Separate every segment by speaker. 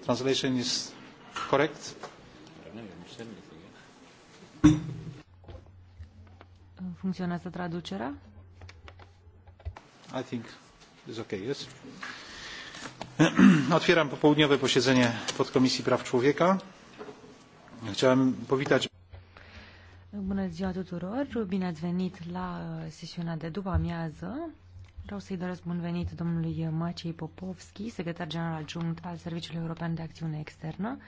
Speaker 1: Translation is correct?
Speaker 2: Funcționează traducerea?
Speaker 1: I think it's okay, yes. Otwieram popołudniowe posiedzenie podkomisji praw człowieka. Chciałem powitać
Speaker 2: Bună ziua tuturor, bine ați venit la uh, sesiunea de după amiază. Vreau să-i doresc bun venit domnului Maciei Popovski, secretar general adjunct al Serviciului European de Acțiune Externă.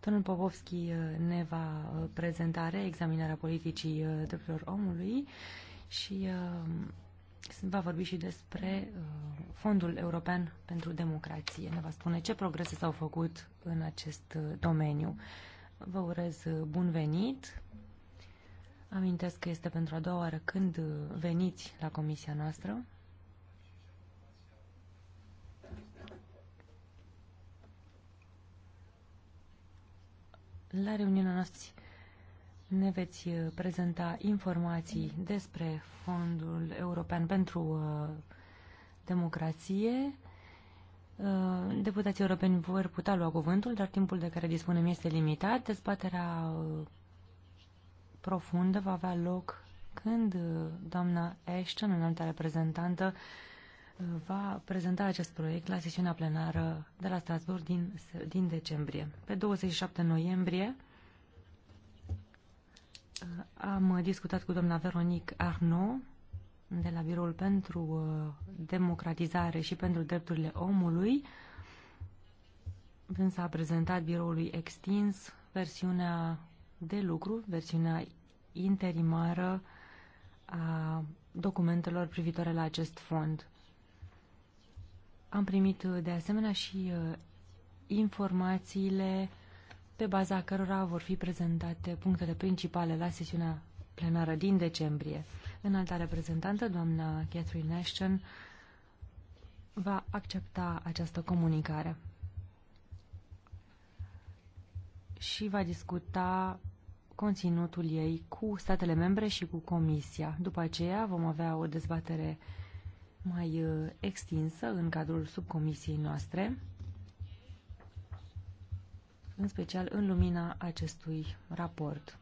Speaker 2: Domnul Popovski uh, ne va uh, prezenta reexaminarea politicii uh, drepturilor omului și va vorbi și despre Fondul European pentru Democrație. Ne va spune ce progrese s-au făcut în acest domeniu. Vă urez bun venit. Amintesc că este pentru a doua oară când veniți la comisia noastră. La reuniunea noastră ne veți uh, prezenta informații despre Fondul European pentru uh, Democrație. Uh, deputații europeni vor putea lua cuvântul, dar timpul de care dispunem este limitat. Dezbaterea profundă va avea loc când doamna Ashton, înaltă reprezentantă, va prezenta acest proiect la sesiunea plenară de la Strasbourg din, din decembrie. Pe 27 noiembrie uh, am discutat cu doamna Veronique Arnaud de la Biroul pentru uh, Democratizare și pentru Drepturile Omului. s a prezentat biroului extins versiunea de lucru, versiunea interimară a documentelor privitoare la acest fond. Am primit uh, de asemenea și uh, informațiile pe baza cărora vor fi prezentate punctele principale la sesiunea plenară din decembrie. Înalta reprezentantă, doamna Catherine Ashton, va accepta această comunicare și va discuta conținutul ei cu statele membre și cu Comisia. După aceea vom avea o dezbatere mai uh, extinsă în cadrul subcomisiei noastre, în special în lumina acestui raport.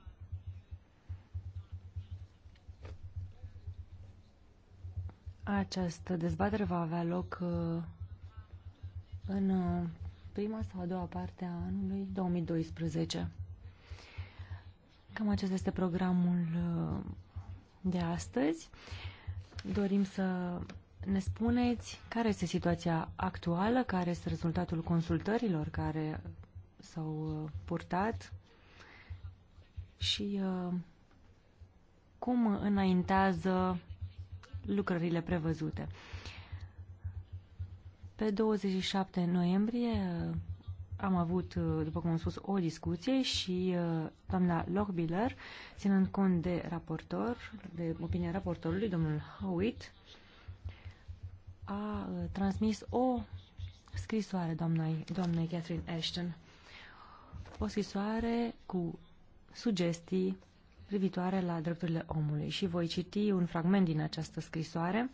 Speaker 2: Această dezbatere va avea loc uh, în uh, prima sau a doua parte a anului 2012. Cam acesta este programul de astăzi. Dorim să ne spuneți care este situația actuală, care este rezultatul consultărilor care s-au uh, purtat și uh, cum înaintează lucrările prevăzute. Pe 27 noiembrie uh, am avut, după cum am spus, o discuție și doamna Lochbiller, ținând cont de raportor, de opinia raportorului, domnul Howitt, a uh, transmis o scrisoare doamnei, doamnei Catherine Ashton. O scrisoare cu sugestii privitoare la drepturile omului și voi citi un fragment din această scrisoare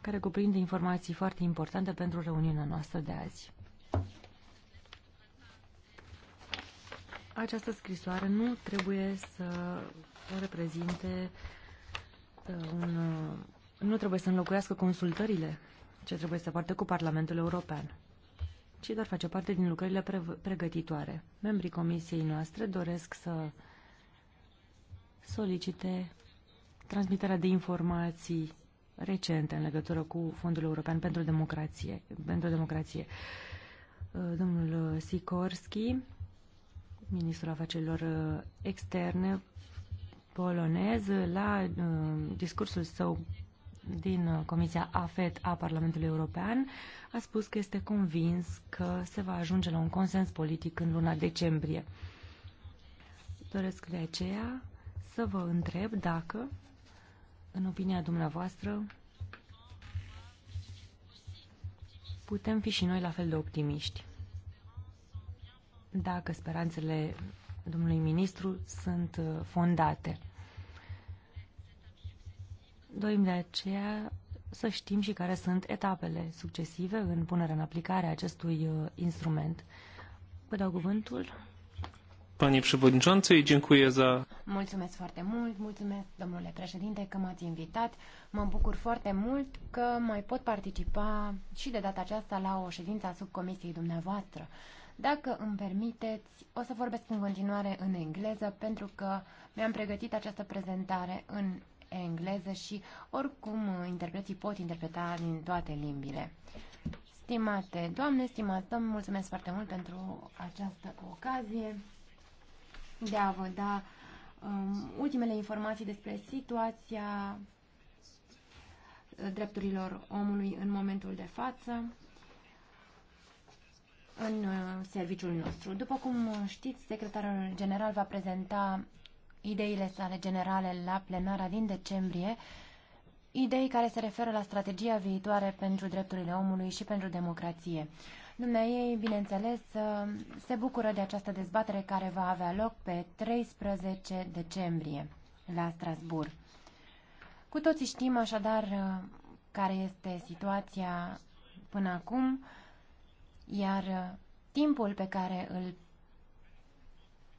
Speaker 2: care cuprinde informații foarte importante pentru reuniunea noastră de azi. Această scrisoare nu trebuie să reprezinte uh, un uh, nu trebuie să înlocuiască consultările ce trebuie să poartă cu Parlamentul European, ci doar face parte din lucrările pre pregătitoare. Membrii comisiei noastre doresc să solicite transmiterea de informații recente în legătură cu Fondul European pentru Democrație. Pentru democrație. Uh, domnul Sikorski, ministrul afacerilor uh, externe polonez, la uh, discursul său din uh, Comisia AFET a Parlamentului European a spus că este convins că se va ajunge la un consens politic în luna decembrie. Doresc de aceea să vă întreb dacă, în opinia dumneavoastră, putem fi și noi la fel de optimiști. Dacă speranțele domnului ministru sunt uh, fondate. Dorim de aceea să știm și care sunt etapele succesive în punerea în aplicare a acestui uh, instrument. Vă dau cuvântul.
Speaker 1: Panie Przewodniczący, dziękuję za...
Speaker 2: Mulțumesc foarte mult, mulțumesc, domnule președinte, că m-ați
Speaker 3: invitat. Mă bucur foarte mult că mai pot participa și de data aceasta la o ședință a subcomisiei dumneavoastră. Dacă îmi permiteți, o să vorbesc în continuare în engleză pentru că mi-am pregătit această prezentare în engleză și oricum interpreții pot interpreta din toate limbile. Stimate doamne, stimați domn, mulțumesc foarte mult pentru această ocazie de a vă da um, ultimele informații despre situația uh, drepturilor omului în momentul de față în uh, serviciul nostru. După cum știți, secretarul general va prezenta ideile sale generale la plenara din decembrie, idei care se referă la strategia viitoare pentru drepturile omului și pentru democrație. Lumea ei, bineînțeles, se bucură de această dezbatere care va avea loc pe 13 decembrie la Strasbourg. Cu toții știm așadar care este situația până acum, iar timpul pe care îl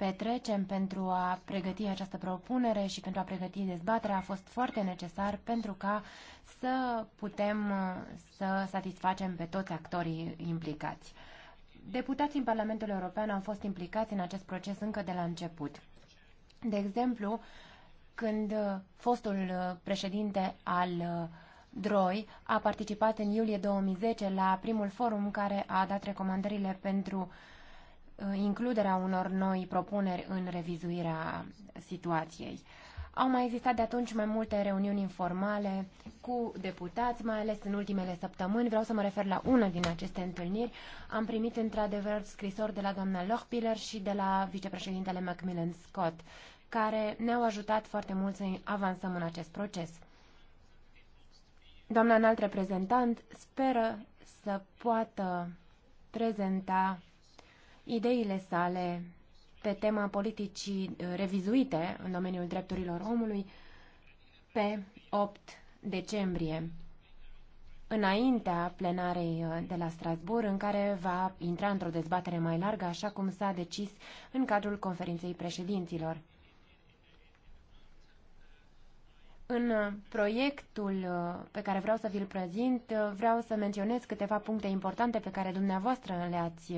Speaker 3: petrecem pentru a pregăti această propunere și pentru a pregăti dezbaterea a fost foarte necesar pentru ca să putem uh, să satisfacem pe toți actorii implicați. Deputații în Parlamentul European au fost implicați în acest proces încă de la început. De exemplu, când uh, fostul uh, președinte al Droi a participat în iulie 2010 la primul forum care a dat recomandările pentru uh, Uh, includerea unor noi propuneri în revizuirea situației. Au mai existat de atunci mai multe reuniuni informale cu deputați, mai ales în ultimele săptămâni. Vreau să mă refer la una din aceste întâlniri. Am primit într-adevăr scrisori de la doamna Lochpiller și de la vicepreședintele Macmillan Scott, care ne-au ajutat foarte mult să avansăm în acest proces. Doamna înalt reprezentant speră să poată prezenta ideile sale pe tema politicii uh, revizuite în domeniul drepturilor omului pe 8 decembrie, înaintea plenarei uh, de la Strasbourg, în care va intra într-o dezbatere mai largă, așa cum s-a decis în cadrul conferinței președinților. În uh, proiectul pe care vreau să vi-l prezint, vreau să menționez câteva puncte importante pe care dumneavoastră le-ați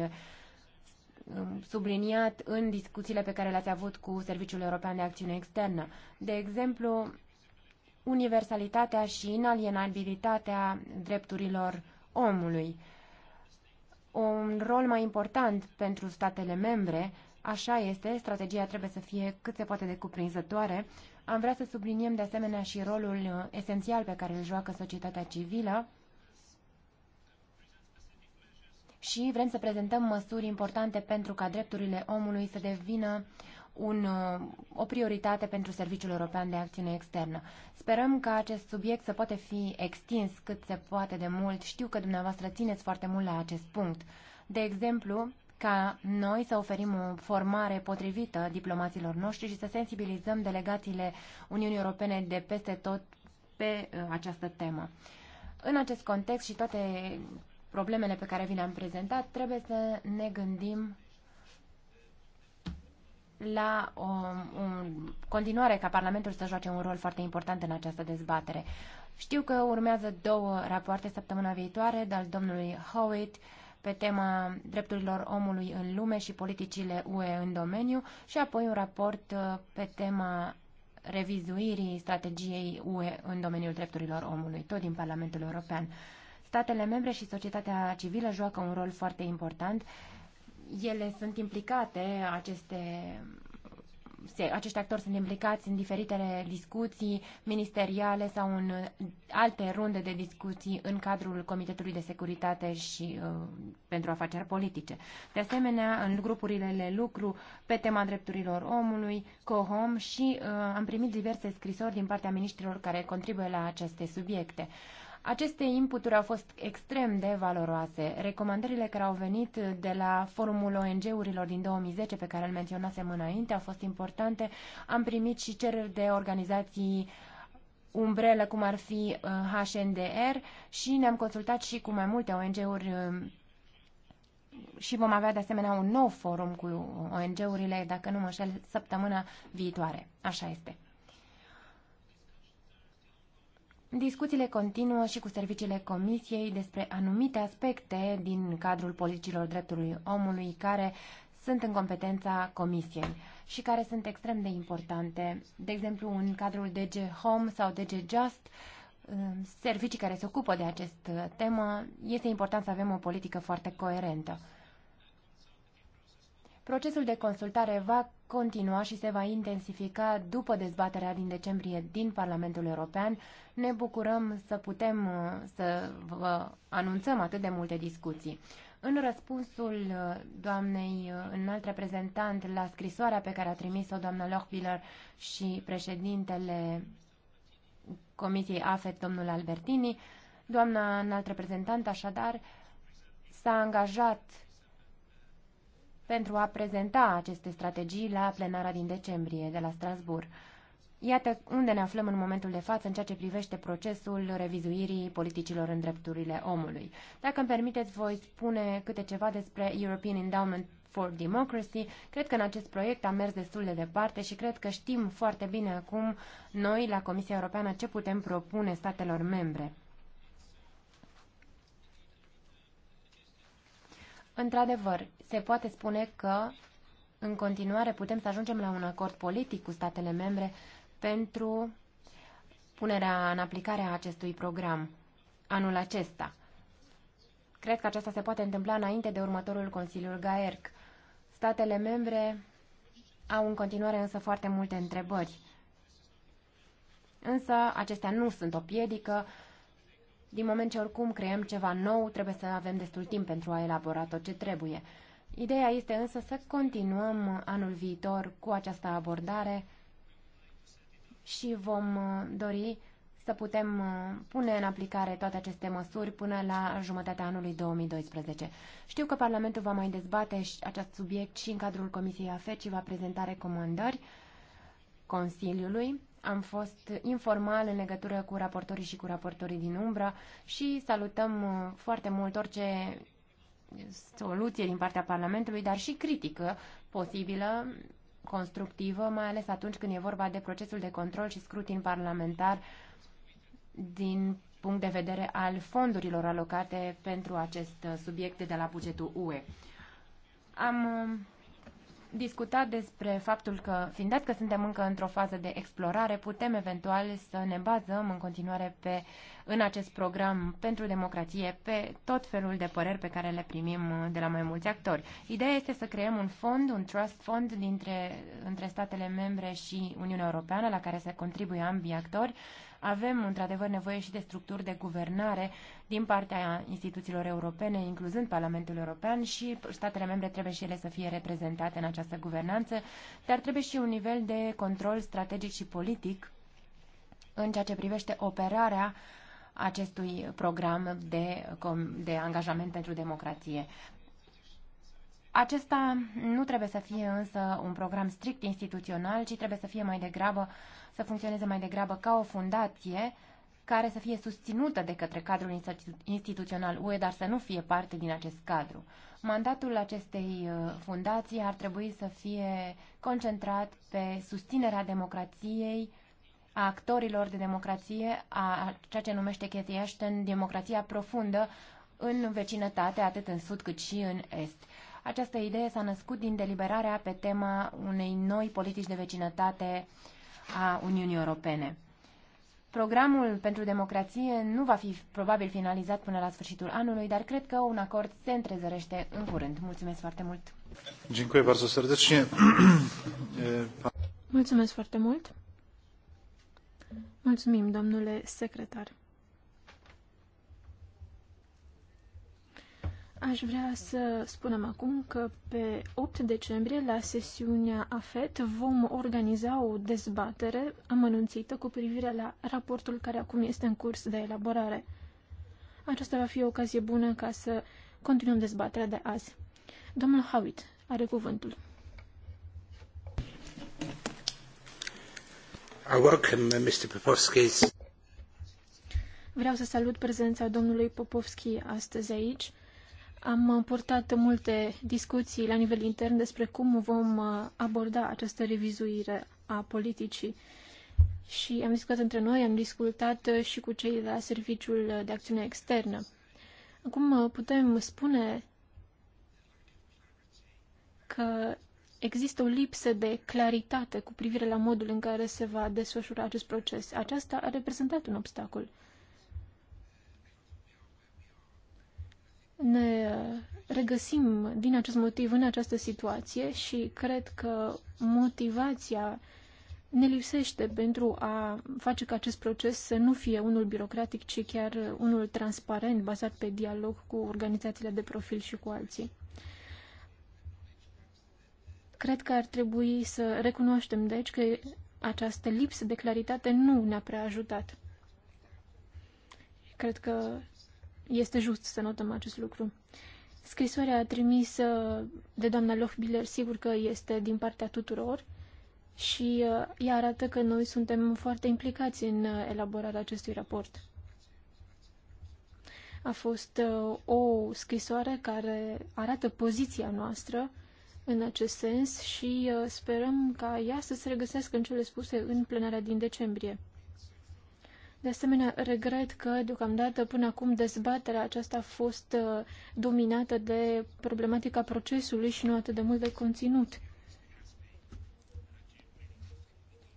Speaker 3: Um, subliniat în discuțiile pe care le-ați avut cu Serviciul European de Acțiune Externă. De exemplu, universalitatea și inalienabilitatea drepturilor omului. Un rol mai important pentru statele membre, așa este, strategia trebuie să fie cât se poate de cuprinzătoare. Am vrea să subliniem de asemenea și rolul uh, esențial pe care îl joacă societatea civilă, și vrem să prezentăm măsuri importante pentru ca drepturile omului să devină un, uh, o prioritate pentru Serviciul European de Acțiune Externă. Sperăm că acest subiect să poate fi extins cât se poate de mult. Știu că dumneavoastră țineți foarte mult la acest punct. De exemplu, ca noi să oferim o formare potrivită diplomaților noștri și să sensibilizăm delegațiile Uniunii Europene de peste tot pe uh, această temă. În acest context și toate problemele pe care vi le-am prezentat, trebuie să ne gândim la o, o continuare ca Parlamentul să joace un rol foarte important în această dezbatere. Știu că urmează două rapoarte săptămâna viitoare, dar domnului Howitt, pe tema drepturilor omului în lume și politicile UE în domeniu și apoi un raport uh, pe tema revizuirii strategiei UE în domeniul drepturilor omului, tot din Parlamentul European. Statele membre și societatea civilă joacă un rol foarte important. Ele sunt implicate, aceste se, acești actori sunt implicați în diferitele discuții ministeriale sau în alte runde de discuții în cadrul Comitetului de Securitate și uh, pentru afaceri politice. De asemenea, în grupurile de lucru pe tema drepturilor omului, COHOM și uh, am primit diverse scrisori din partea ministrilor care contribuie la aceste subiecte. Uh, aceste inputuri au fost extrem de valoroase. Recomandările care au venit de la forumul ONG-urilor din 2010, pe care îl menționasem înainte, au fost importante. Am primit și cereri de organizații umbrelă, cum ar fi HNDR, uh, și ne-am consultat și cu mai multe ONG-uri uh, și vom avea de asemenea un nou forum cu ONG-urile, dacă nu mă înșel, săptămâna viitoare. Așa este. Discuțiile continuă și cu serviciile Comisiei despre anumite aspecte din cadrul politicilor dreptului omului care sunt în competența Comisiei și care sunt extrem de importante. De exemplu, în cadrul DG Home sau DG Just, uh, servicii care se ocupă de acest uh, temă, este important să avem o politică foarte coerentă. Procesul de consultare va continua și se va intensifica după dezbaterea din decembrie din Parlamentul European. Ne bucurăm să putem uh, să vă anunțăm atât de multe discuții. În răspunsul uh, doamnei uh, înalt reprezentant la scrisoarea pe care a trimis-o doamna Lochbiller și președintele Comisiei AFET, domnul Albertini, doamna înalt reprezentant așadar s-a angajat pentru a prezenta aceste strategii la plenara din decembrie de la Strasbourg. Iată unde ne aflăm în momentul de față în ceea ce privește procesul revizuirii politicilor în drepturile omului. Dacă îmi permiteți, voi spune câte ceva despre European Endowment for Democracy. Cred că în acest proiect am mers destul de departe și cred că știm foarte bine acum noi la Comisia Europeană ce putem propune statelor membre. Într-adevăr, se poate spune că în continuare putem să ajungem la un acord politic cu statele membre pentru punerea în aplicare a acestui program anul acesta. Cred că aceasta se poate întâmpla înainte de următorul Consiliul GAERC. Statele membre au în continuare însă foarte multe întrebări. Însă acestea nu sunt o piedică din moment ce oricum creăm ceva nou, trebuie să avem destul timp pentru a elabora tot ce trebuie. Ideea este însă să continuăm anul viitor cu această abordare și vom uh, dori să putem uh, pune în aplicare toate aceste măsuri până la jumătatea anului 2012. Știu că Parlamentul va mai dezbate acest subiect și în cadrul Comisiei AFET și va prezenta recomandări Consiliului am fost informal în legătură cu raportorii și cu raportorii din umbră și salutăm uh, foarte mult orice soluție din partea Parlamentului, dar și critică posibilă, constructivă, mai ales atunci când e vorba de procesul de control și scrutin parlamentar din punct de vedere al fondurilor alocate pentru acest uh, subiect de la bugetul UE. Am uh, discutat despre faptul că, fiind dat că suntem încă într-o fază de explorare, putem eventual să ne bazăm în continuare pe, în acest program pentru democrație pe tot felul de păreri pe care le primim uh, de la mai mulți actori. Ideea este să creăm un fond, un trust fund dintre, între statele membre și Uniunea Europeană, la care să contribuie ambii actori, avem, într-adevăr, nevoie și de structuri de guvernare din partea instituțiilor europene, incluzând Parlamentul European și statele membre trebuie și ele să fie reprezentate în această guvernanță, dar trebuie și un nivel de control strategic și politic în ceea ce privește operarea acestui program de, de angajament pentru democrație. Acesta nu trebuie să fie însă un program strict instituțional, ci trebuie să fie mai degrabă, să funcționeze mai degrabă ca o fundație care să fie susținută de către cadrul instituțional UE, dar să nu fie parte din acest cadru. Mandatul acestei uh, fundații ar trebui să fie concentrat pe susținerea democrației, a actorilor de democrație, a ceea ce numește Cathy Ashton democrația profundă în vecinătate, atât în sud cât și în est. Această idee s-a născut din deliberarea pe tema unei noi politici de vecinătate a Uniunii Europene. Programul pentru democrație nu va fi probabil finalizat până la sfârșitul anului, dar cred că un acord se întrezărește în curând. Mulțumesc foarte mult!
Speaker 4: Mulțumesc foarte mult! Mulțumim, domnule secretar! Aș vrea să spunem acum că pe 8 decembrie, la sesiunea AFET, vom organiza o dezbatere amănunțită cu privire la raportul care acum este în curs de elaborare. Aceasta va fi o ocazie bună ca să continuăm dezbaterea de azi. Domnul Howitt are cuvântul.
Speaker 1: I welcome Mr. Popovsky's.
Speaker 4: Vreau să salut prezența domnului Popovski astăzi aici am purtat multe discuții la nivel intern despre cum vom uh, aborda această revizuire a politicii și am discutat între noi, am discutat uh, și cu cei de la Serviciul de Acțiune Externă. Acum uh, putem spune că există o lipsă de claritate cu privire la modul în care se va desfășura acest proces. Aceasta a reprezentat un obstacol. ne regăsim din acest motiv în această situație și cred că motivația ne lipsește pentru a face ca acest proces să nu fie unul birocratic, ci chiar unul transparent, bazat pe dialog cu organizațiile de profil și cu alții. Cred că ar trebui să recunoaștem, deci, că această lipsă de claritate nu ne-a prea ajutat. Cred că este just să notăm acest lucru. Scrisoarea trimisă de doamna Lochbiller sigur că este din partea tuturor și uh, ea arată că noi suntem foarte implicați în uh, elaborarea acestui raport. A fost uh, o scrisoare care arată poziția noastră în acest sens și sperăm ca ea să se regăsească în cele spuse în plenarea din decembrie. De asemenea, regret că, deocamdată, până acum dezbaterea aceasta a fost uh, dominată de problematica procesului și nu atât de mult de conținut.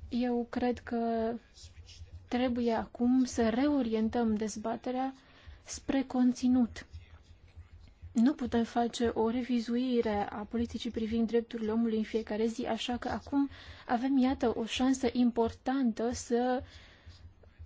Speaker 4: Eu cred că trebuie acum să reorientăm dezbaterea spre conținut. Nu putem face o revizuire a politicii privind drepturile omului în fiecare zi, așa că acum avem, iată, o șansă importantă să uh,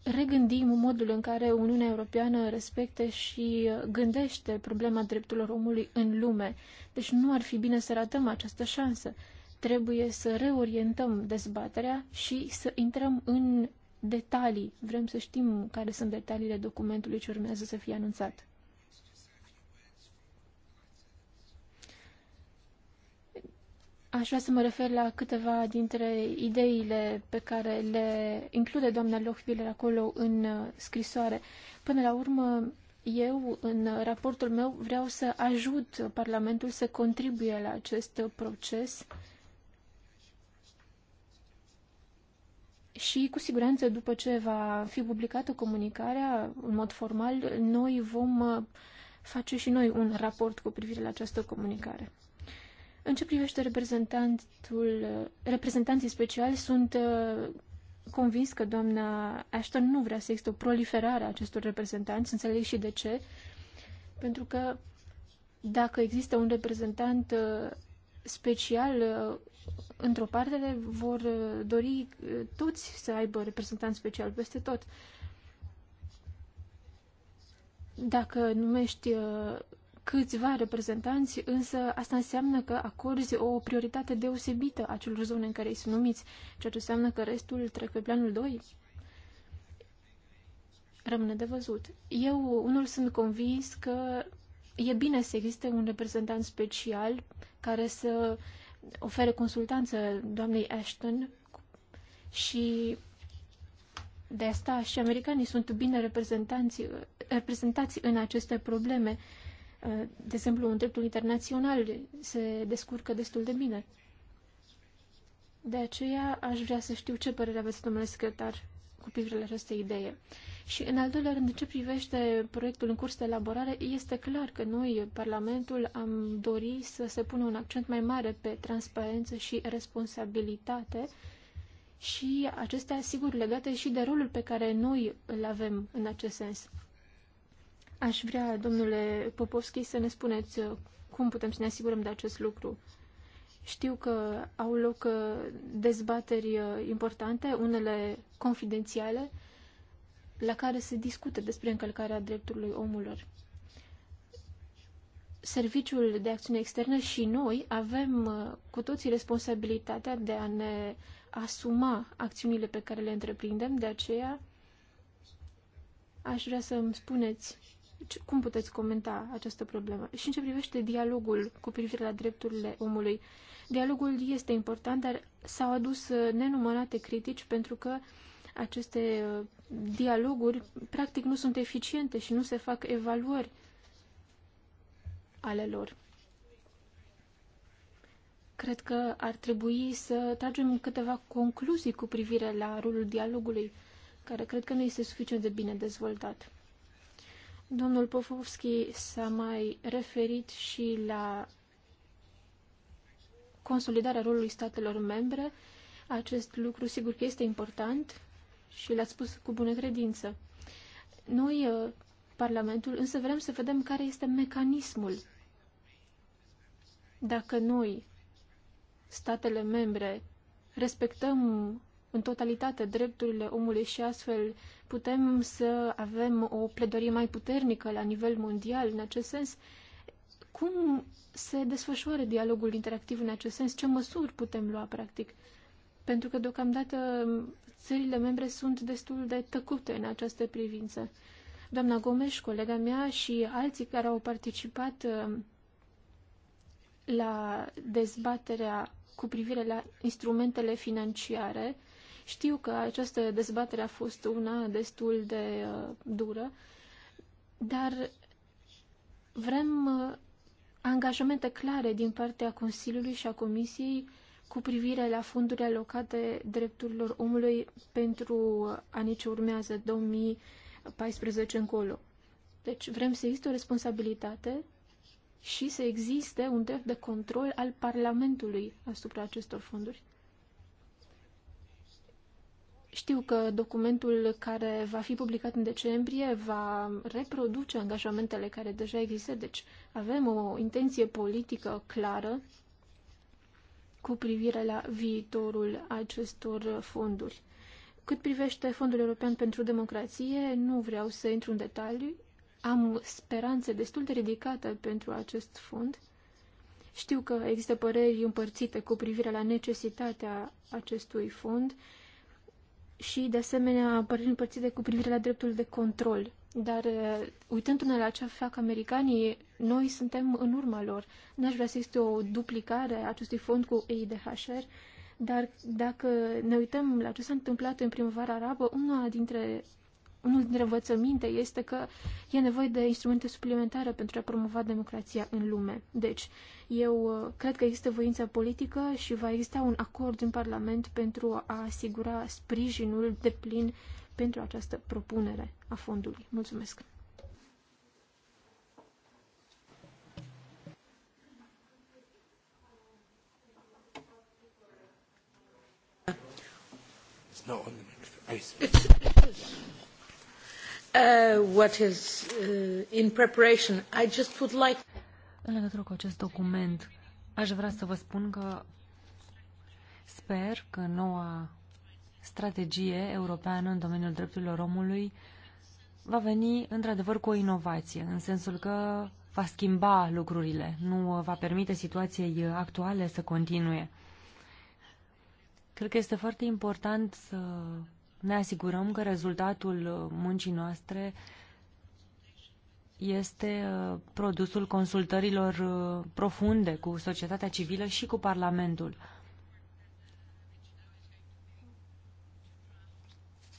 Speaker 4: regândim modul în care Uniunea Europeană respecte și gândește problema drepturilor omului în lume. Deci nu ar fi bine să ratăm această șansă. Trebuie să reorientăm dezbaterea și să intrăm în detalii. Vrem să știm care sunt detaliile documentului ce urmează să fie anunțat. Aș vrea să mă refer la câteva dintre ideile pe care le include doamna Lochbiller acolo în uh, scrisoare. Până la urmă, eu, în raportul meu, vreau să ajut Parlamentul să contribuie la acest proces și, cu siguranță, după ce va fi publicată comunicarea, în mod formal, noi vom uh, face și noi un raport cu privire la această comunicare. În ce privește reprezentantul, reprezentanții speciali, sunt uh, convins că doamna Ashton nu vrea să existe o proliferare a acestor reprezentanți, înțeleg și de ce, pentru că dacă există un reprezentant uh, special uh, într-o parte, vor dori toți să aibă reprezentant special peste tot. Dacă numești câțiva reprezentanți, însă asta înseamnă că acorzi o prioritate deosebită acelor zone în care îi sunt numiți, ceea ce înseamnă că restul trec pe planul 2. Rămâne de văzut. Eu, unul, sunt convins că e bine să existe un reprezentant special care să ofere consultanță doamnei Ashton și de asta și americanii sunt bine reprezentanți, reprezentați în aceste probleme de exemplu, în dreptul internațional se descurcă destul de bine. De aceea aș vrea să știu ce părere aveți, domnule secretar, cu privire la această idee. Și, în al doilea rând, ce privește proiectul în curs de elaborare, este clar că noi, Parlamentul, am dorit să se pună un accent mai mare pe transparență și responsabilitate și acestea, sigur, legate și de rolul pe care noi îl avem în acest sens. Aș vrea, domnule Popovski, să ne spuneți uh, cum putem să ne asigurăm de acest lucru. Știu că au loc uh, dezbateri uh, importante, unele confidențiale, la care se discută despre încălcarea drepturilor omului. Serviciul de acțiune externă și noi avem cu toții responsabilitatea de a ne asuma acțiunile pe care le întreprindem, de aceea aș vrea să îmi spuneți cum puteți comenta această problemă? Și în ce privește dialogul cu privire la drepturile omului? Dialogul este important, dar s-au adus uh, nenumărate critici pentru că aceste uh, dialoguri practic nu sunt eficiente și nu se fac evaluări ale lor. Cred că ar trebui să tragem câteva concluzii cu privire la rolul dialogului, care cred că nu este suficient de bine dezvoltat. Domnul Pofovski s-a mai referit și la consolidarea rolului statelor membre. Acest lucru sigur că este important și l-ați spus cu bună credință. Noi, uh, Parlamentul, însă vrem să vedem care este mecanismul. Dacă noi, statele membre, respectăm în totalitate drepturile omului și astfel putem să avem o pledoarie mai puternică la nivel mondial în acest sens. Cum se desfășoară dialogul interactiv în acest sens? Ce măsuri putem lua, practic? Pentru că, deocamdată, țările membre sunt destul de tăcute în această privință. Doamna Gomes, colega mea și alții care au participat uh, la dezbaterea cu privire la instrumentele financiare știu că această dezbatere a fost una destul de uh, dură, dar vrem uh, angajamente clare din partea Consiliului și a Comisiei cu privire la fondurile alocate drepturilor omului pentru uh, anii ce urmează, 2014 încolo. Deci vrem să existe o responsabilitate și să existe un drept de control al Parlamentului asupra acestor fonduri. Știu că documentul care va fi publicat în decembrie va reproduce angajamentele care deja există, deci avem o intenție politică clară cu privire la viitorul acestor fonduri. Cât privește Fondul European pentru Democrație, nu vreau să intru în detaliu. Am speranțe destul de ridicate pentru acest fond. Știu că există păreri împărțite cu privire la necesitatea acestui fond și, de asemenea, păreri împărțite cu privire la dreptul de control. Dar, uh, uitându-ne la ce fac americanii, noi suntem în urma lor. N-aș vrea să existe o duplicare a acestui fond cu EIDHR, dar dacă ne uităm la ce s-a întâmplat în primăvara arabă, una dintre unul dintre învățăminte este că e nevoie de instrumente suplimentare pentru a promova democrația în lume. Deci, eu uh, cred că există voința politică și va exista un acord în Parlament pentru a asigura sprijinul de plin pentru această propunere a fondului. Mulțumesc!
Speaker 1: No, on the
Speaker 4: next. Uh, what is uh, in preparation. I just would like... În legătură
Speaker 2: cu acest document, aș vrea să vă spun că sper că noua strategie europeană în domeniul drepturilor omului va veni într-adevăr cu o inovație, în sensul că va schimba lucrurile, nu va permite situației actuale să continue. Cred că este foarte important să ne asigurăm că rezultatul uh, muncii noastre este uh, produsul consultărilor uh, profunde cu societatea civilă și cu Parlamentul.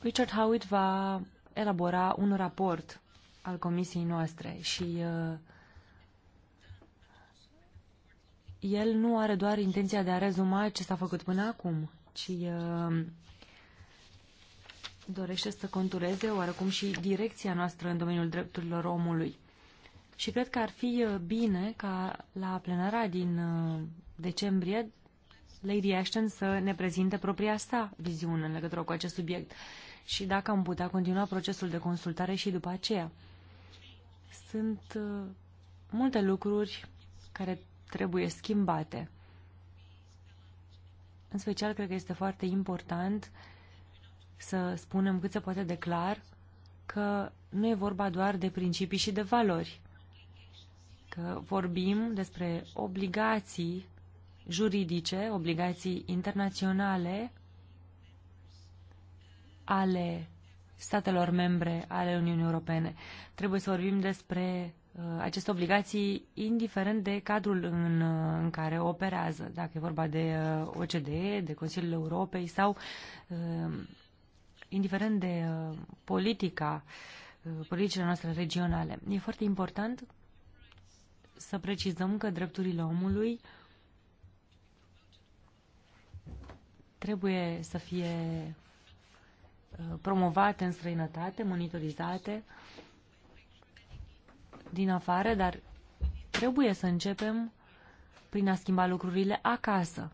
Speaker 2: Richard Howitt va elabora un raport al comisiei noastre și uh, el nu are doar intenția de a rezuma ce s-a făcut până acum, ci uh, dorește să contureze oarecum și direcția noastră în domeniul drepturilor omului. Și cred că ar fi uh, bine ca la plenara din uh, decembrie Lady Ashton să ne prezinte propria sa viziune în legătură cu acest subiect și dacă am putea continua procesul de consultare și după aceea. Sunt uh, multe lucruri care trebuie schimbate. În special, cred că este foarte important uh, să spunem cât se poate de clar că nu e vorba doar de principii și de valori, că vorbim despre obligații juridice, obligații internaționale ale statelor membre ale Uniunii Europene. Trebuie să vorbim despre uh, aceste obligații indiferent de cadrul în, uh, în care operează, dacă e vorba de uh, OCDE, de Consiliul Europei sau uh, indiferent de uh, politica, uh, politicile noastre regionale. E foarte important să precizăm că drepturile omului trebuie să fie uh, promovate în străinătate, monitorizate din afară, dar trebuie să începem prin a schimba lucrurile acasă.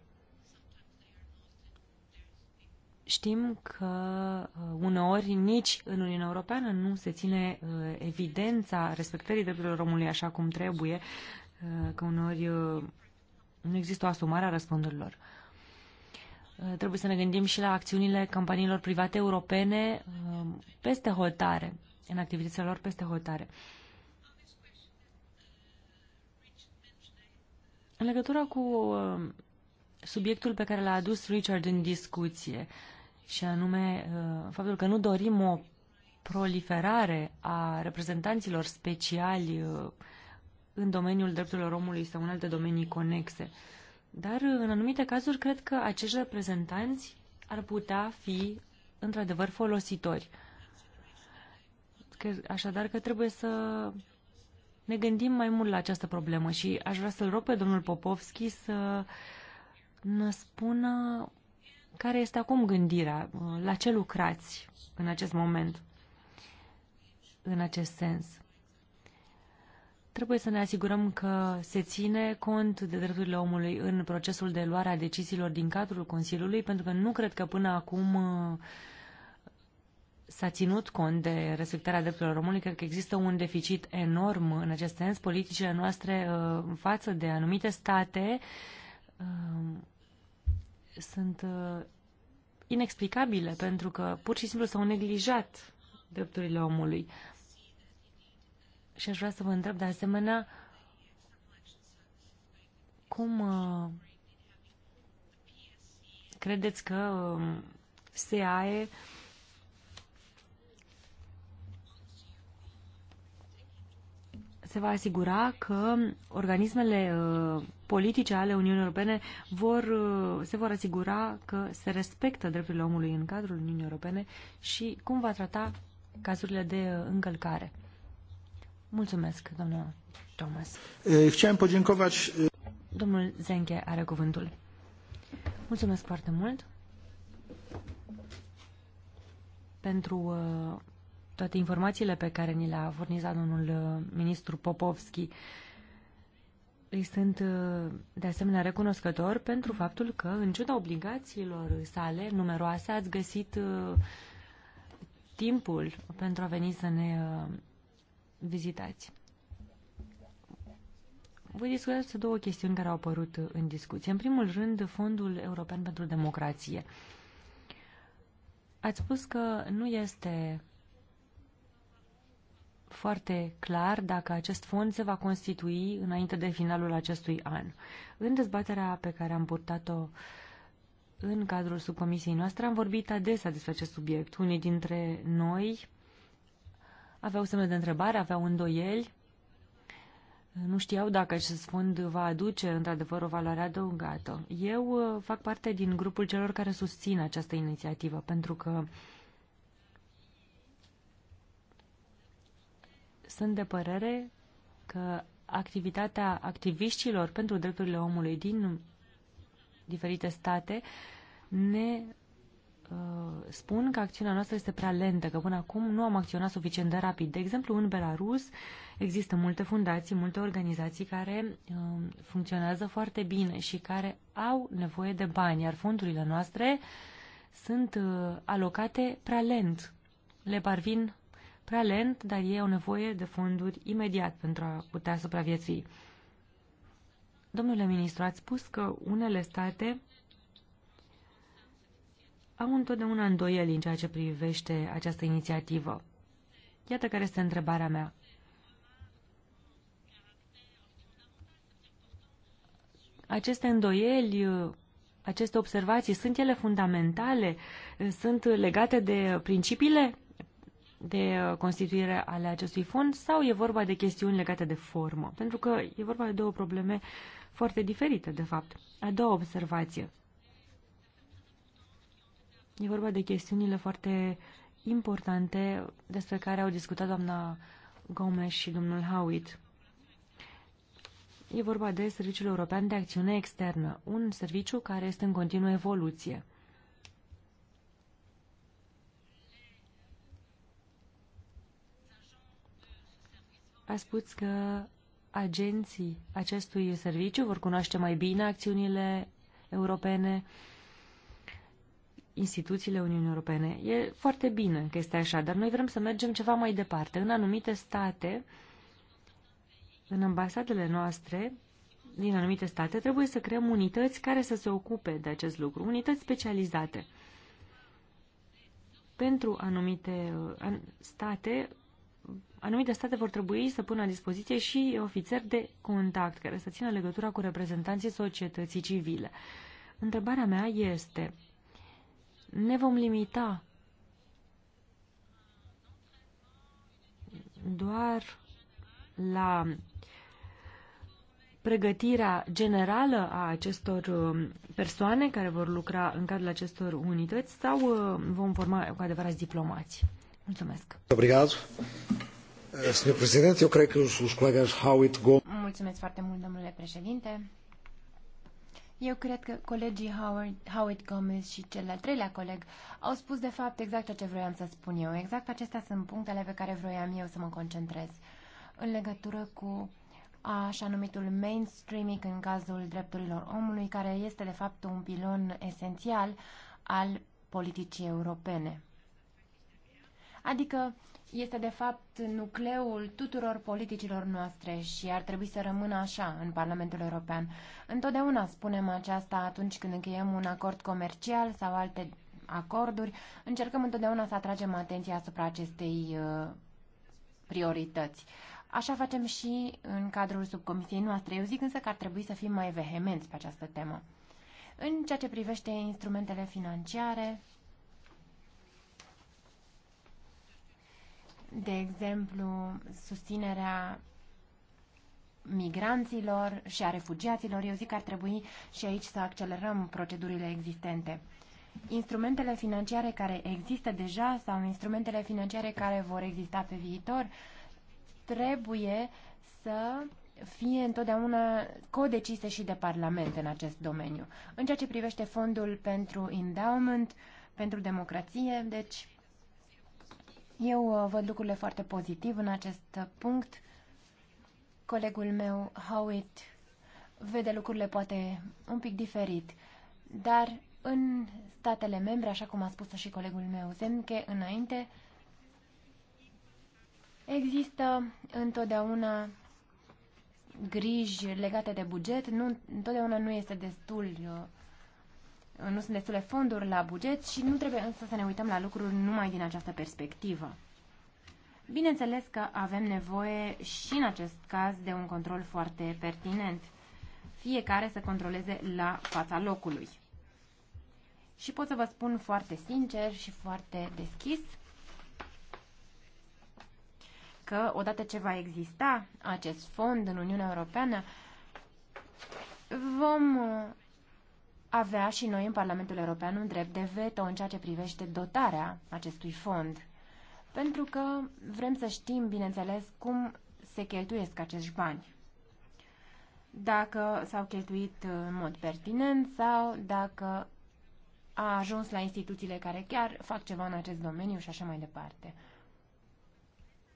Speaker 2: Știm că uh, uneori nici în Uniunea Europeană nu se ține uh, evidența respectării drepturilor omului așa cum trebuie, uh, că uneori nu există o asumare a răspunderilor. Trebuie să ne gândim și la acțiunile companiilor private europene peste hotare, în activitățile lor peste hotare. În legătură cu subiectul pe care l-a adus Richard în discuție, uh, și anume uh, faptul că nu dorim o proliferare a reprezentanților speciali uh, în domeniul drepturilor omului sau în alte domenii conexe. Dar, uh, în anumite cazuri, cred că acești reprezentanți ar putea fi, într-adevăr, folositori. Așadar că trebuie să ne gândim mai mult la această problemă și aș vrea să-l rog pe domnul Popovski să ne spună care este acum gândirea? Uh, la ce lucrați în acest moment? În acest sens. Trebuie să ne asigurăm că se ține cont de drepturile omului în procesul de luare a deciziilor din cadrul Consiliului, pentru că nu cred că până acum uh, s-a ținut cont de respectarea drepturilor omului. Cred că există un deficit enorm în acest sens. Politicile noastre uh, față de anumite state sunt uh, inexplicabile pentru că pur și simplu s-au neglijat drepturile omului. Și aș vrea să vă întreb de asemenea cum uh, credeți că um, SEAE se va asigura că organismele uh, politice ale Uniunii Europene vor, uh, se vor asigura că se respectă drepturile omului în cadrul Uniunii Europene și cum va trata cazurile de uh, încălcare. Mulțumesc, domnul Thomas.
Speaker 1: Eh, chciałem podziękować... Eh,
Speaker 2: domnul Zenke are cuvântul. Mulțumesc foarte mult pentru toate informațiile pe care ni le-a furnizat domnul uh, ministru Popovski. Îi sunt uh, de asemenea recunoscător pentru faptul că, în ciuda obligațiilor sale numeroase, ați găsit uh, timpul pentru a veni să ne vizitați. Voi discuta despre două chestiuni care au apărut în discuție. În primul rând, Fondul European pentru Democrație. Ați spus că nu este foarte clar dacă acest fond se va constitui înainte de finalul acestui an. În dezbaterea pe care am purtat-o în cadrul subcomisiei noastre am vorbit adesea despre acest subiect. Unii dintre noi aveau semne de întrebare, aveau îndoieli, nu știau dacă acest fond va aduce într-adevăr o valoare adăugată. Eu uh, fac parte din grupul celor care susțin această inițiativă, pentru că uh, sunt de părere că activitatea activiștilor pentru drepturile omului din diferite state ne uh, spun că acțiunea noastră este prea lentă, că până acum nu am acționat suficient de rapid. De exemplu, în Belarus există multe fundații, multe organizații care uh, funcționează foarte bine și care au nevoie de bani, iar fondurile noastre sunt uh, alocate prea lent. Le parvin prea lent, dar ei au nevoie de fonduri imediat pentru a putea supraviețui. Domnule ministru, ați spus că unele state au întotdeauna îndoieli în ceea ce privește această inițiativă. Iată care este întrebarea mea. Aceste îndoieli, aceste observații, sunt ele fundamentale? Sunt legate de principiile de uh, constituire ale acestui fond sau e vorba de chestiuni legate de formă? Pentru că e vorba de două probleme foarte diferite, de fapt. A doua observație. E vorba de chestiunile foarte importante despre care au discutat doamna Gomes și domnul Howitt. E vorba de Serviciul European de Acțiune Externă, un serviciu care este în continuă evoluție. a spus că agenții acestui serviciu vor cunoaște mai bine acțiunile europene, instituțiile Uniunii Europene. E foarte bine că este așa, dar noi vrem să mergem ceva mai departe. În anumite state, în ambasadele noastre, din anumite state, trebuie să creăm unități care să se ocupe de acest lucru, unități specializate. Pentru anumite uh, state, anumite state vor trebui să pună la dispoziție și ofițeri de contact care să țină legătura cu reprezentanții societății civile. Întrebarea mea este, ne vom limita doar la pregătirea generală a acestor uh, persoane care vor lucra în cadrul acestor unități sau uh, vom forma cu adevărat diplomați? Mulțumesc. eu foarte mult, domnule
Speaker 3: președinte. Eu cred că colegii Howard, Howard Gomez și cel al treilea coleg au spus de fapt exact ceea ce vroiam să spun eu. Exact acestea sunt punctele pe care vroiam eu să mă concentrez în legătură cu așa numitul mainstreaming în cazul drepturilor omului, care este de fapt un pilon esențial al politicii europene adică este de fapt nucleul tuturor politicilor noastre și ar trebui să rămână așa în Parlamentul European. Întotdeauna spunem aceasta atunci când încheiem un acord comercial sau alte acorduri, încercăm întotdeauna să atragem atenția asupra acestei uh, priorități. Așa facem și în cadrul subcomisiei noastre. Eu zic însă că ar trebui să fim mai vehemenți pe această temă. În ceea ce privește instrumentele financiare, de exemplu, susținerea migranților și a refugiaților, eu zic că ar trebui și aici să accelerăm procedurile existente. Instrumentele financiare care există deja sau instrumentele financiare care vor exista pe viitor trebuie să fie întotdeauna codecise și de Parlament în acest domeniu. În ceea ce privește fondul pentru endowment, pentru democrație, deci eu uh, văd lucrurile foarte pozitiv în acest punct. Colegul meu, Howitt, vede lucrurile poate un pic diferit, dar în statele membre, așa cum a spus și colegul meu Zemke înainte, există întotdeauna griji legate de buget, nu, întotdeauna nu este destul uh, nu sunt destule fonduri la buget și nu trebuie însă să ne uităm la lucruri numai din această perspectivă. Bineînțeles că avem nevoie și în acest caz de un control foarte pertinent. Fiecare să controleze la fața locului. Și pot să vă spun foarte sincer și foarte deschis că odată ce va exista acest fond în Uniunea Europeană, vom avea și noi în Parlamentul European un drept de veto în ceea ce privește dotarea acestui fond. Pentru că vrem să știm, bineînțeles, cum se cheltuiesc acești bani. Dacă s-au cheltuit în mod pertinent sau dacă a ajuns la instituțiile care chiar fac ceva în acest domeniu și așa mai departe.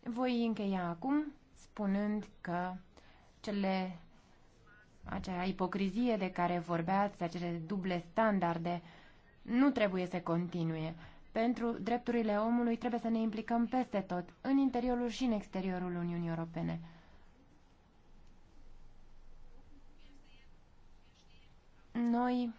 Speaker 3: Voi încheia acum spunând că cele acea ipocrizie de care vorbeați, acele duble standarde, nu trebuie să continue. Pentru drepturile omului trebuie să ne implicăm peste tot, în interiorul și în exteriorul Uniunii Europene. Noi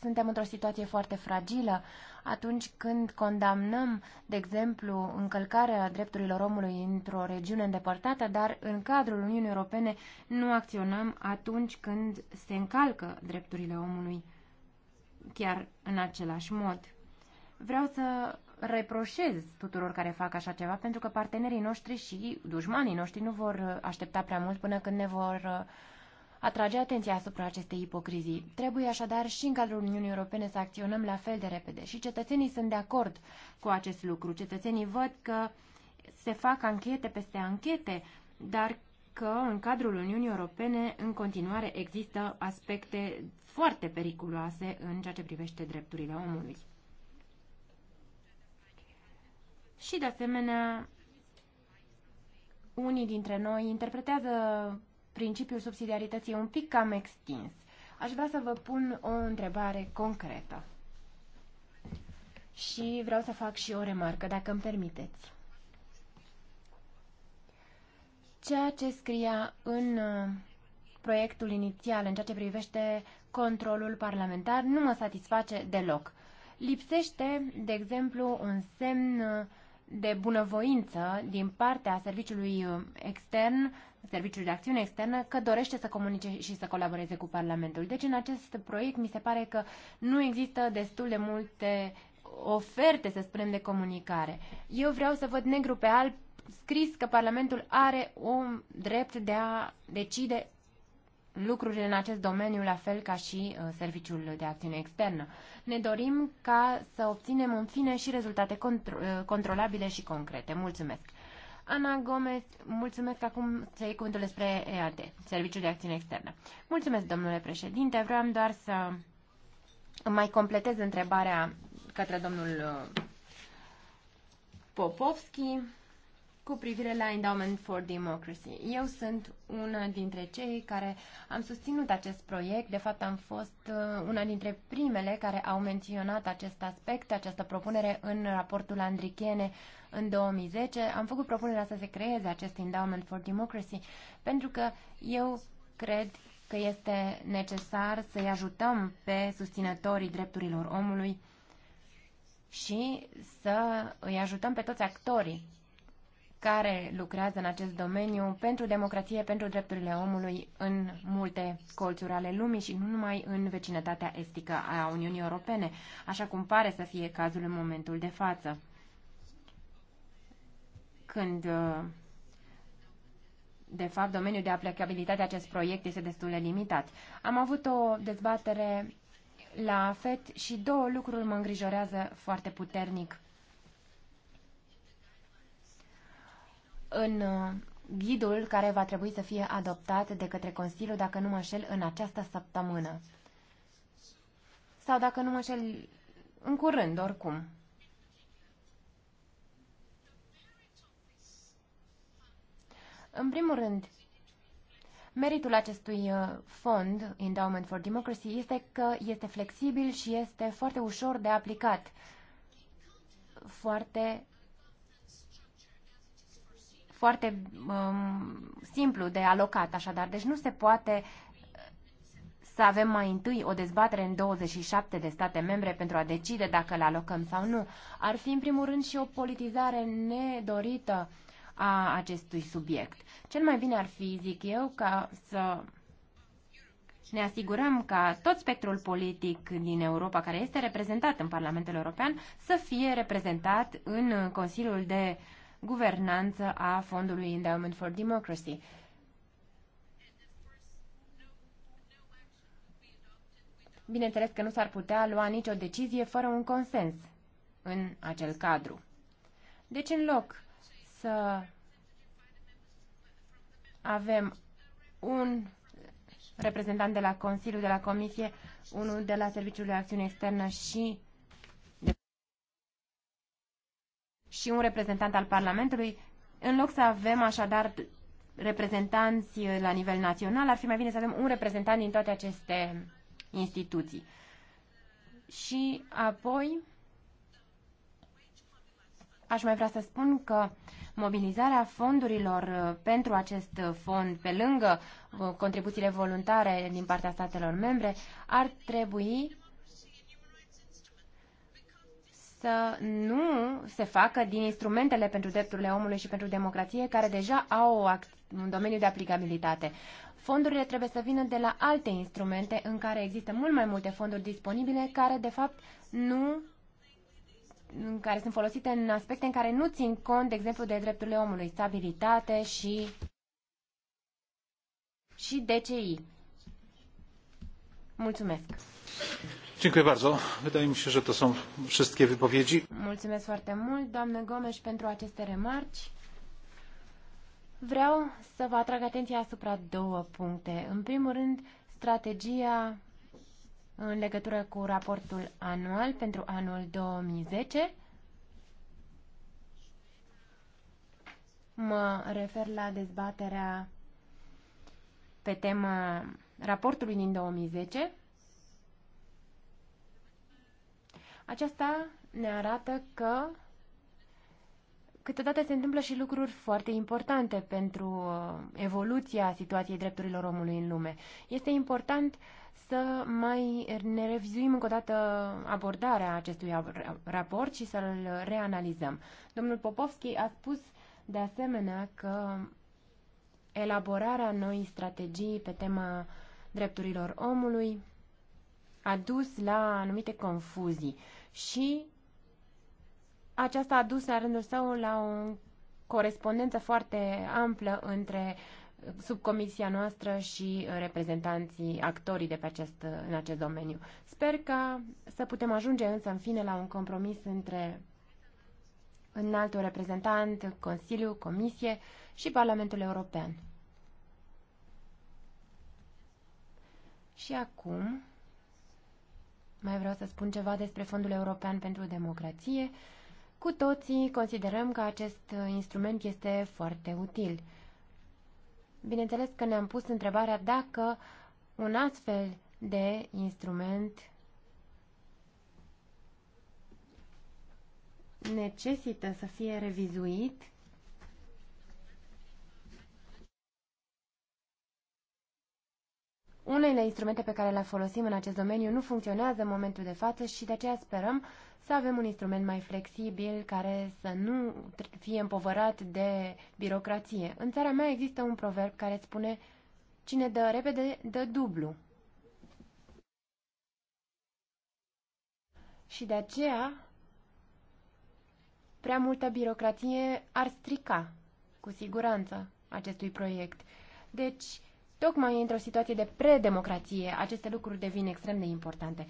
Speaker 3: suntem într-o situație foarte fragilă atunci când condamnăm, de exemplu, încălcarea drepturilor omului într-o regiune îndepărtată, dar în cadrul Uniunii Europene nu acționăm atunci când se încalcă drepturile omului chiar în același mod. Vreau să reproșez tuturor care fac așa ceva, pentru că partenerii noștri și dușmanii noștri nu vor aștepta prea mult până când ne vor uh, atrage atenția asupra acestei ipocrizii. Trebuie așadar și în cadrul Uniunii Europene să acționăm la fel de repede și cetățenii sunt de acord cu acest lucru. Cetățenii văd că se fac anchete peste anchete, dar că în cadrul Uniunii Europene în continuare există aspecte foarte periculoase în ceea ce privește drepturile omului. Și de asemenea, unii dintre noi interpretează principiul subsidiarității e un pic cam extins. Aș vrea să vă pun o întrebare concretă. Și vreau să fac și o remarcă, dacă îmi permiteți. Ceea ce scria în uh, proiectul inițial în ceea ce privește controlul parlamentar nu mă satisface deloc. Lipsește, de exemplu, un semn de bunăvoință din partea serviciului uh, extern Serviciul de Acțiune Externă că dorește să comunice și să colaboreze cu Parlamentul. Deci în acest proiect mi se pare că nu există destul de multe oferte, să spunem, de comunicare. Eu vreau să văd negru pe alb scris că Parlamentul are un drept de a decide lucrurile în acest domeniu, la fel ca și uh, Serviciul de Acțiune Externă. Ne dorim ca să obținem în fine și rezultate contro- uh, controlabile și concrete. Mulțumesc! Ana Gomez, mulțumesc acum să iei cuvântul despre EAD, Serviciul de Acțiune Externă. Mulțumesc, domnule președinte. Vreau doar să mai completez întrebarea către domnul uh, Popovski cu privire la Endowment for Democracy. Eu sunt una dintre cei care am susținut acest proiect. De fapt, am fost uh, una dintre primele care au menționat acest aspect, această propunere în raportul Andrichene în 2010, am făcut propunerea să se creeze acest Endowment for Democracy, pentru că eu cred că este necesar să-i ajutăm pe susținătorii drepturilor omului și să îi ajutăm pe toți actorii care lucrează în acest domeniu pentru democrație, pentru drepturile omului în multe colțuri ale lumii și nu numai în vecinătatea estică a Uniunii Europene, așa cum pare să fie cazul în momentul de față când uh, de fapt, domeniul de aplicabilitate a acest proiect este destul de limitat. Am avut o dezbatere la FET și două lucruri mă îngrijorează foarte puternic. În uh, ghidul care va trebui să fie adoptat de către Consiliu, dacă nu mă șel, în această săptămână. Sau dacă nu mă șel, în curând, oricum. În primul rând, meritul acestui uh, fond, Endowment for Democracy, este că este flexibil și este foarte ușor de aplicat, foarte, foarte um, simplu de alocat, așadar. Deci nu se poate uh, să avem mai întâi o dezbatere în 27 de state membre pentru a decide dacă le alocăm sau nu. Ar fi, în primul rând, și o politizare nedorită uh, a acestui subiect. Cel mai bine ar fi, zic eu, ca să ne asigurăm ca tot spectrul politic din Europa care este reprezentat în Parlamentul European să fie reprezentat în Consiliul de Guvernanță a Fondului Endowment for Democracy. Bineînțeles că nu s-ar putea lua nicio decizie fără un consens în acel cadru. Deci, în loc să avem un reprezentant de la Consiliu, de la Comisie, unul de la Serviciul de Acțiune Externă și și un reprezentant al Parlamentului. În loc să avem așadar reprezentanți la nivel național, ar fi mai bine să avem un reprezentant din toate aceste instituții. Și apoi aș mai vrea să spun că uh, mobilizarea fondurilor uh, pentru acest uh, fond, pe lângă uh, contribuțiile voluntare din partea statelor membre, ar trebui să nu se facă din instrumentele pentru drepturile omului și pentru democrație, care deja au un domeniu de aplicabilitate. Fondurile trebuie să vină de la alte instrumente în care există mult mai multe fonduri disponibile, care de fapt nu care sunt folosite în aspecte în care nu țin cont, de exemplu, de drepturile omului, stabilitate și, și DCI. Mulțumesc.
Speaker 1: Dziękuję bardzo. Wydaje mi się, że to są wszystkie wypowiedzi.
Speaker 3: Mulțumesc foarte mult, doamnă Gomes, pentru aceste remarci. Vreau să vă atrag atenția asupra două puncte. În primul rând, strategia în legătură cu raportul anual pentru anul 2010. Mă refer la dezbaterea pe tema raportului din 2010. Aceasta ne arată că câteodată se întâmplă și lucruri foarte importante pentru uh, evoluția situației drepturilor omului în lume. Este important uh, să mai ne revizuim încă o dată abordarea acestui raport și să-l reanalizăm. Domnul Popovski a spus de asemenea că elaborarea noii strategii pe tema drepturilor omului a dus la anumite confuzii și aceasta a dus la rândul său la o corespondență foarte amplă între uh, subcomisia noastră și uh, reprezentanții, actorii de pe acest, uh, în acest domeniu. Sper ca să putem ajunge însă în fine la un compromis între înaltul reprezentant, Consiliu, Comisie și Parlamentul European. Și acum mai vreau să spun ceva despre Fondul European pentru Democrație. Cu toții considerăm că acest uh, instrument este foarte util. Bineînțeles că ne-am pus întrebarea dacă un astfel de instrument necesită să fie revizuit Unele instrumente pe care le folosim în acest domeniu nu funcționează în momentul de față și de aceea sperăm să avem un instrument mai flexibil care să nu fie împovărat de birocrație. În țara mea există un proverb care spune cine dă repede, dă dublu. Și de aceea prea multă birocrație ar strica, cu siguranță, acestui proiect. Deci, tocmai într-o situație de predemocrație, aceste lucruri devin extrem de importante.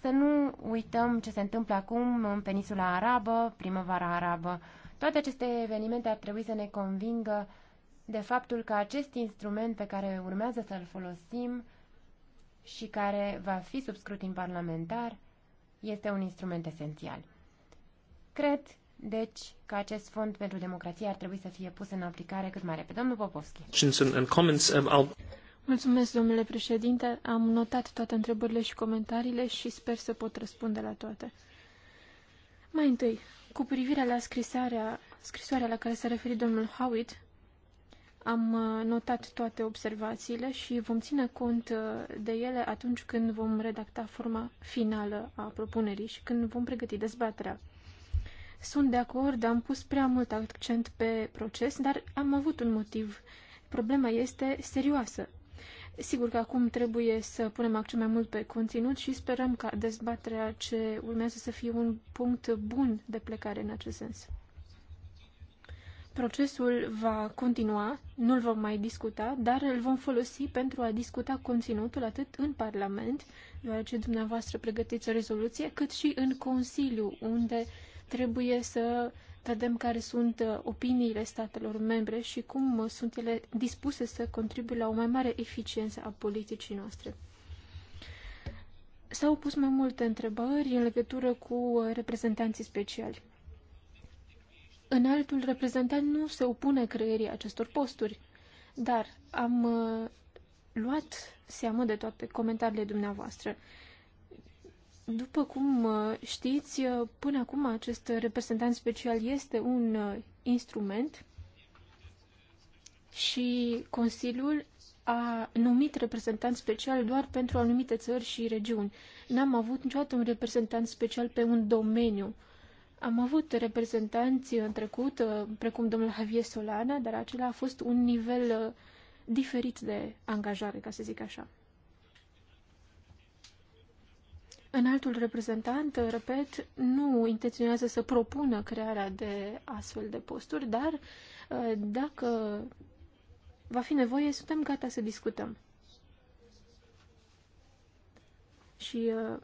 Speaker 3: Să nu uităm ce se întâmplă acum în peninsula arabă, primăvara arabă. Toate aceste evenimente ar trebui să ne convingă de faptul că acest instrument pe care urmează să-l folosim și care va fi sub în parlamentar este un instrument esențial. Cred deci, că acest fond pentru
Speaker 4: democrație ar trebui să fie pus în aplicare cât mai repede. Domnul Popovski. Um, Mulțumesc, domnule președinte. Am notat toate întrebările și comentariile și sper să pot răspunde la toate. Mai întâi, cu privire la scrisoarea, scrisoarea la care s-a referit domnul Howitt, am uh, notat toate observațiile și vom ține cont uh, de ele atunci când vom redacta forma finală a propunerii și când vom pregăti dezbaterea. Sunt de acord, am pus prea mult accent pe proces, dar am avut un motiv. Problema este serioasă. Sigur că acum trebuie să punem accent mai mult pe conținut și sperăm ca dezbaterea ce urmează să fie un punct bun de plecare în acest sens. Procesul va continua, nu-l vom mai discuta, dar îl vom folosi pentru a discuta conținutul atât în Parlament, deoarece dumneavoastră pregătiți o rezoluție, cât și în Consiliu, unde Trebuie să vedem care sunt uh, opiniile statelor membre și cum uh, sunt ele dispuse să contribuie la o mai mare eficiență a politicii noastre. S-au pus mai multe întrebări în legătură cu uh, reprezentanții speciali. În altul reprezentant nu se opune creierii acestor posturi, dar am luat seamă de toate comentariile dumneavoastră după cum uh, știți, uh, până acum acest reprezentant special este un uh, instrument și Consiliul a numit reprezentant special doar pentru anumite țări și regiuni. N-am avut niciodată un reprezentant special pe un domeniu. Am avut reprezentanți în trecut, precum domnul Javier Solana, dar acela a fost un nivel diferit de angajare, ca să zic așa. Înaltul reprezentant, repet, nu intenționează să propună crearea de astfel de posturi, dar uh, dacă va fi nevoie, suntem gata să discutăm. Și uh,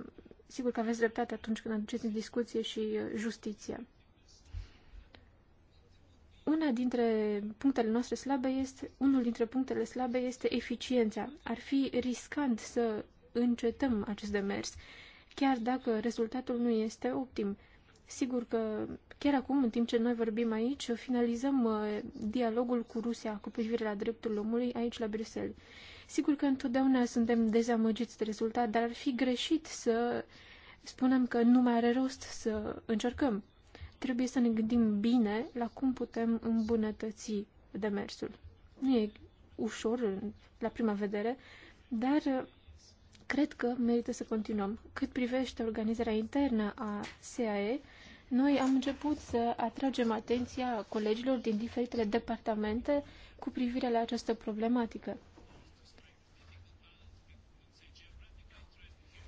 Speaker 4: sigur că aveți dreptate atunci când aduceți în discuție și uh, justiția. Una dintre punctele noastre slabe este, unul dintre punctele slabe este eficiența. Ar fi riscant să încetăm acest demers chiar dacă rezultatul nu este optim. Sigur că chiar acum, în timp ce noi vorbim aici, finalizăm uh, dialogul cu Rusia cu privire la dreptul omului aici la Bruxelles. Sigur că întotdeauna suntem dezamăgiți de rezultat, dar ar fi greșit să spunem că nu mai are rost să încercăm. Trebuie să ne gândim bine la cum putem îmbunătăți demersul. Nu e ușor la prima vedere, dar uh, Cred că merită să continuăm. Cât privește organizarea internă a SAE, noi am început să atragem atenția colegilor din diferitele departamente cu privire la această problematică.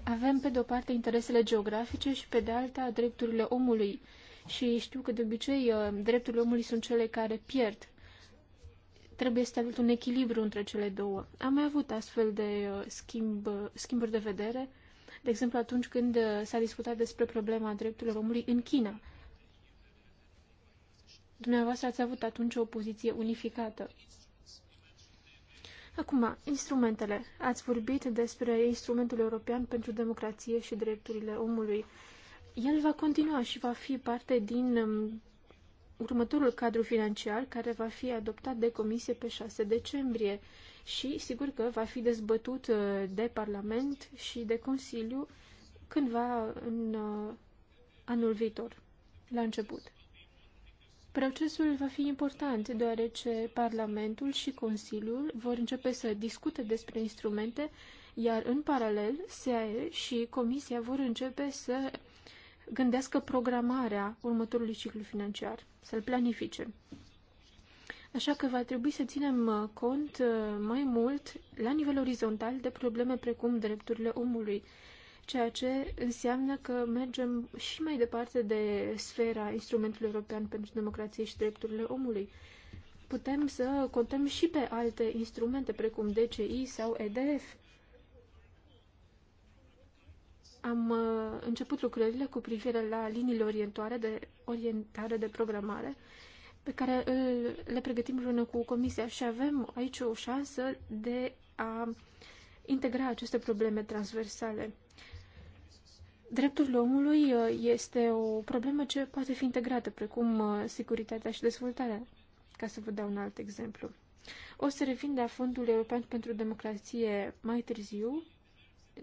Speaker 4: Avem pe de o parte interesele geografice și pe de alta drepturile omului și știu că de obicei uh, drepturile omului sunt cele care pierd trebuie stabilit un echilibru între cele două. Am mai avut astfel de uh, schimb, schimburi de vedere, de exemplu atunci când uh, s-a discutat despre problema drepturilor omului în China. Dumneavoastră ați avut atunci o poziție unificată. Acum, instrumentele. Ați vorbit despre instrumentul european pentru democrație și drepturile omului. El va continua și va fi parte din um, următorul cadru financiar care va fi adoptat de comisie pe 6 decembrie și sigur că va fi dezbătut uh, de Parlament și de Consiliu cândva în uh, anul viitor, la început. Procesul va fi important deoarece Parlamentul și Consiliul vor începe să discute despre instrumente, iar în paralel SAE și Comisia vor începe să gândească programarea următorului ciclu financiar, să-l planifice. Așa că va trebui să ținem uh, cont uh, mai mult, la nivel orizontal, de probleme precum drepturile omului, ceea ce înseamnă că mergem și mai departe de sfera instrumentului european pentru democrație și drepturile omului. Putem să contăm și pe alte instrumente, precum DCI sau EDF, am uh, început lucrările cu privire la liniile orientare de, orientare de programare pe care îl, le pregătim împreună cu Comisia și avem aici o șansă de a integra aceste probleme transversale. Drepturile omului uh, este o problemă ce poate fi integrată, precum uh, securitatea și dezvoltarea, ca să vă dau un alt exemplu. O să revin de la Fondul European pentru Democrație mai târziu,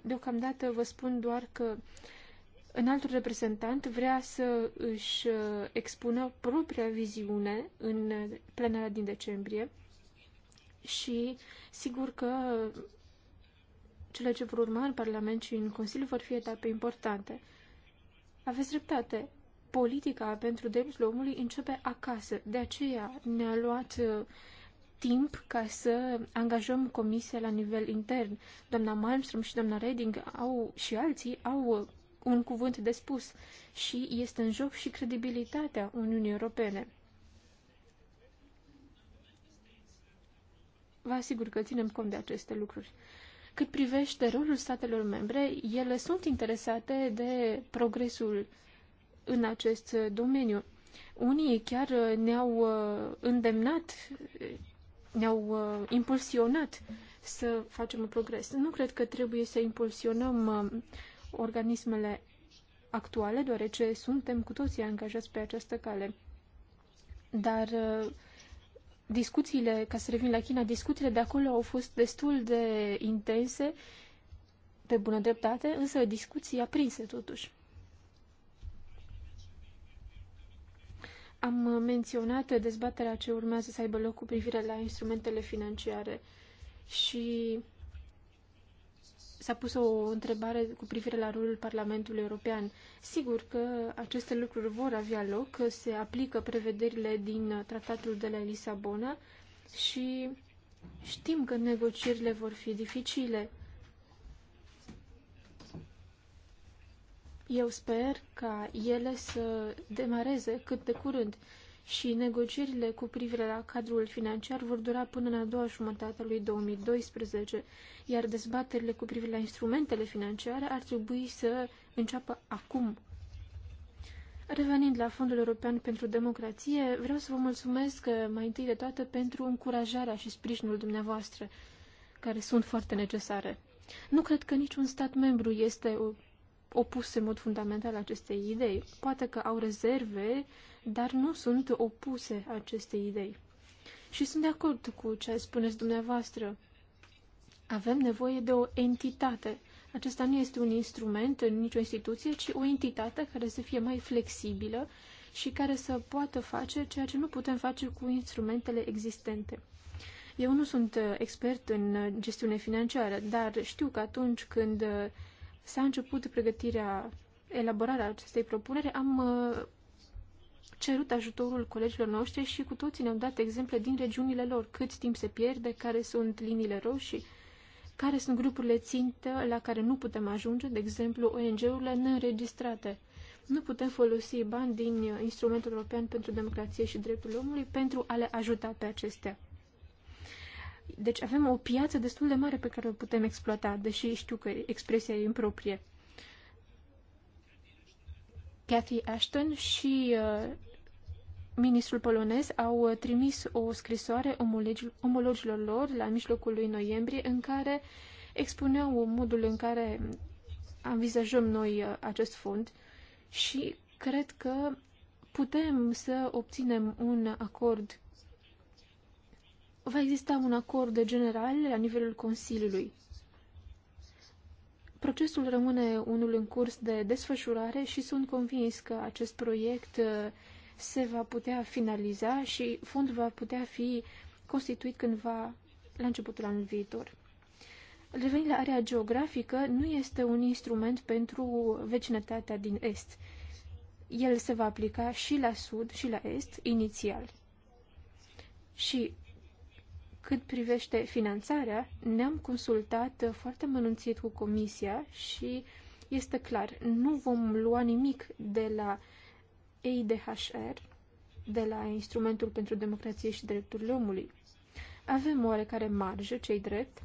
Speaker 4: Deocamdată vă spun doar că în altul reprezentant vrea să își uh, expună propria viziune în plenarea din decembrie și sigur că cele ce vor urma în Parlament și în Consiliu vor fi etape importante. Aveți dreptate. Politica pentru drepturile omului începe acasă. De aceea ne-a luat uh, timp ca să angajăm comisia la nivel intern. Doamna Malmström și doamna Reding au, și alții au un cuvânt de spus și este în joc și credibilitatea Uniunii Europene. Vă asigur că ținem cont de aceste lucruri. Cât privește rolul statelor membre, ele sunt interesate de progresul în acest domeniu. Unii chiar ne-au uh, îndemnat ne-au uh, impulsionat să facem un progres. Nu cred că trebuie să impulsionăm uh, organismele actuale, deoarece suntem cu toții angajați pe această cale. Dar uh, discuțiile, ca să revin la China, discuțiile de acolo au fost destul de intense, pe bună dreptate, însă discuții aprinse totuși. Am menționat dezbaterea ce urmează să aibă loc cu privire la instrumentele financiare și s-a pus o întrebare cu privire la rolul Parlamentului European. Sigur că aceste lucruri vor avea loc, se aplică prevederile din tratatul de la Lisabona și știm că negocierile vor fi dificile. Eu sper ca ele să demareze cât de curând și negocierile cu privire la cadrul financiar vor dura până în a doua jumătate a lui 2012, iar dezbaterile cu privire la instrumentele financiare ar trebui să înceapă acum. Revenind la Fondul European pentru Democrație, vreau să vă mulțumesc uh, mai întâi de toate pentru încurajarea și sprijinul dumneavoastră, care sunt foarte necesare. Nu cred că niciun stat membru este opuse în mod fundamental acestei idei. Poate că au rezerve, dar nu sunt opuse acestei idei. Și sunt de acord cu ce spuneți dumneavoastră. Avem nevoie de o entitate. Acesta nu este un instrument în nicio instituție, ci o entitate care să fie mai flexibilă și care să poată face ceea ce nu putem face cu instrumentele existente. Eu nu sunt expert în gestiune financiară, dar știu că atunci când s-a început pregătirea, elaborarea acestei propuneri, am uh, cerut ajutorul colegilor noștri și cu toții ne-am dat exemple din regiunile lor, cât timp se pierde, care sunt liniile roșii, care sunt grupurile țintă la care nu putem ajunge, de exemplu ONG-urile neînregistrate. Nu putem folosi bani din uh, Instrumentul European pentru Democrație și Dreptul Omului pentru a le ajuta pe acestea. Deci avem o piață destul de mare pe care o putem exploata, deși știu că expresia e improprie. Cathy Ashton și uh, ministrul polonez au uh, trimis o scrisoare omologilor, lor la mijlocul lui noiembrie în care expuneau modul în care avizajăm noi uh, acest fond și cred că putem să obținem un acord va exista un acord general la nivelul Consiliului. Procesul rămâne unul în curs de desfășurare și sunt convins că acest proiect uh, se va putea finaliza și fondul va putea fi constituit cândva la începutul anului viitor. Revenind la area geografică, nu este un instrument pentru vecinătatea din Est. El se va aplica și la Sud și la Est, inițial. Și cât privește finanțarea, ne-am consultat foarte mănunțit cu Comisia și este clar, nu vom lua nimic de la EIDHR, de la Instrumentul pentru Democrație și Drepturile Omului. Avem oarecare marjă, cei drept,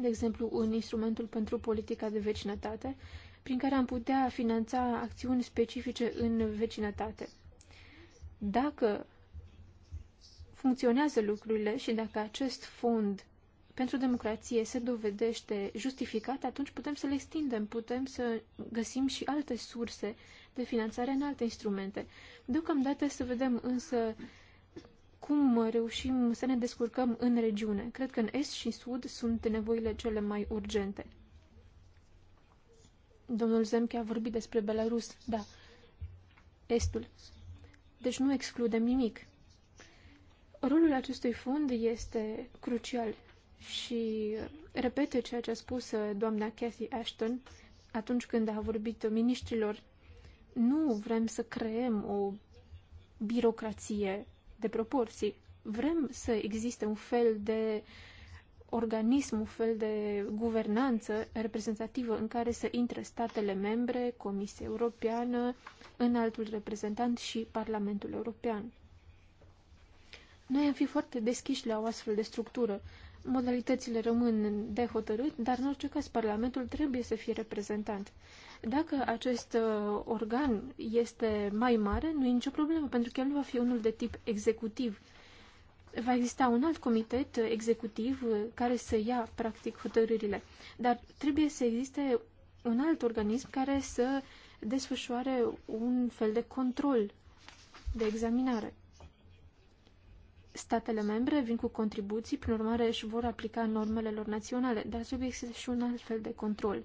Speaker 4: de exemplu, în Instrumentul pentru Politica de Vecinătate, prin care am putea finanța acțiuni specifice în vecinătate. Dacă funcționează lucrurile și dacă acest fond pentru democrație se dovedește justificat, atunci putem să le extindem, putem să găsim și alte surse de finanțare în alte instrumente. Deocamdată să vedem însă cum reușim să ne descurcăm în regiune. Cred că în est și sud sunt nevoile cele mai urgente. Domnul Zemke a vorbit despre Belarus, da, estul. Deci nu excludem nimic. Rolul acestui fond este crucial și repete ceea ce a spus uh, doamna Cathy Ashton atunci când a vorbit miniștrilor. Nu vrem să creăm o birocrație de proporții. Vrem să existe un fel de organism, un fel de guvernanță reprezentativă în care să intre statele membre, Comisia Europeană, înaltul reprezentant și Parlamentul European. Noi am fi foarte deschiși la o astfel de structură. Modalitățile rămân de hotărât, dar în orice caz Parlamentul trebuie să fie reprezentant. Dacă acest uh, organ este mai mare, nu e nicio problemă, pentru că el nu va fi unul de tip executiv. Va exista un alt comitet uh, executiv uh, care să ia, practic, hotărârile. Dar trebuie să existe un alt organism care să desfășoare un fel de control, de examinare statele membre vin cu contribuții, prin urmare își vor aplica normele lor naționale, dar trebuie să și un alt fel de control.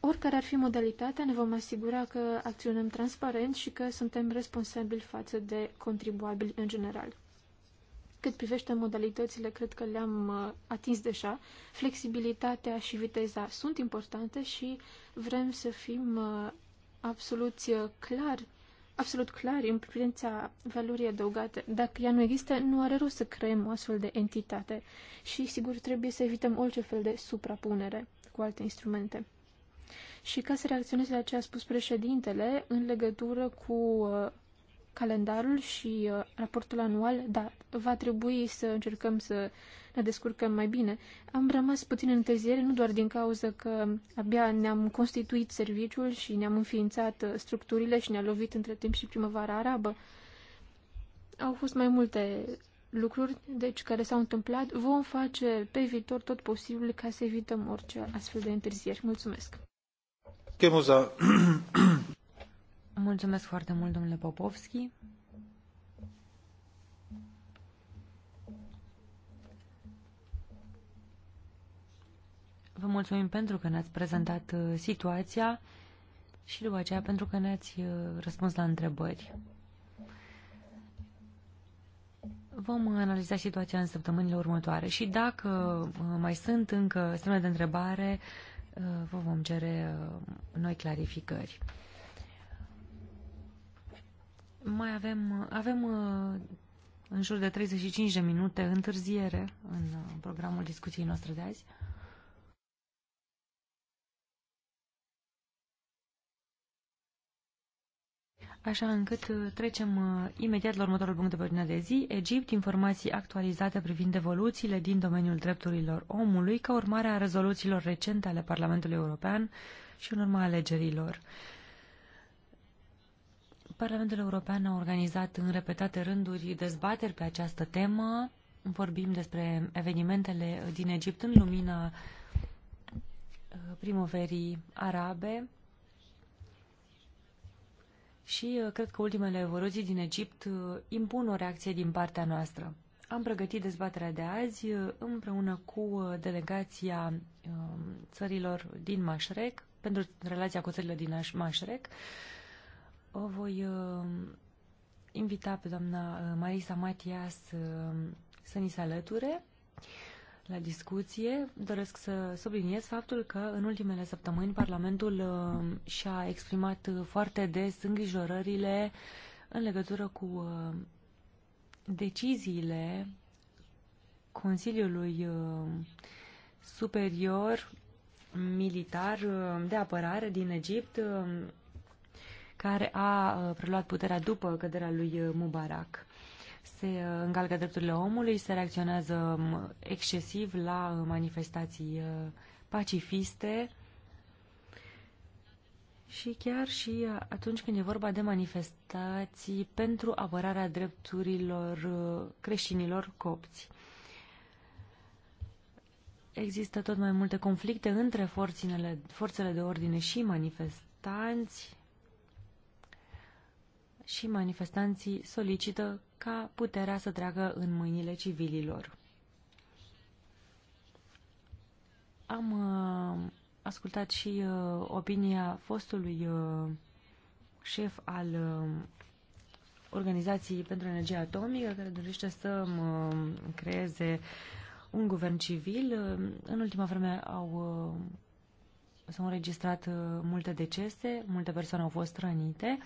Speaker 4: Oricare ar fi modalitatea, ne vom asigura că acționăm transparent și că suntem responsabili față de contribuabili în general. Cât privește modalitățile, cred că le-am uh, atins deja. Flexibilitatea și viteza sunt importante și vrem să fim uh, absolut uh, clari absolut clar în privința valorii adăugate. Dacă ea nu există, nu are rost să creăm o astfel de entitate și, sigur, trebuie să evităm orice fel de suprapunere cu alte instrumente. Și ca să reacționez la ce a spus președintele în legătură cu uh, calendarul și uh, raportul anual, da, va trebui să încercăm să ne descurcăm mai bine. Am rămas puțin în întârziere, nu doar din cauza că abia ne-am constituit serviciul și ne-am înființat uh, structurile și ne-a lovit între timp și primăvara arabă. Au fost mai multe lucruri, deci, care s-au întâmplat. Vom face pe viitor tot posibil ca să evităm orice astfel de întârzieri. Mulțumesc!
Speaker 1: Chemuza
Speaker 2: Mulțumesc foarte mult, domnule Popovski. Vă mulțumim pentru că ne-ați prezentat uh, situația și după aceea pentru că ne-ați uh, răspuns la întrebări. Vom analiza situația în săptămânile următoare și dacă uh, mai sunt încă semne de întrebare, vă vom cere noi clarificări. Mai avem, avem uh, în jur de 35 de minute întârziere în uh, programul discuției noastre de azi. Așa încât uh, trecem imediat la următorul punct de ordine de zi. Egipt, informații actualizate privind evoluțiile din domeniul drepturilor omului ca urmare a rezoluțiilor recente ale Parlamentului European și în urma alegerilor. Parlamentul European a organizat în repetate rânduri dezbateri pe această temă. Vorbim despre evenimentele din Egipt în lumina uh, primăverii arabe și uh, cred că ultimele evoluții din Egipt uh, impun o reacție din partea noastră. Am pregătit dezbaterea de azi împreună cu delegația um, țărilor din Mașrec, pentru relația cu țările din Mașrec, o voi uh, invita pe doamna uh, Marisa Matias uh, să ni se alăture la discuție. Doresc să subliniez faptul că în ultimele săptămâni Parlamentul și-a exprimat foarte des îngrijorările în legătură cu deciziile Consiliului Superior Militar de Apărare din Egipt care a uh, preluat puterea după căderea lui uh, Mubarak. Se uh, încalcă drepturile omului, se reacționează um, excesiv la manifestații pacifiste și chiar și atunci când e vorba de manifestații pentru apărarea drepturilor creștinilor copți există tot mai multe conflicte între forțele de ordine și manifestanți și manifestanții solicită ca puterea să treacă în mâinile civililor. Am uh, ascultat și uh, opinia fostului uh, șef al uh, Organizației pentru Energie Atomică, care dorește să uh, creeze un guvern civil. Uh, în ultima vreme au, uh, s-au înregistrat uh, multe decese, multe persoane au fost rănite. Uh,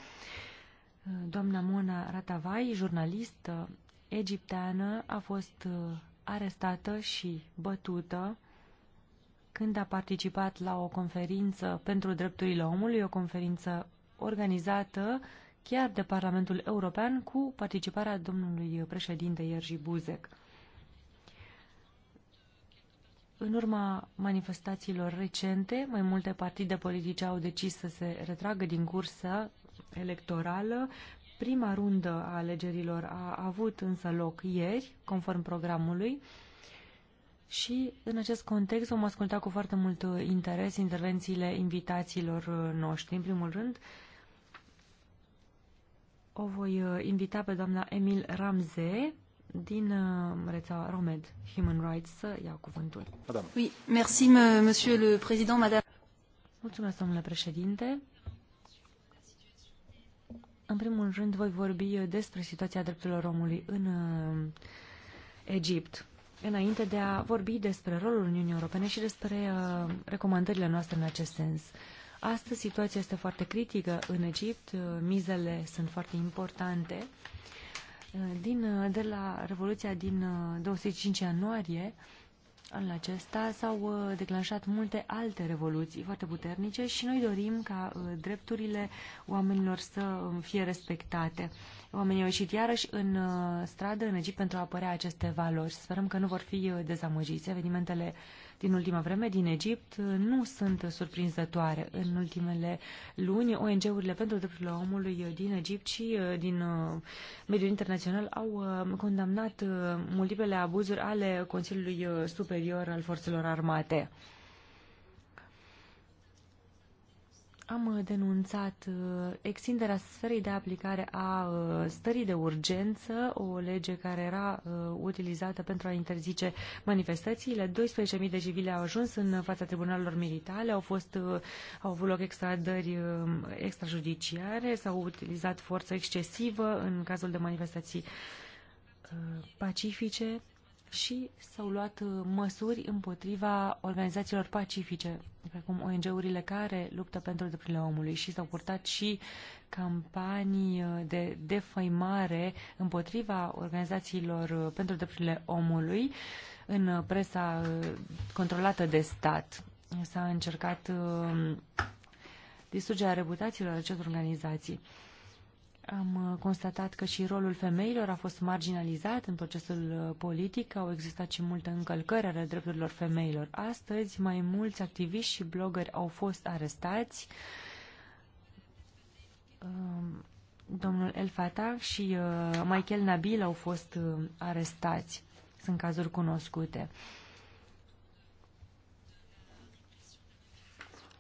Speaker 2: Doamna Mona Ratavai, jurnalistă egipteană, a fost uh, arestată și bătută când a participat la o conferință pentru drepturile omului, o conferință organizată chiar de Parlamentul European cu participarea domnului președinte Ierji Buzek. În urma manifestațiilor recente, mai multe partide politice au decis să se retragă din cursă electorală. Prima rundă a alegerilor a avut însă loc ieri, conform programului, și în acest context vom asculta cu foarte mult interes intervențiile invitațiilor uh, noștri. În primul rând, o voi uh, invita pe doamna Emil Ramze din uh, rețeaua Romed Human Rights să ia cuvântul. Madame. Oui, merci, monsieur le président, madame. Mulțumesc, domnule președinte. În primul rând, voi vorbi uh, despre situația drepturilor omului în uh, Egipt, înainte de a vorbi despre rolul Uniunii Europene și despre uh, recomandările noastre în acest sens. Astăzi situația este foarte critică în Egipt, mizele sunt foarte importante. Din, de la Revoluția din 25 ianuarie, anul acesta s-au uh, declanșat multe alte revoluții foarte puternice și noi dorim ca uh, drepturile oamenilor să um, fie respectate. Oamenii au ieșit iarăși în uh, stradă în Egipt pentru a apărea aceste valori. Sperăm că nu vor fi dezamăgiți. Evenimentele din ultima vreme din Egipt nu sunt surprinzătoare. În ultimele luni, ONG-urile pentru drepturile omului din Egipt și uh, din uh, mediul internațional au uh, condamnat multiplele abuzuri ale Consiliului Superior al Forțelor Armate. am uh, denunțat uh, extinderea sferei de aplicare a uh, stării de urgență, o lege care era utilizată pentru a interzice manifestațiile. 12.000 de civili au ajuns în fața tribunalelor militare, au, fost, au avut loc extradări um, extrajudiciare, s-au utilizat forță excesivă în cazul de manifestații pacifice și s-au luat uh, măsuri împotriva organizațiilor pacifice, precum ONG-urile care luptă pentru drepturile omului și s-au purtat și campanii uh, de defăimare împotriva organizațiilor uh, pentru drepturile omului în presa controlată de stat. S-a încercat distrugerea reputațiilor acestor organizații. Am uh, constatat că și rolul femeilor a fost marginalizat în procesul uh, politic, au existat și multe încălcări ale drepturilor femeilor. Astăzi, mai mulți activiști și blogări au fost arestați. Um, domnul El Fatah și uh, Michael Nabil au fost arestați. Sunt cazuri cunoscute.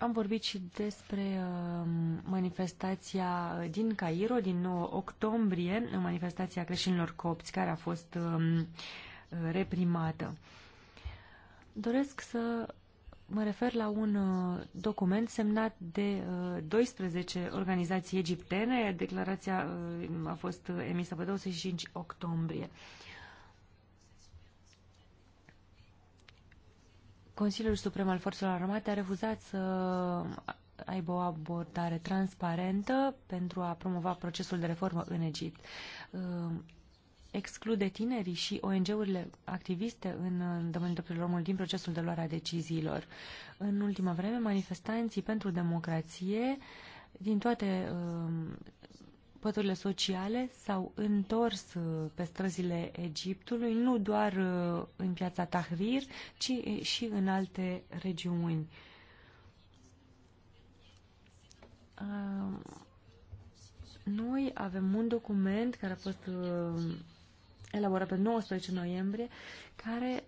Speaker 2: Am vorbit și despre um, manifestația din Cairo din 9 octombrie, manifestația creștinilor copți care a fost um, reprimată. Doresc să mă refer la un uh, document semnat de 12 uh, organizații egiptene. Declarația uh, a fost emisă pe 25 octombrie. Consiliul Suprem al Forțelor Armate a refuzat să aibă o abordare transparentă pentru a promova procesul de reformă în Egipt. Exclude tinerii și ONG-urile activiste în domeniul drepturilor omului din procesul de luare a deciziilor. În ultima vreme, manifestanții pentru democrație din toate păturile sociale s-au întors uh, pe străzile Egiptului, nu doar uh, în piața Tahrir, ci uh, și în alte regiuni. Noi avem un document care a fost elaborat pe 19 noiembrie, care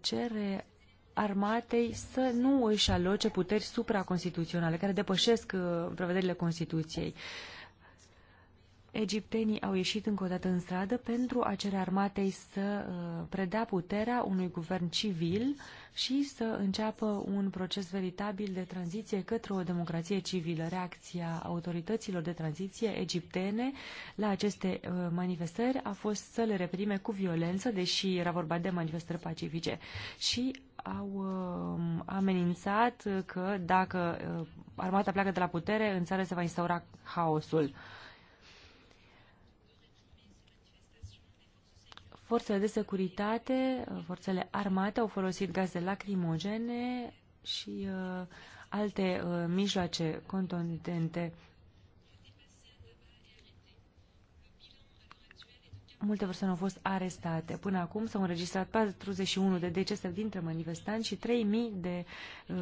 Speaker 2: cere armatei să nu își aloce puteri supraconstituționale, care depășesc prevederile Constituției. Uh, egiptenii au ieșit încă o dată în stradă pentru a cere armatei să uh, predea puterea unui guvern civil și să înceapă un proces veritabil de tranziție către o democrație civilă. Reacția autorităților de tranziție egiptene la aceste uh, manifestări a fost să le reprime cu violență, deși era vorba de manifestări pacifice, și au uh, amenințat că dacă armata pleacă de la putere, în țară se va instaura haosul Forțele de securitate, forțele armate au folosit gaze lacrimogene și uh, alte uh, mijloace contundente. Multe persoane au fost arestate. Până acum s-au înregistrat 41 de decese dintre manifestanți și 3000 de uh,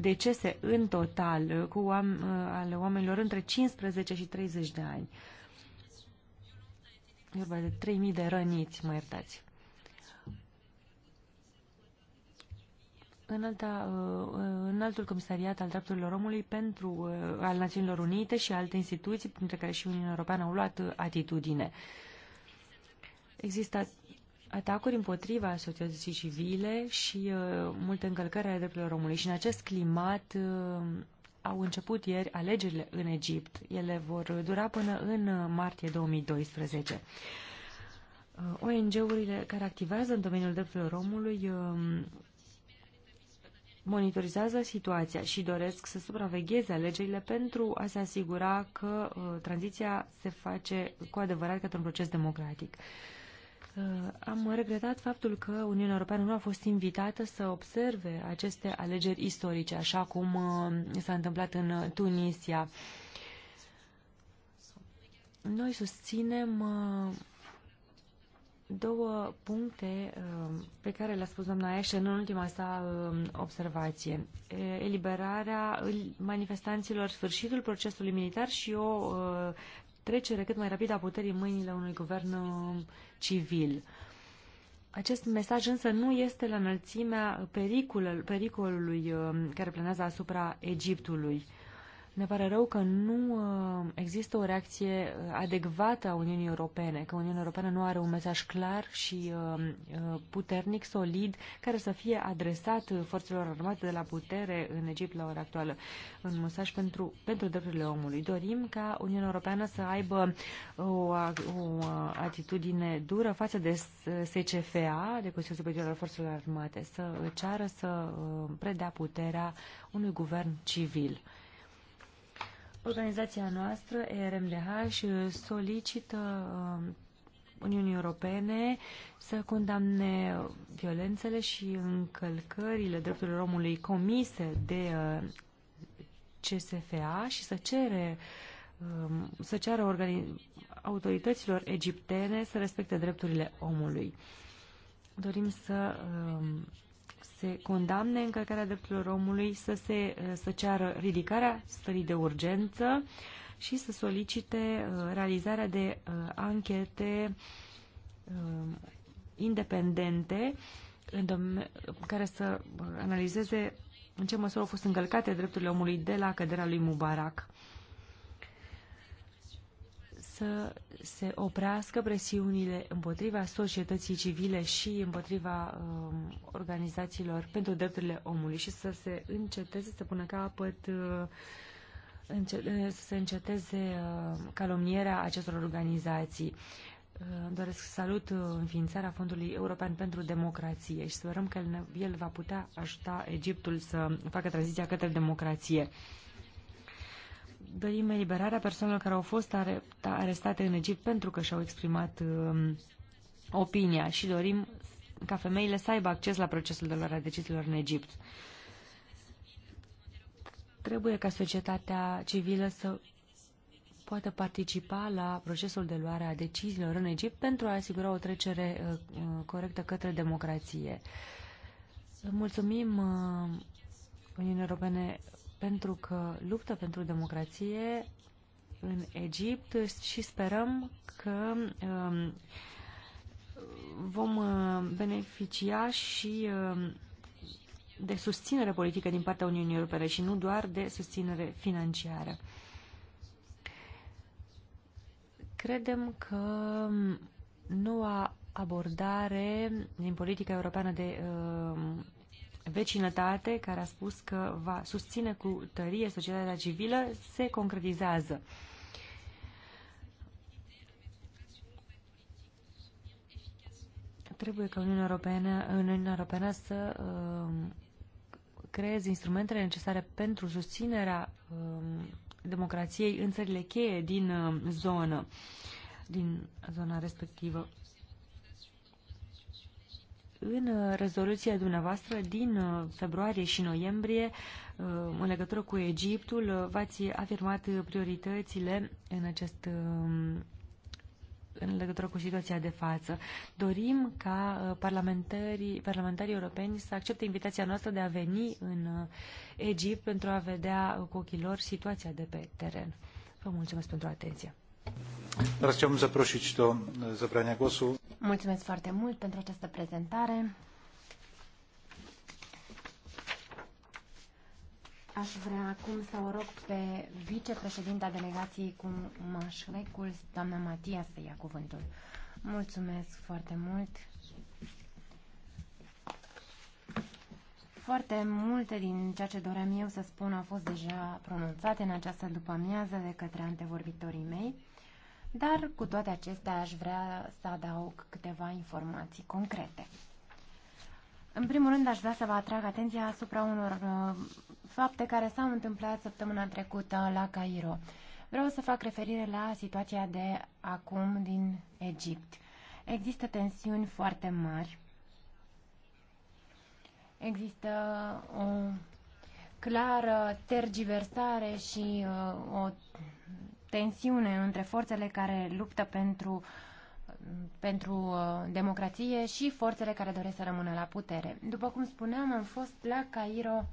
Speaker 2: decese în total cu oam- uh, ale oamenilor între 15 și 30 de ani. Uh, vorba de 3.000 de răniți, mă iertați. în, alta, uh, în altul comisariat al drepturilor omului pentru, uh, al Națiunilor Unite și alte instituții, printre care și Uniunea Europeană, au luat uh, atitudine. Există atacuri împotriva societății civile și uh, multe încălcări ale drepturilor omului. Și în acest climat uh, au început ieri alegerile în Egipt. Ele vor dura până în martie 2012. Uh, ONG-urile care activează în domeniul drepturilor omului um, monitorizează situația și doresc să supravegheze alegerile pentru a se asigura că uh, tranziția se face cu adevărat către un proces democratic. Am regretat faptul că Uniunea Europeană nu a fost invitată să observe aceste alegeri istorice, așa cum uh, s-a întâmplat în Tunisia. Noi susținem uh, două puncte uh, pe care le-a spus doamna Ashton în ultima sa observație. Eliberarea manifestanților, sfârșitul procesului militar și o trecere cât mai rapidă a puterii în mâinile unui guvern uh, civil. Acest mesaj însă nu este la înălțimea pericolului uh, care planează asupra Egiptului. Ne pare rău că nu uh, există o reacție uh, adecvată a Uniunii Europene, că Uniunea Europeană nu are un mesaj clar și uh, puternic, solid, care să fie adresat forțelor armate de la putere în Egipt la ora actuală. Un mesaj pentru, pentru drepturile omului. Dorim ca Uniunea Europeană să aibă o, o atitudine dură față de SCFA, de Consiliul Superior al Forțelor Armate, să ceară să predea puterea unui guvern civil. Organizația noastră, RMDH, solicită um, Uniunii Europene să condamne violențele și încălcările drepturilor omului comise de uh, CSFA și să cere um, să ceară autorităților egiptene să respecte drepturile omului. Dorim să um, se condamne încălcarea drepturilor omului, să, se, să ceară ridicarea stării de urgență și să solicite uh, realizarea de uh, anchete uh, independente care să analizeze în ce măsură au fost încălcate drepturile omului de la căderea lui Mubarak să se oprească presiunile împotriva societății civile și împotriva um, organizațiilor pentru drepturile omului și să se înceteze, să pună capăt, uh, uh să se înceteze uh, calomnierea acestor organizații. Uh, doresc să salut uh, înființarea Fondului European pentru Democrație și sperăm că el va putea ajuta Egiptul să facă tranziția către democrație dorim eliberarea persoanelor care au fost are, arestate în Egipt pentru că și-au exprimat um, opinia și dorim ca femeile să aibă acces la procesul de luare a deciziilor în Egipt. Trebuie ca societatea civilă să poată participa la procesul de luare a deciziilor în Egipt pentru a asigura o trecere uh, uh corectă către democrație. Mulțumim uh, Uniunii Europene pentru că luptă pentru democrație în Egipt și sperăm că um, vom uh, beneficia și um, de susținere politică din partea Uniunii Europene și nu doar de susținere financiară. Credem că um, noua abordare din politica europeană de vecinătate, care a spus că va susține cu tărie societatea civilă, se concretizează. Trebuie ca Uniunea Europeană, Uniunea Europeană să uh, creeze instrumentele necesare pentru susținerea uh, democrației în țările cheie din uh, zonă, din zona respectivă în uh, rezoluția dumneavoastră din uh, februarie și noiembrie, uh, în legătură cu Egiptul, v-ați afirmat prioritățile în acest um, în legătură cu situația de față. Dorim ca parlamentarii, parlamentarii europeni să accepte invitația noastră de a veni în Egipt pentru a vedea cu ochii lor situația de pe teren. Vă mulțumesc pentru atenție.
Speaker 3: Mulțumesc foarte mult pentru această prezentare. Aș vrea acum să o rog pe vicepreședinta delegației cu Mașrecul, doamna Matia, să ia cuvântul. Mulțumesc foarte mult. Foarte multe din ceea ce doream eu să spun au fost deja pronunțate în această după-amiază de către antevorbitorii mei. Dar cu toate acestea aș vrea să adaug câteva informații concrete. În primul rând aș vrea să vă atrag atenția asupra unor uh, fapte care s-au întâmplat săptămâna trecută la Cairo. Vreau să fac referire la situația de acum din Egipt. Există tensiuni foarte mari. Există o clară tergiversare și uh, o tensiune între forțele care luptă pentru, pentru uh, democrație și forțele care doresc să rămână la putere. După cum spuneam, am fost la Cairo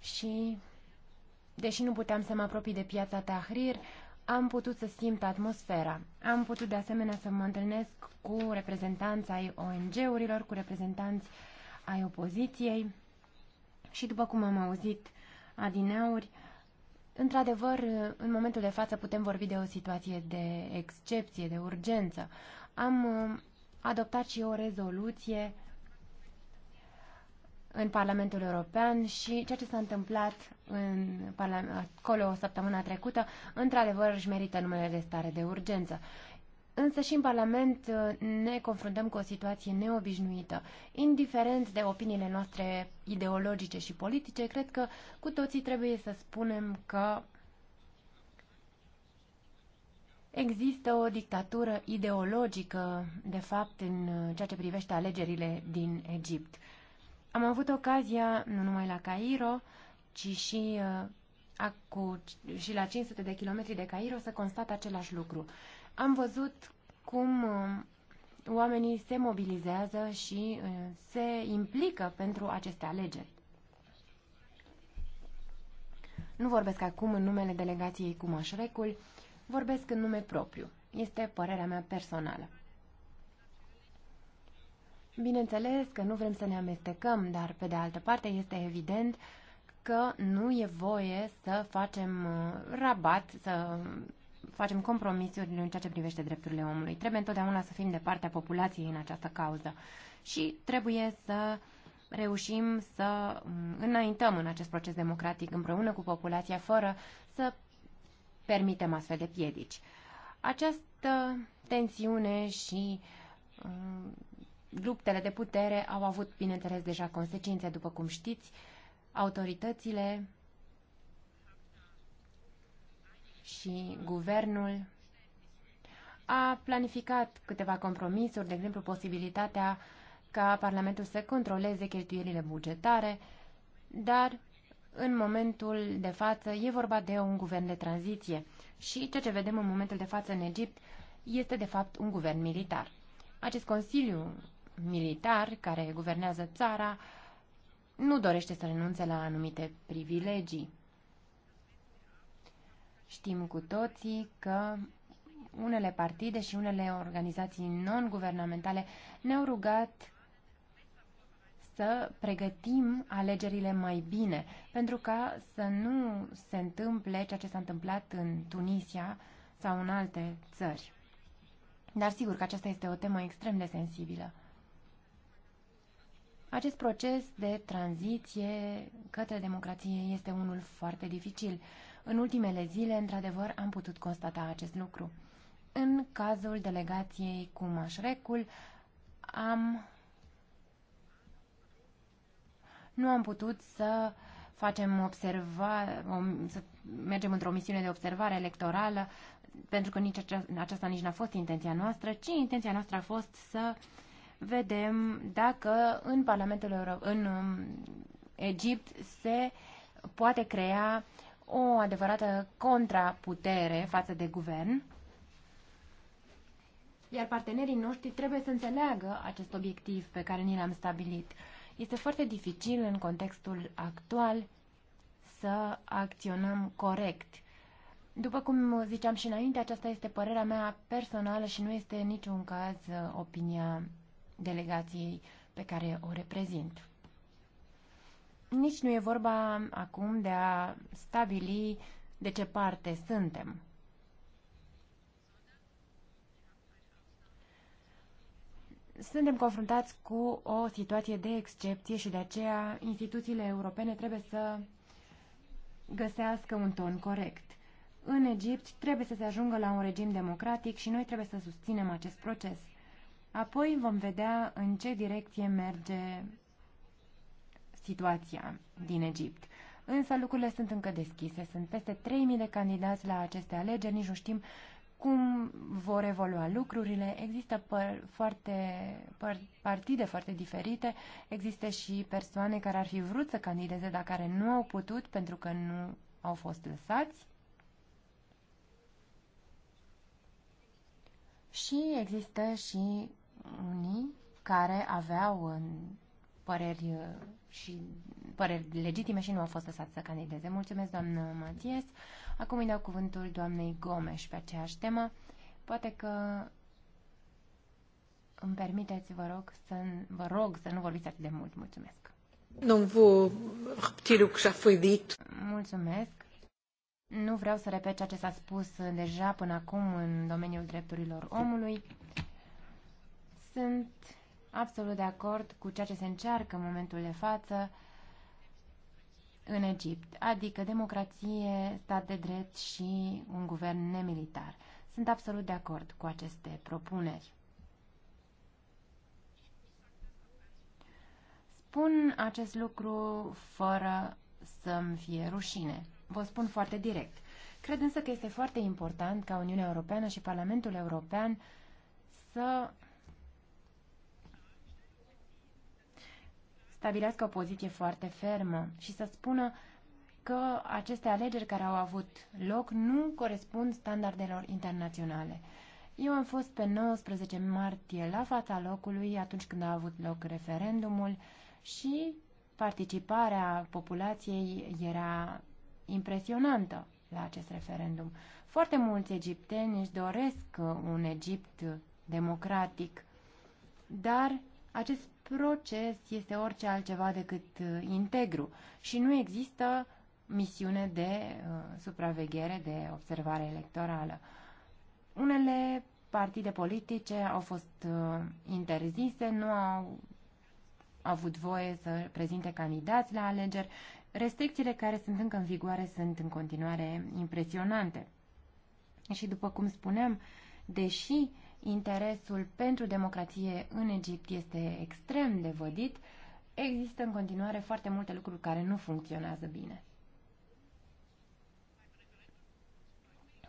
Speaker 3: și, deși nu puteam să mă apropii de piața Tahrir, am putut să simt atmosfera. Am putut de asemenea să mă întâlnesc cu reprezentanți ai ONG-urilor, cu reprezentanți ai opoziției și după cum am auzit adineauri, Într-adevăr, în momentul de față putem vorbi de o situație de excepție, de urgență. Am uh, adoptat și o rezoluție în Parlamentul European și ceea ce s-a întâmplat în acolo săptămână trecută, într-adevăr își merită numele de stare de urgență. Însă și în Parlament uh, ne confruntăm cu o situație neobișnuită. Indiferent de opiniile noastre ideologice și politice, cred că cu toții trebuie să spunem că există o dictatură ideologică, de fapt, în uh, ceea ce privește alegerile din Egipt. Am avut ocazia, nu numai la Cairo, ci și, uh, acu, și la 500 de kilometri de Cairo, să constat același lucru. Am văzut cum uh, oamenii se mobilizează și uh, se implică pentru aceste alegeri. Nu vorbesc acum în numele delegației cu mășrecul, vorbesc în nume propriu. Este părerea mea personală. Bineînțeles că nu vrem să ne amestecăm, dar pe de altă parte este evident că nu e voie să facem uh, rabat, să facem compromisuri în ceea ce privește drepturile omului. Trebuie întotdeauna să fim de partea populației în această cauză și trebuie să reușim să mm, înaintăm în acest proces democratic împreună cu populația, fără să permitem astfel de piedici. Această tensiune și mm, luptele de putere au avut, bineînțeles, deja consecințe, după cum știți. Autoritățile și guvernul a planificat câteva compromisuri, de exemplu posibilitatea ca Parlamentul să controleze cheltuielile bugetare, dar în momentul de față e vorba de un guvern de tranziție și ceea ce vedem în momentul de față în Egipt este de fapt un guvern militar. Acest Consiliu militar care guvernează țara nu dorește să renunțe la anumite privilegii. Știm cu toții că unele partide și unele organizații non-guvernamentale ne-au rugat să pregătim alegerile mai bine, pentru ca să nu se întâmple ceea ce s-a întâmplat în Tunisia sau în alte țări. Dar sigur că aceasta este o temă extrem de sensibilă. Acest proces de tranziție către democrație este unul foarte dificil în ultimele zile, într-adevăr, am putut constata acest lucru. În cazul delegației cu Mașrecul, am... nu am putut să facem observa... să mergem într-o misiune de observare electorală, pentru că nici aceasta nici n-a fost intenția noastră, ci intenția noastră a fost să vedem dacă în Parlamentul Euro- în um, Egipt se poate crea o adevărată contraputere față de guvern, iar partenerii noștri trebuie să înțeleagă acest obiectiv pe care ni l-am stabilit. Este foarte dificil în contextul actual să acționăm corect. După cum ziceam și înainte, aceasta este părerea mea personală și nu este în niciun caz uh, opinia delegației pe care o reprezint. Nici nu e vorba acum de a stabili de ce parte suntem. Suntem confruntați cu o situație de excepție și de aceea instituțiile europene trebuie să găsească un ton corect. În Egipt trebuie să se ajungă la un regim democratic și noi trebuie să susținem acest proces. Apoi vom vedea în ce direcție merge situația din Egipt. Însă lucrurile sunt încă deschise. Sunt peste 3.000 de candidați la aceste alegeri. Nici nu știm cum vor evolua lucrurile. Există păr, foarte, păr, partide foarte diferite, există și persoane care ar fi vrut să candideze, dar care nu au putut pentru că nu au fost lăsați. Și există și unii care aveau păreri și păreri legitime și nu au fost lăsați să candideze. Mulțumesc, doamnă Matias. Acum îi dau cuvântul doamnei Gomes pe aceeași temă. Poate că îmi permiteți, vă rog, să, vă rog să nu vorbiți atât de mult. Mulțumesc. Nu vă repetiru ce a a dit. Mulțumesc. Nu vreau să repet ceea ce s-a spus deja până acum în domeniul drepturilor omului. Sunt absolut de acord cu ceea ce se încearcă în momentul de față în Egipt, adică democrație, stat de drept și un guvern nemilitar. Sunt absolut de acord cu aceste propuneri. Spun acest lucru fără să-mi fie rușine. Vă spun foarte direct. Cred însă că este foarte important ca Uniunea Europeană și Parlamentul European să stabilească o poziție foarte fermă și să spună că aceste alegeri care au avut loc nu corespund standardelor internaționale. Eu am fost pe 19 martie la fața locului atunci când a avut loc referendumul și participarea populației era impresionantă la acest referendum. Foarte mulți egipteni își doresc un Egipt democratic, dar acest proces este orice altceva decât uh, integru și nu există misiune de uh, supraveghere, de observare electorală. Unele partide politice au fost uh, interzise, nu au avut voie să prezinte candidați la alegeri. Restricțiile care sunt încă în vigoare sunt în continuare impresionante. Și după cum spuneam, deși interesul pentru democrație în Egipt este extrem de vădit, există în continuare foarte multe lucruri care nu funcționează bine.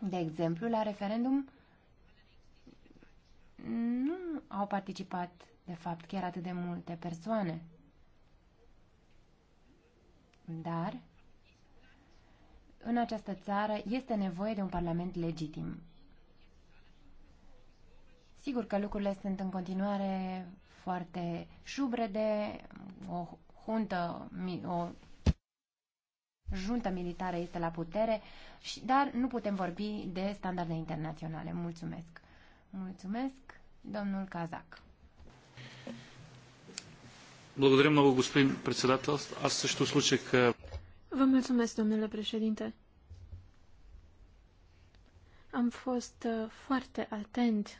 Speaker 3: De exemplu, la referendum nu au participat, de fapt, chiar atât de multe persoane. Dar, în această țară este nevoie de un parlament legitim. Sigur că lucrurile sunt în continuare foarte șubrede, o juntă, o juntă militară este la putere, dar nu putem vorbi de standarde internaționale. Mulțumesc! Mulțumesc, domnul
Speaker 4: Kazak! Vă mulțumesc, domnule președinte. Am fost foarte atent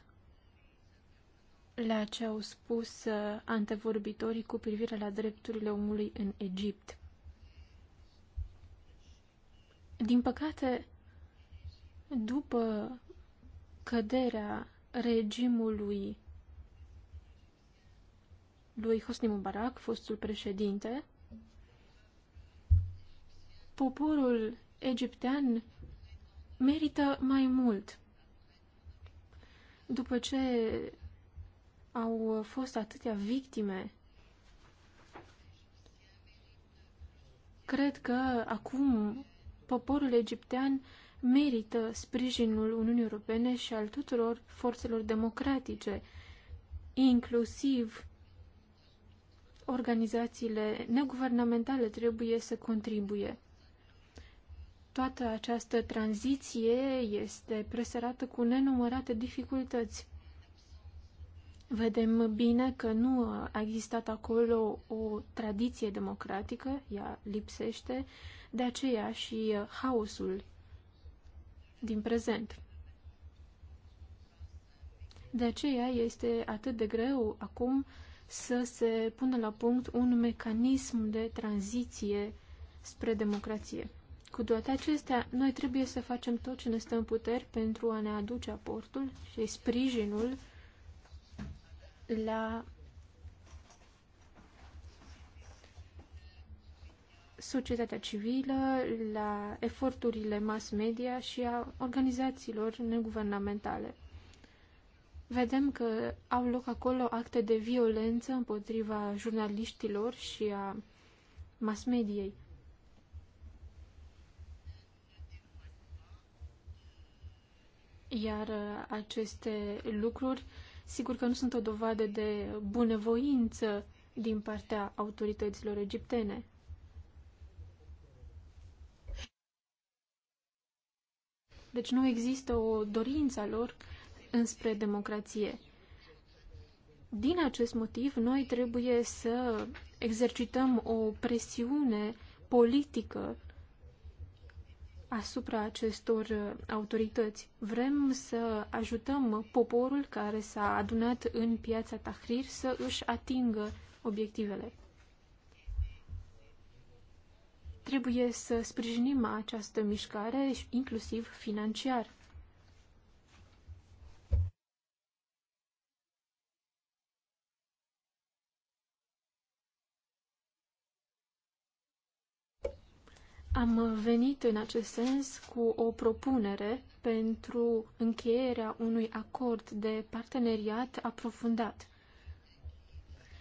Speaker 4: la ce au spus uh, antevorbitorii cu privire la drepturile omului în Egipt. Din păcate, după căderea regimului lui Hosni Mubarak, fostul președinte, poporul egiptean merită mai mult. După ce au uh, fost atâtea victime. Cred că acum poporul egiptean merită sprijinul Uniunii Europene și al tuturor forțelor democratice, inclusiv organizațiile neguvernamentale trebuie să contribuie. Toată această tranziție este presărată cu nenumărate dificultăți. Vedem bine că nu a existat acolo o tradiție democratică, ea lipsește, de aceea și uh, haosul din prezent. De aceea este atât de greu acum să se pună la punct un mecanism de tranziție spre democrație. Cu toate acestea, noi trebuie să facem tot ce ne stă în puteri pentru a ne aduce aportul și sprijinul la societatea civilă, la eforturile mass media și a organizațiilor neguvernamentale. Vedem că au loc acolo acte de violență împotriva jurnaliștilor și a mass mediei. Iar uh, aceste lucruri Sigur că nu sunt o dovadă de bunăvoință din partea autorităților egiptene. Deci nu există o dorință a lor înspre democrație. Din acest motiv, noi trebuie să exercităm o presiune politică asupra acestor uh, autorități. Vrem să ajutăm poporul care s-a adunat în piața Tahrir să își atingă obiectivele. Trebuie să sprijinim această mișcare, inclusiv financiar. Am venit în acest sens cu o propunere pentru încheierea unui acord de parteneriat aprofundat.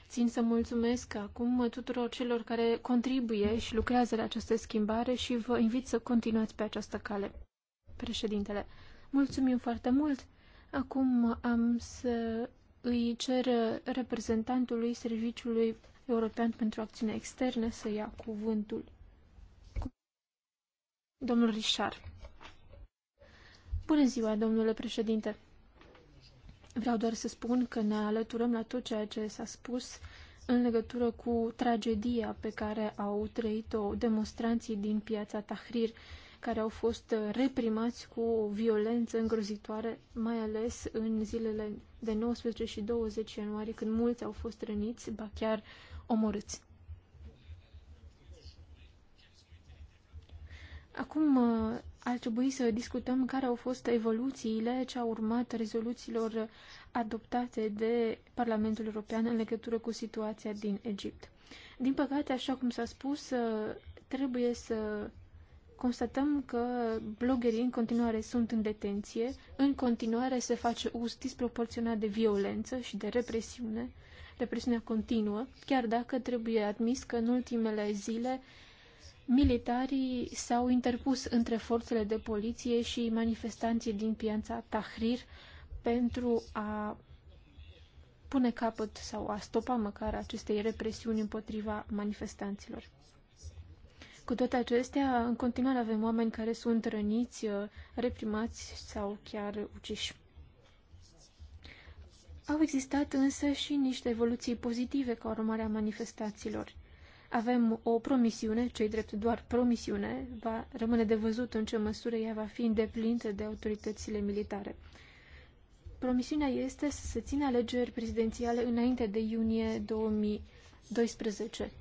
Speaker 4: Țin să mulțumesc acum tuturor celor care contribuie și lucrează la această schimbare și vă invit să continuați pe această cale. Președintele, mulțumim foarte mult! Acum am să îi cer reprezentantului Serviciului European pentru Acțiune Externă să ia cuvântul. Domnul Richard. Bună ziua, domnule președinte. Vreau doar să spun că ne alăturăm la tot ceea ce s-a spus în legătură cu tragedia pe care au trăit-o demonstranții din piața Tahrir, care au fost reprimați cu o violență îngrozitoare, mai ales în zilele de 19 și 20 ianuarie, când mulți au fost răniți, ba chiar omorâți. Acum uh, ar trebui să discutăm care au fost evoluțiile ce au urmat rezoluțiilor adoptate de Parlamentul European în legătură cu situația din Egipt. Din păcate, așa cum s-a spus, uh, trebuie să constatăm că bloggerii în continuare sunt în detenție, în continuare se face uz disproporționat de violență și de represiune, represiunea continuă, chiar dacă trebuie admis că în ultimele zile Militarii s-au interpus între forțele de poliție și manifestanții din piața Tahrir pentru a pune capăt sau a stopa măcar acestei represiuni împotriva manifestanților. Cu toate acestea, în continuare avem oameni care sunt răniți, reprimați sau chiar uciși. Au existat însă și niște evoluții pozitive ca urmare a manifestațiilor. Avem o promisiune, cei drept doar promisiune, va rămâne de văzut în ce măsură ea va fi îndeplinită de autoritățile militare. Promisiunea este să se țină alegeri prezidențiale înainte de iunie 2012.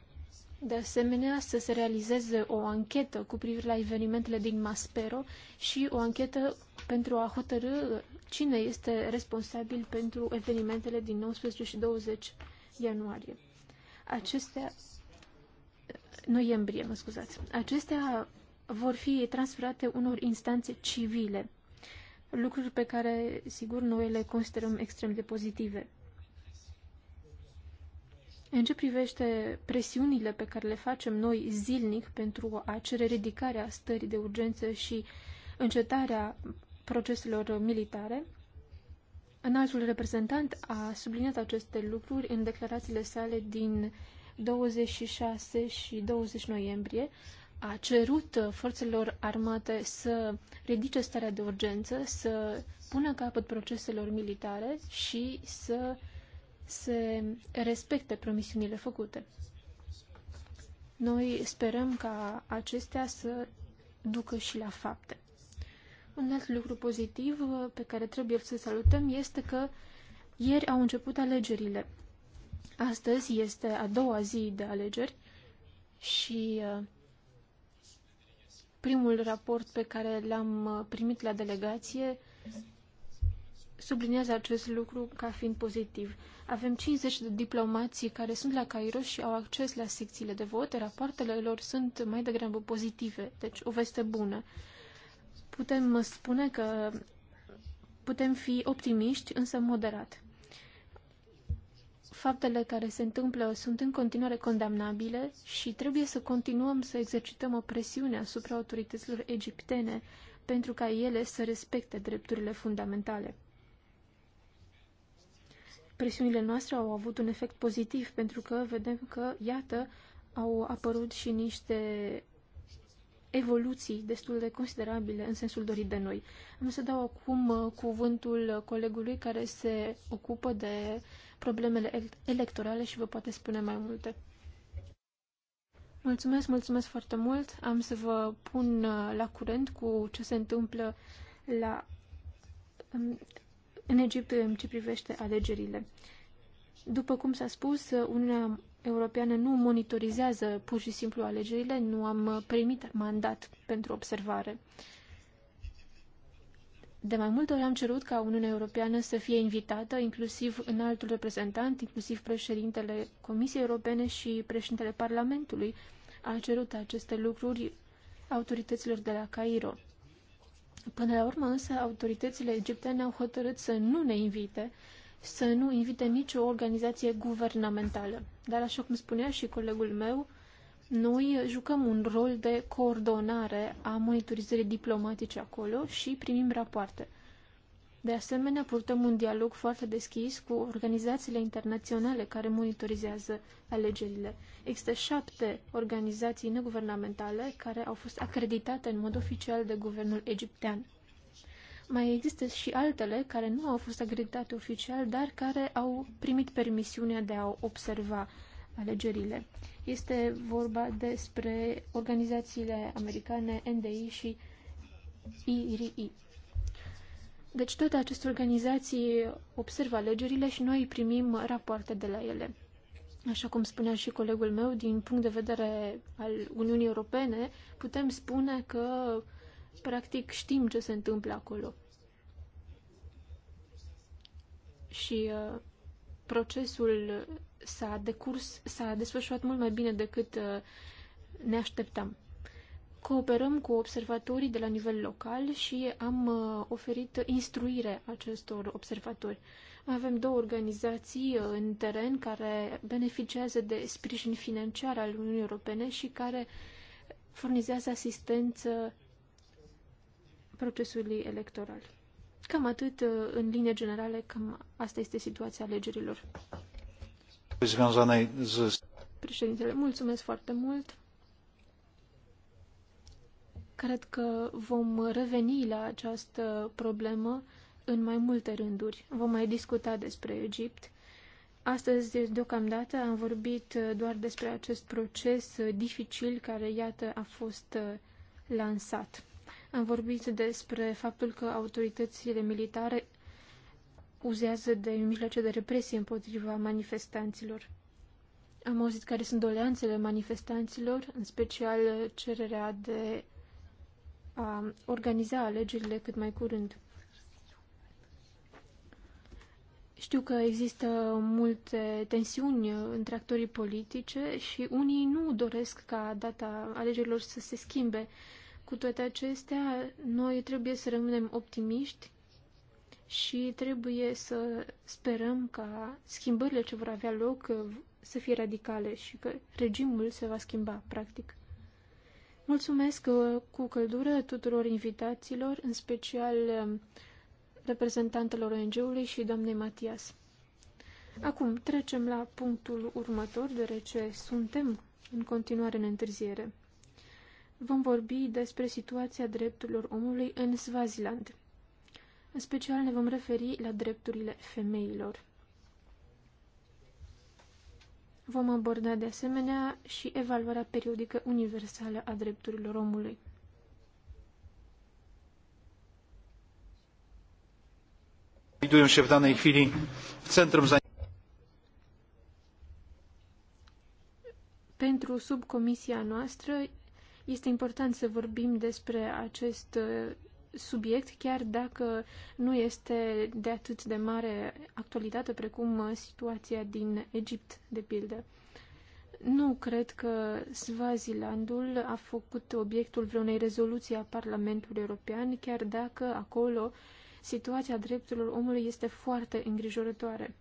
Speaker 4: De asemenea, să se realizeze o anchetă cu privire la evenimentele din Maspero și o anchetă pentru a hotărâ cine este responsabil pentru evenimentele din 19 și 20 ianuarie. Acestea noiembrie, mă scuzați. Acestea vor fi transferate unor instanțe civile, lucruri pe care, sigur, noi le considerăm extrem de pozitive. În ce privește presiunile pe care le facem noi zilnic pentru a cere ridicarea stării de urgență și încetarea proceselor militare, înaltul reprezentant a subliniat aceste lucruri în declarațiile sale din 26 și 20 noiembrie, a cerut uh, forțelor armate să ridice starea de urgență, să pună capăt proceselor militare și să se respecte promisiunile făcute. Noi sperăm ca acestea să ducă și la fapte. Un alt lucru pozitiv uh, pe care trebuie să salutăm este că ieri au început alegerile. Astăzi este a doua zi de alegeri și uh, primul raport pe care l-am uh, primit la delegație sublinează acest lucru ca fiind pozitiv. Avem 50 de diplomații care sunt la Cairo și au acces la secțiile de vot. Rapoartele lor sunt mai degrabă pozitive, deci o veste bună. Putem uh, spune că putem fi optimiști, însă moderat. Faptele care se întâmplă sunt în continuare condamnabile și trebuie să continuăm să exercităm o presiune asupra autorităților egiptene pentru ca ele să respecte drepturile fundamentale. Presiunile noastre au avut un efect pozitiv pentru că vedem că, iată, au apărut și niște evoluții destul de considerabile în sensul dorit de noi. Am să dau acum uh, cuvântul colegului care se ocupă de problemele electorale și vă poate spune mai multe. Mulțumesc, mulțumesc foarte mult. Am să vă pun uh, la curent cu ce se întâmplă la, um, în Egipt în ce privește alegerile. După cum s-a spus, uh, Uniunea Europeană nu monitorizează pur și simplu alegerile, nu am uh, primit mandat pentru observare. De mai multe ori am cerut ca Uniunea Europeană să fie invitată, inclusiv în altul reprezentant, inclusiv președintele Comisiei Europene și președintele Parlamentului a cerut aceste lucruri autorităților de la Cairo. Până la urmă, însă, autoritățile egiptene au hotărât să nu ne invite, să nu invite nicio organizație guvernamentală. Dar, așa cum spunea și colegul meu, noi jucăm un rol de coordonare a monitorizării diplomatice acolo și primim rapoarte. De asemenea, purtăm un dialog foarte deschis cu organizațiile internaționale care monitorizează alegerile. Există șapte organizații neguvernamentale care au fost acreditate în mod oficial de guvernul egiptean. Mai există și altele care nu au fost acreditate oficial, dar care au primit permisiunea de a observa alegerile. Este vorba despre organizațiile americane NDI și IRI. Deci toate aceste organizații observă alegerile și noi primim rapoarte de la ele. Așa cum spunea și colegul meu, din punct de vedere al Uniunii Europene, putem spune că practic știm ce se întâmplă acolo. Și uh, procesul s-a decurs, s-a desfășurat mult mai bine decât uh, ne așteptam. Cooperăm cu observatorii de la nivel local și am uh, oferit instruire acestor observatori. Avem două organizații uh, în teren care beneficiază de sprijin financiar al Uniunii Europene și care furnizează asistență procesului electoral. Cam atât, uh, în linie generale, cam asta este situația alegerilor. Președintele, mulțumesc foarte mult. Cred că vom reveni la această problemă în mai multe rânduri. Vom mai discuta despre Egipt. Astăzi, deocamdată, am vorbit uh, doar despre acest proces uh, dificil care, iată, a fost lansat. Am vorbit despre faptul că autoritățile militare uzează de mijloace de represie împotriva manifestanților. Am auzit care sunt doleanțele manifestanților, în special cererea de a organiza alegerile cât mai curând. Știu că există multe tensiuni între actorii politice și unii nu doresc ca data alegerilor să se schimbe, cu toate acestea, noi trebuie să rămânem optimiști și trebuie să sperăm ca schimbările ce vor avea loc uh, să fie radicale și că regimul se va schimba, practic. Mulțumesc uh, cu căldură tuturor invitațiilor, în special uh, reprezentantelor ONG-ului și doamnei Matias. Acum trecem la punctul următor, deoarece suntem în continuare în întârziere vom vorbi despre situația drepturilor omului în Swaziland. În special ne vom referi la drepturile femeilor. Vom aborda de asemenea și evaluarea periodică universală a drepturilor omului.
Speaker 1: Znajdują się w danej chwili w centrum
Speaker 4: Pentru subcomisia noastră este important să vorbim despre acest uh, subiect, chiar dacă nu este de atât de mare actualitate precum uh, situația din Egipt, de pildă. Nu cred că Svazilandul a făcut obiectul vreunei rezoluții a Parlamentului European, chiar dacă acolo situația drepturilor omului este foarte îngrijorătoare.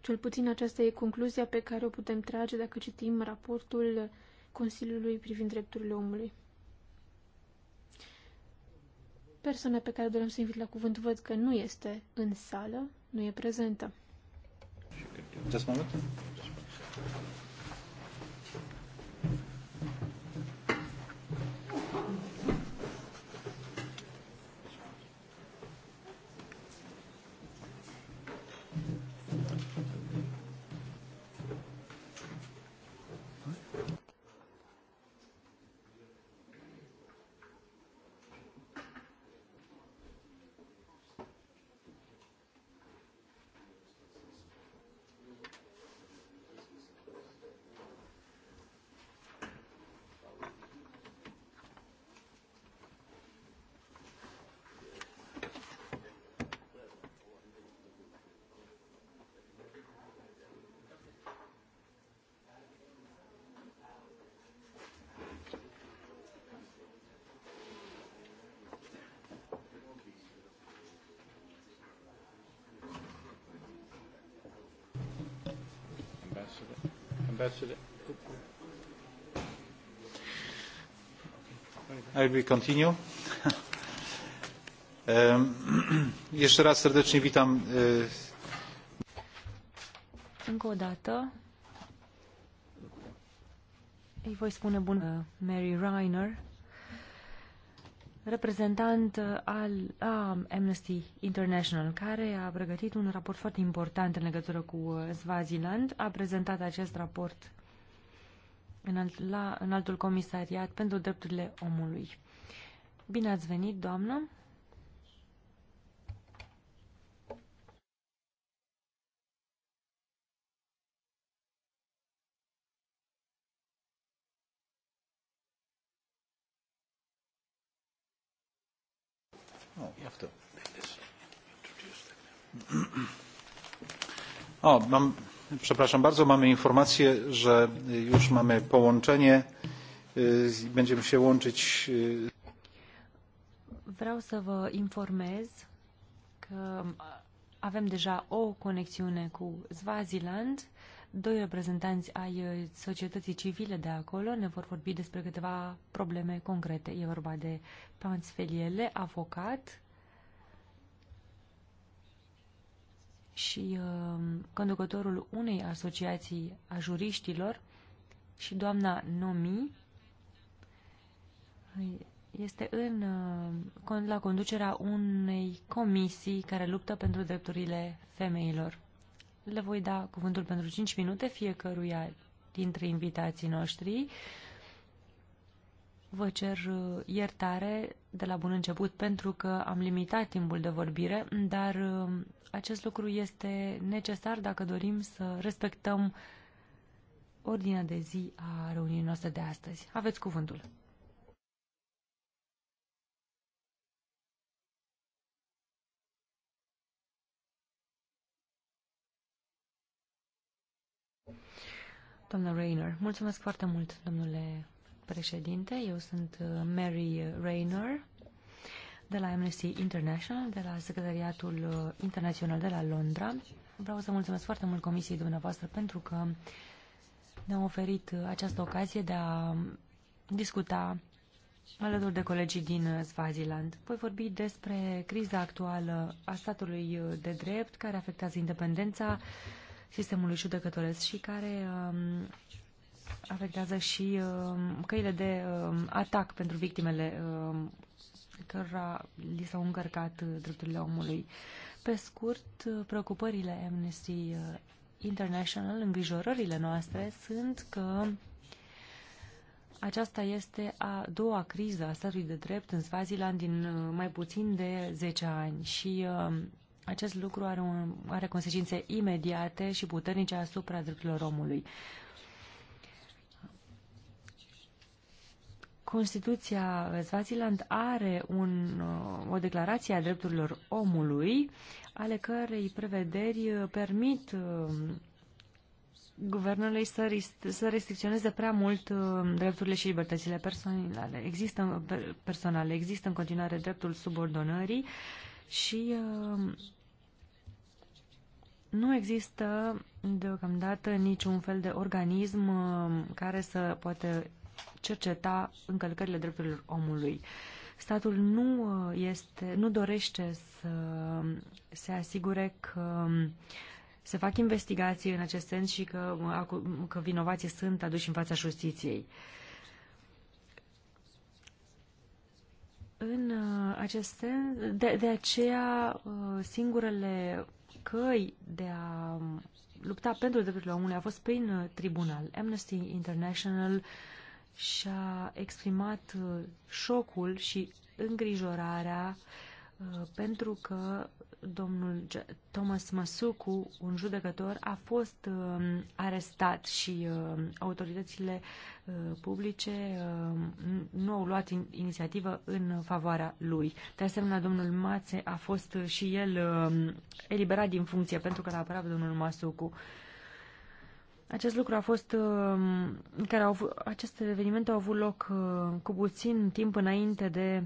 Speaker 4: Cel puțin aceasta e concluzia pe care o putem trage dacă citim raportul Consiliului privind drepturile omului. Persoana pe care doream să invit la cuvânt văd că nu este în sală, nu e prezentă.
Speaker 1: Just moment. Ambassador. I will continue. Um, jeszcze raz serdecznie witam.
Speaker 2: Încă o dată îi voi spune bun Mary Reiner, reprezentant uh, al a Amnesty International, care a pregătit un raport foarte important în legătură cu Swaziland. Uh, a prezentat acest raport în, alt, la, în altul comisariat pentru drepturile omului. Bine ați venit, doamnă!
Speaker 1: O, mam, przepraszam bardzo, mamy informację, że już mamy połączenie. Będziemy się łączyć.
Speaker 2: Vreau să vă informez că avem deja o conexiune cu Swaziland. Doi reprezentanți ai uh, societății civile de acolo ne vor vorbi despre câteva probleme concrete. E vorba de pansfeliele, avocat, și uh, conducătorul unei asociații a juriștilor și doamna Nomi este în, uh, la conducerea unei comisii care luptă pentru drepturile femeilor. Le voi da cuvântul pentru 5 minute fiecăruia dintre invitații noștri. Uh, Vă cer uh, iertare de la bun început pentru că am limitat timpul de vorbire, dar um, acest lucru este necesar dacă dorim să respectăm ordinea de zi a reuniunii noastre de astăzi. Aveți cuvântul. Doamna Rainer, mulțumesc foarte mult, domnule președinte. Eu sunt uh, Mary Rayner de la Amnesty International, de la Secretariatul uh, Internațional de la Londra. Vreau să mulțumesc foarte mult Comisiei dumneavoastră pentru că ne-a oferit uh, această ocazie de a um, discuta alături de colegii din Swaziland. Voi vorbi despre criza actuală a statului de drept care afectează independența sistemului judecătoresc și care um, afectează și um, căile de um, atac pentru victimele um, cărora li s-au încărcat uh, drepturile omului. Pe scurt, uh, preocupările Amnesty uh, International, îngrijorările noastre sunt că aceasta este a doua criză a statului de drept în Swaziland din mai puțin de 10 ani și acest lucru are, un, are consecințe imediate și puternice asupra drepturilor omului. Constituția Svaziland are un, o declarație a drepturilor omului, ale cărei prevederi permit um, guvernului să, să restricționeze prea mult um, drepturile și libertățile personale. Există, personale. Există în continuare dreptul subordonării și um, nu există deocamdată niciun fel de organism care să poate cerceta încălcările drepturilor omului. Statul nu, uh, este, nu dorește să se asigure că um, se fac investigații în acest sens și că, uh, că vinovații sunt aduși în fața justiției. În uh, acest sens, de, de aceea, singurele căi de a um, lupta pentru drepturile omului a fost prin tribunal. Amnesty International uh, și-a exprimat uh, șocul și îngrijorarea uh, pentru că domnul Thomas Masuku, un judecător, a fost um, arestat și um, autoritățile uh, publice um, nu au luat inițiativă în favoarea lui. De asemenea, domnul Mațe a fost și el eliberat din funcție pentru că l-a apărat domnul Masuku. Acest lucru a fost, um, care au, aceste evenimente au avut loc uh, cu puțin timp înainte de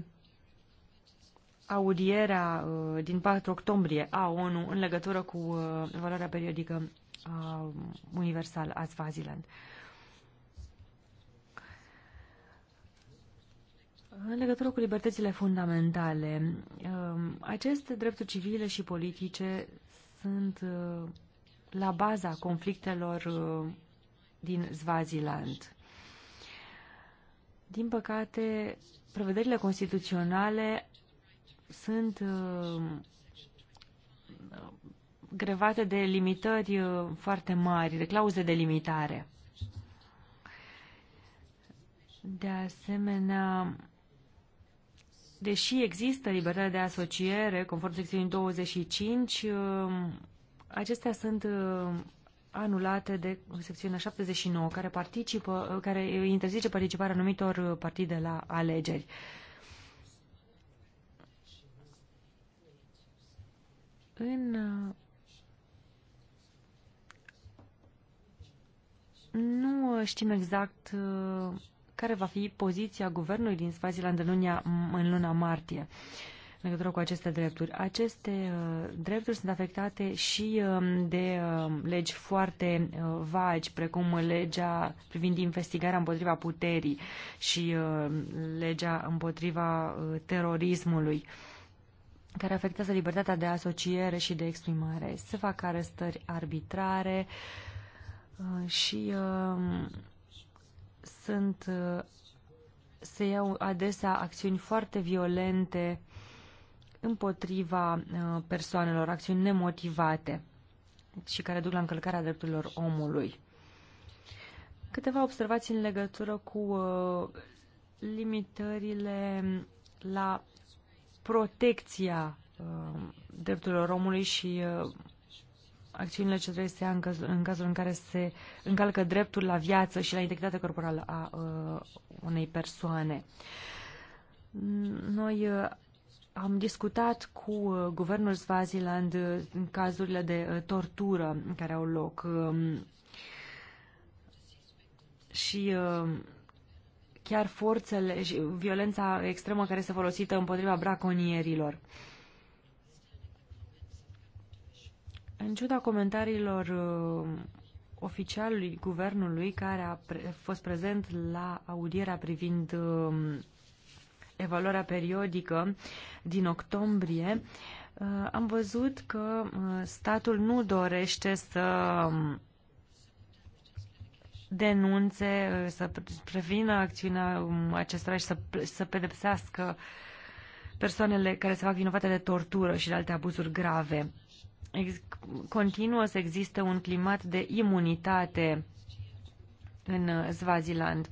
Speaker 2: audierea uh, din 4 octombrie a ONU în legătură cu uh, valoarea periodică universală um, Universal a Swaziland. În legătură cu libertățile fundamentale, um, aceste drepturi civile și politice sunt la baza conflictelor uh, din Swaziland. Din păcate, prevederile constituționale sunt uh, grevate de limitări uh, foarte mari, de clauze de limitare. De asemenea, deși există libertatea de asociere, conform secțiunii 25, Acestea sunt uh, anulate de secțiunea 79, care, participă, uh, care interzice participarea anumitor uh, partide la alegeri. În nu știm exact care va fi poziția guvernului din Swaziland în luna, în luna martie. Uh, în legătură cu aceste drepturi. Aceste uh, drepturi sunt afectate și uh, de uh, legi foarte uh, vagi, precum legea privind investigarea împotriva puterii și uh, legea împotriva uh, terorismului care afectează libertatea de asociere și de exprimare. Se fac arestări arbitrare uh, și uh, sunt uh, se iau adesea acțiuni foarte violente împotriva uh, persoanelor, acțiuni nemotivate și care duc la încălcarea drepturilor omului. Câteva observații în legătură cu uh, limitările la protecția uh, drepturilor omului și acțiunile ce trebuie să ia în cazul în, cazul în care se încalcă dreptul la viață și la integritatea corporală a uh, unei persoane. Noi am discutat cu uh, guvernul Swaziland uh, în cazurile de uh, tortură care au loc um, și um, chiar forțele și violența extremă care este folosită împotriva braconierilor. În ciuda comentariilor um, oficialului guvernului care a fost prezent la audierea privind evaluarea periodică din octombrie, uh, am văzut că uh, statul nu dorește să um, denunțe, uh, să prevină acțiunea um, acestora și să, să pedepsească persoanele care se fac vinovate de tortură și de alte abuzuri grave. Ex- continuă să existe un climat de imunitate în Swaziland.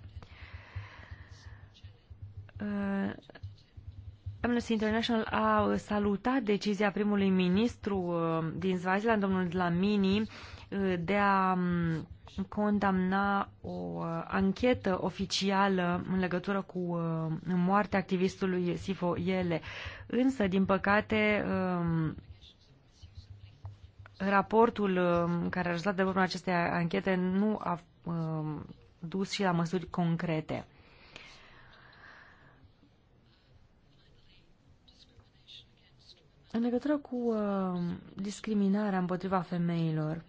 Speaker 2: Amnesty International a uh, salutat decizia primului ministru uh, din Swaziland, domnul Dlamini, uh, de a mm, condamna o anchetă oficială în legătură cu moartea activistului Sifo Iele. Însă, din păcate, um, raportul um, care a rezultat de urma acestei anchete nu a um, dus și la măsuri concrete. În legătură cu uh, discriminarea împotriva femeilor,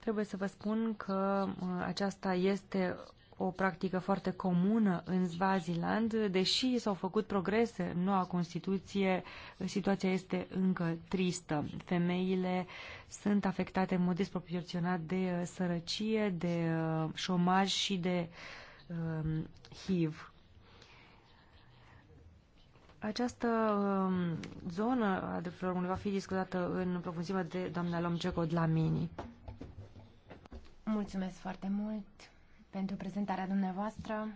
Speaker 2: trebuie să vă spun că uh, aceasta este o practică foarte comună în Swaziland, deși s-au făcut progrese în noua Constituție, situația este încă tristă. Femeile sunt afectate în mod disproporționat de uh, sărăcie, de uh, șomaj și de uh, HIV. Această um, zonă a drepturilor omului va fi discutată în profunzime de doamna Lomceco Mini.
Speaker 3: Mulțumesc foarte mult pentru prezentarea dumneavoastră.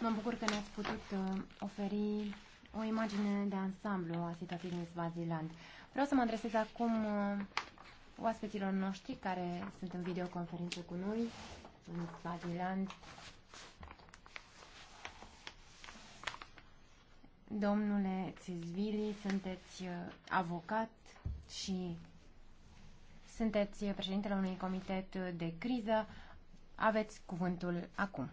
Speaker 3: Mă bucur că ne-ați putut uh, oferi o imagine de ansamblu a situației din Swaziland. Vreau să mă adresez acum uh, oaspeților noștri care sunt în videoconferință cu noi în Swaziland Domnule Țizvili, sunteți uh, avocat și sunteți președintele unui comitet de criză. Aveți cuvântul acum.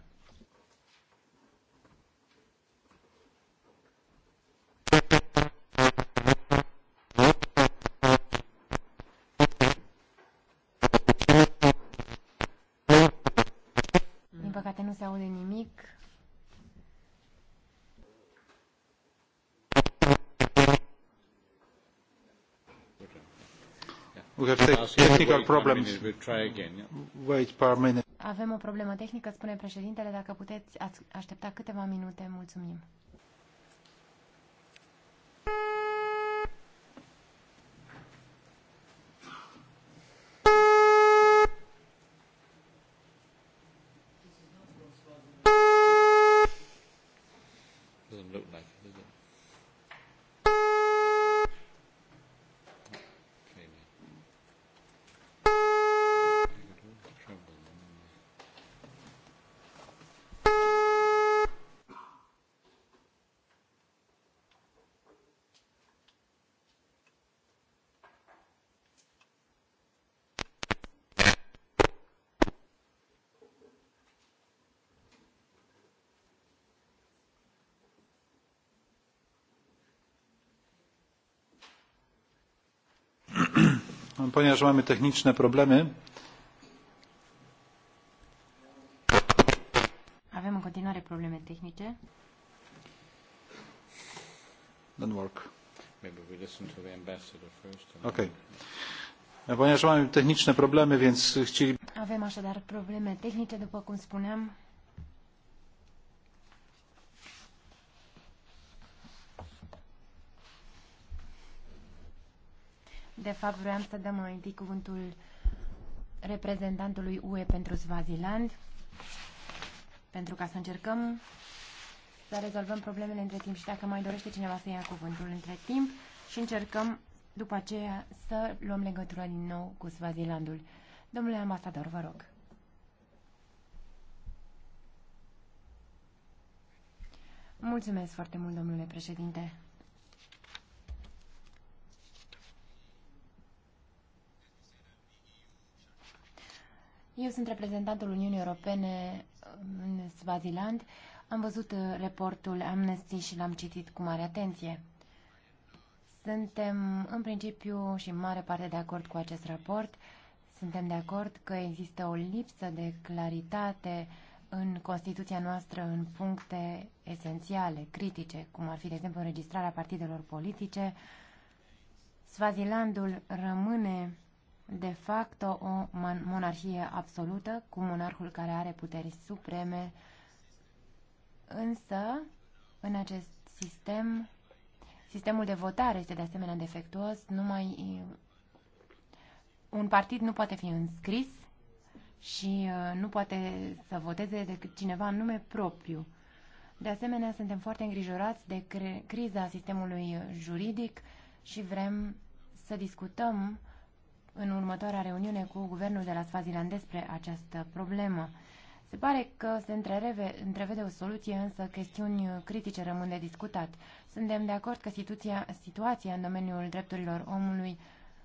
Speaker 3: Avem o problemă tehnică, spune președintele. Dacă puteți aștepta câteva minute, mulțumim.
Speaker 1: ponieważ mamy techniczne problemy.
Speaker 3: Avem în continuare probleme tehnice.
Speaker 1: Don't work. Maybe we listen to the ambassador first. Okay. Ponieważ mamy techniczne problemy, więc chcieli...
Speaker 3: Avem așadar probleme tehnice, după cum spuneam. de fapt vreau să dăm mai întâi cuvântul reprezentantului UE pentru Swaziland, pentru ca să încercăm să rezolvăm problemele între timp și dacă mai dorește cineva să ia cuvântul între timp și încercăm după aceea să luăm legătura din nou cu Swazilandul. Domnule ambasador, vă rog. Mulțumesc foarte mult, domnule președinte. Eu sunt reprezentantul Uniunii Europene în Swaziland. Am văzut uh, raportul Amnesty și l-am citit cu mare atenție. Suntem în principiu și în mare parte de acord cu acest raport. Suntem de acord că există o lipsă de claritate în Constituția noastră în puncte esențiale, critice, cum ar fi, de exemplu, înregistrarea partidelor politice. Swazilandul rămâne de facto o monarhie absolută, cu monarhul care are puteri supreme, însă în acest sistem, sistemul de votare este de asemenea defectuos, numai un partid nu poate fi înscris și uh, nu poate să voteze decât cineva în nume propriu. De asemenea, suntem foarte îngrijorați de criza sistemului juridic și vrem să discutăm în următoarea reuniune cu guvernul de la Swaziland despre această problemă. Se pare că se întrereve, întrevede o soluție, însă chestiuni critice rămân de discutat. Suntem de acord că situația, situația în domeniul drepturilor omului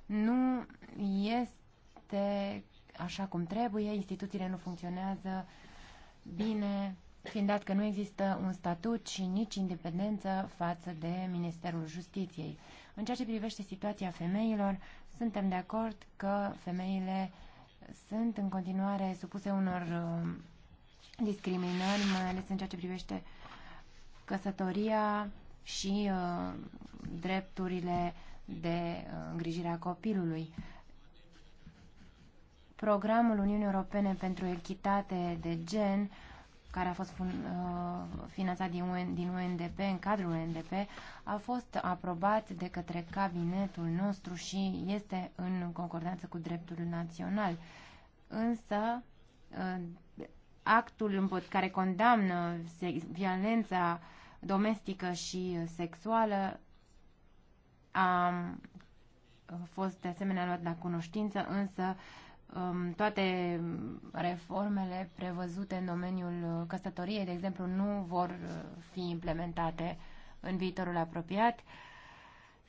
Speaker 3: nu este așa cum trebuie, instituțiile nu funcționează bine, fiind dat că nu există un statut și nici independență față de Ministerul Justiției. În ceea ce privește situația femeilor, suntem de acord că femeile sunt în continuare supuse unor um, discriminări, mai ales în ceea ce privește căsătoria și um, drepturile de uh, îngrijire a copilului. Programul Uniunii Europene pentru Echitate de Gen uh, care a fost uh, finanțat din, UN, din UNDP, în cadrul UNDP, a fost aprobat de către cabinetul nostru și este în concordanță cu dreptul național. Însă, uh, actul care condamnă violența domestică și sexuală a fost de asemenea luat la cunoștință, însă Um, toate reformele prevăzute în domeniul uh, căsătoriei, de exemplu, nu vor uh, fi implementate în viitorul apropiat.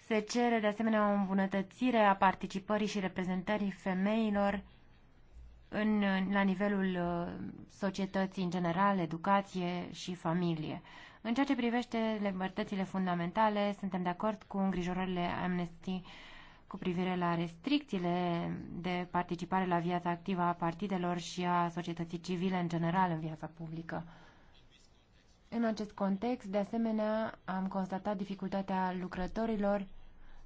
Speaker 3: Se cere de asemenea o îmbunătățire a participării și reprezentării femeilor în, la nivelul uh, societății în general, educație și familie. În ceea ce privește libertățile fundamentale, suntem de acord cu îngrijorările Amnesty cu privire la restricțiile de participare la viața activă a partidelor și a societății civile în general în viața publică. În acest context, de asemenea, am constatat dificultatea lucrătorilor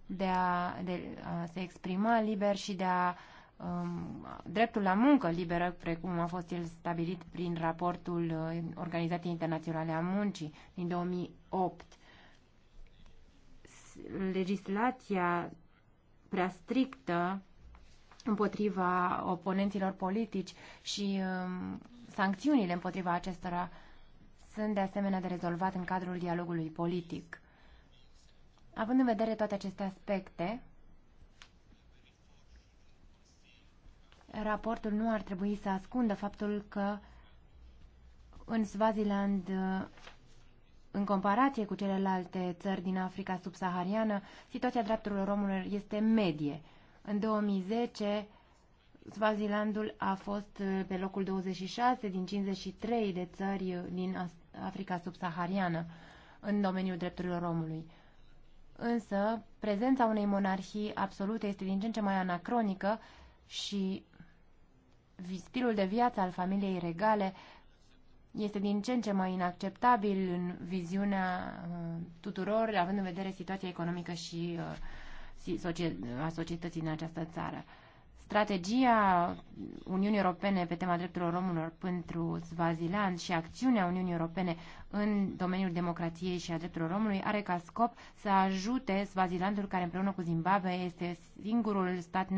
Speaker 3: de a, de a se exprima liber și de a um, dreptul la muncă liberă, precum a fost el stabilit prin raportul uh, Organizației Internaționale a Muncii din 2008. Legislația prea strictă împotriva oponenților politici și um, sancțiunile împotriva acestora sunt de asemenea de rezolvat în cadrul dialogului politic. Având în vedere toate aceste aspecte, raportul nu ar trebui să ascundă faptul că în Swaziland uh, în comparație cu celelalte țări din Africa subsahariană, situația drepturilor omului este medie. În 2010, Swazilandul a fost uh, pe locul 26 din 53 de țări uh, din Africa subsahariană în domeniul drepturilor omului. Însă, prezența unei monarhii absolute este din ce în ce mai anacronică și stilul de viață al familiei regale este din ce în ce mai inacceptabil în viziunea uh, tuturor, având în vedere situația economică și uh, a societății în această țară. Strategia Uniunii Europene pe tema drepturilor omului pentru Swaziland și acțiunea Uniunii Europene în domeniul democrației și a drepturilor omului are ca scop să ajute Swazilandul, care împreună cu Zimbabwe este singurul stat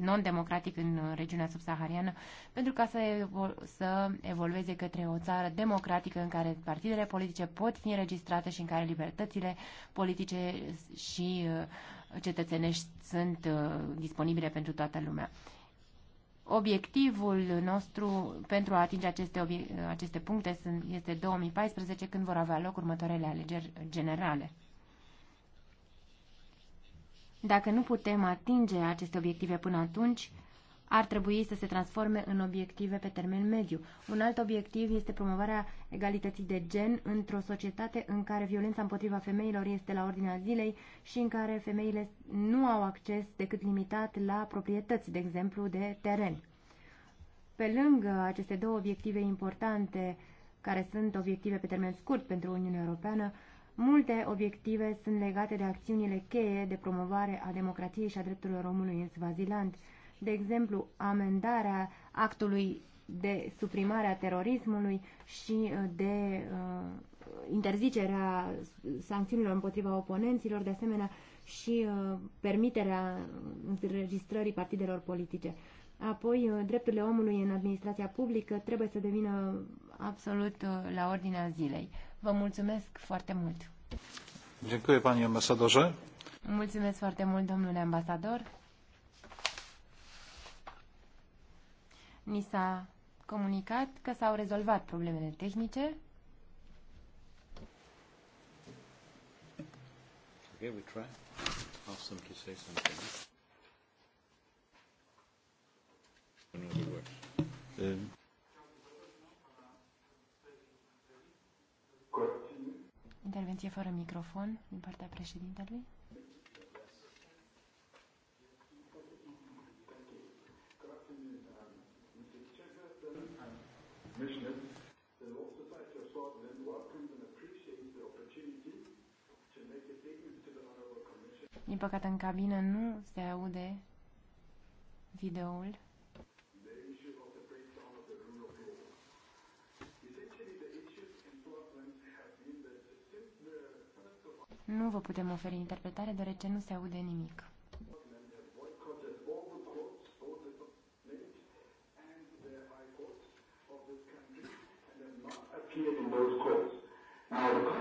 Speaker 3: non-democratic în regiunea subsahariană, pentru ca să, evol- să evolueze către o țară democratică în care partidele politice pot fi înregistrate și în care libertățile politice și uh, cetățenești sunt uh, disponibile pentru toată lumea. Obiectivul nostru pentru a atinge aceste, uh, aceste puncte sunt, este 2014, când vor avea loc următoarele alegeri generale. Dacă nu putem atinge aceste obiective până atunci, ar trebui să se transforme în obiective pe termen mediu. Un alt obiectiv este promovarea egalității de gen într-o societate în care violența împotriva femeilor este la ordinea zilei și în care femeile nu au acces decât limitat la proprietăți, de exemplu, de teren. Pe lângă aceste două obiective importante, care sunt obiective pe termen scurt pentru Uniunea Europeană, Multe obiective sunt legate de acțiunile cheie de promovare a democrației și a drepturilor omului în Svaziland de exemplu, amendarea actului de suprimare a terorismului și uh, de uh, interzicerea sancțiunilor împotriva oponenților, de asemenea și uh, permiterea înregistrării partidelor politice. Apoi, uh, drepturile omului în administrația publică trebuie să devină absolut uh, la ordinea zilei. Vă mulțumesc foarte mult! Mulțumesc foarte mult, domnule ambasador. Ni s-a comunicat că s-au rezolvat problemele tehnice.
Speaker 5: Okay, we try. Ask them to say something. Um,
Speaker 3: Intervenție fără microfon din partea
Speaker 4: președintelui.
Speaker 5: Commissioner, that all society of Scotland welcomes and appreciates the opportunity to make a statement to the Honourable Commission. Din
Speaker 3: păcate, în cabină nu se aude videoul. Nu vă putem oferi interpretare, deoarece nu se aude nimic.
Speaker 5: appeared in those courts. Now, the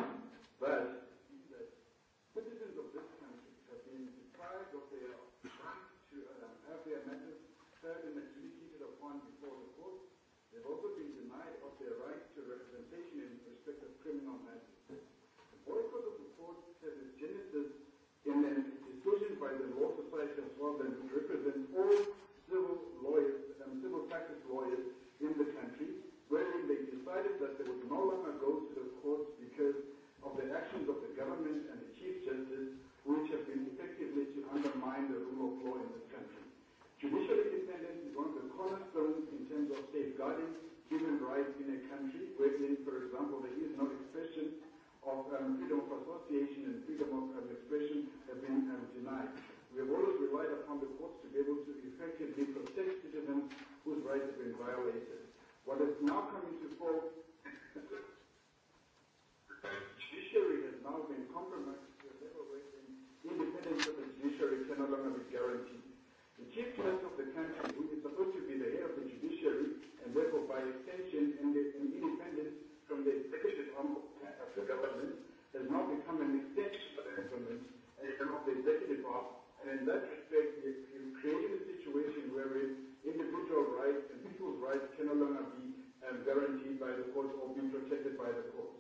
Speaker 5: but citizens of this country have been deprived of their right to um, have their matters heard and adjudicated upon before the court. They've also been denied of their right to representation in respect of criminal matters. The boycott of the court has its genesis in a decision by the Law Society as well that represents represent all civil lawyers, um, civil practice lawyers in the country, wherein they decided that they would no longer go to the court because of the actions of the government and the Chief Justice, which have been effectively to undermine the rule of law in this country. Judicial independence is one of the cornerstones in terms of safeguarding human rights in a country wherein, for example, there is no expression of um, freedom of association and freedom of um, expression have been um, denied. We have always relied upon the courts to be able to effectively protect citizens whose rights have been violated. What is now coming to fall? judiciary has now been compromised to a level where the independence of the judiciary can no longer be guaranteed. The chief judge of the country, who is supposed to be the head of the judiciary, and therefore by extension and, the, independence from the executive arm of the government, has now become an extension of the government and of the executive arm. And in that respect, you, you create a situation wherein individual rights and people's rights can no longer be and guaranteed by the court or be protected by the court.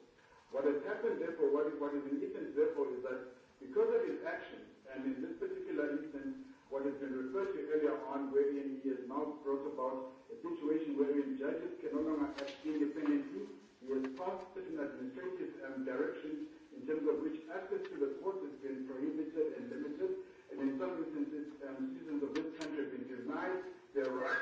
Speaker 5: What has happened, therefore, what, what is in essence, therefore, is that because of his actions, and in this particular instance, what has been referred to earlier on, wherein he has now brought about a situation wherein judges can no longer act independently, he has passed certain administrative um, directions in terms of which access to the court has been prohibited and limited, and in some instances, um, citizens of this country have been denied their right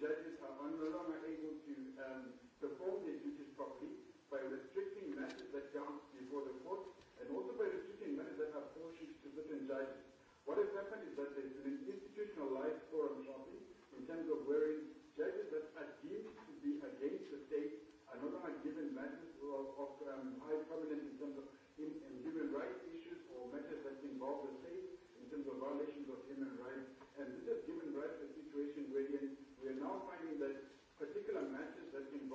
Speaker 5: judges are no longer able to um, perform their duties properly by restricting matters that come before the court and also by restricting matters that are portioned to certain judges. What has happened is that there's been an institutionalized forum shopping in terms of wherein judges that are deemed to be against the state are no longer given matters of, of um, high prominence in terms of in, in human rights issues or matters that involve the state in terms of violations of human rights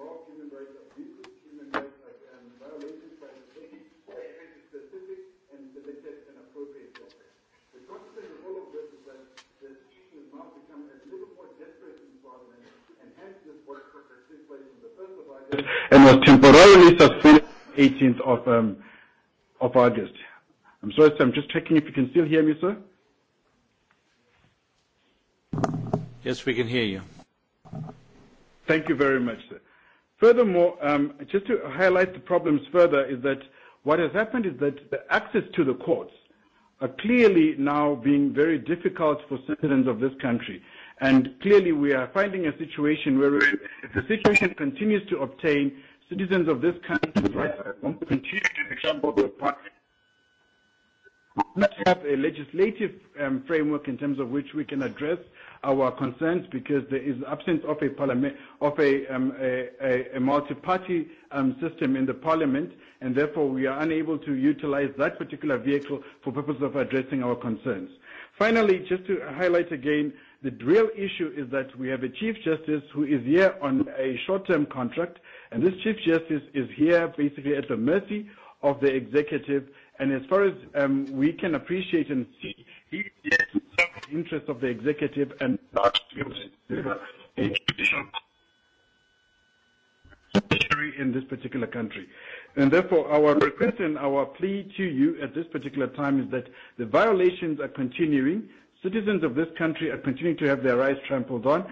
Speaker 5: human rights abuses, human rights um, by the and specific and selected and appropriate law. The consequence of all of this is that the situation has now become a little more desperate in Parliament, and hence this took place on the 1st of August and was temporarily suspended 18th of, um, of August. I'm sorry, sir, I'm just checking if you can still hear me, sir. Yes, we can hear you. Thank you very much, sir. Furthermore, um, just to highlight the problems further is that what has happened is that the access to the courts are clearly now being very difficult for citizens of this country. And clearly we are finding a situation where if the situation continues to obtain, citizens of this country. rights continue to be shambled upon. We have a legislative um, framework in terms of which we can address our concerns because there is absence of a parliament of a, um, a, a, a multi-party um, system in the parliament, and therefore we are unable to utilize that particular vehicle for purpose of addressing our concerns. Finally, just to highlight again, the real issue is that we have a chief justice who is here on a short-term contract, and this chief justice is here basically at the mercy of the executive And as far as um, we can appreciate and see, he in the interest of the executive and not in this particular country. And therefore, our request and our plea to you at this particular time is that the violations are continuing. Citizens of this country are continuing to have their rights trampled on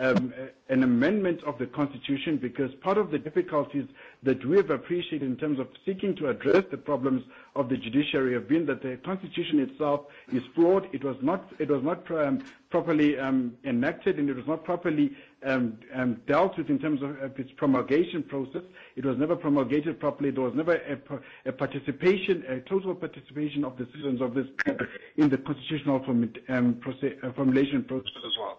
Speaker 5: um, an amendment of the Constitution because part of the difficulties that we have appreciated in terms of seeking to address the problems of the judiciary have been that the Constitution itself is flawed. It was not, it was not um, properly um, enacted and it was not properly um, um, dealt with in terms of its promulgation process. It was never promulgated properly. There was never a, a participation, a total participation of the citizens of this in the constitutional form, um, proce- uh, formulation process as well.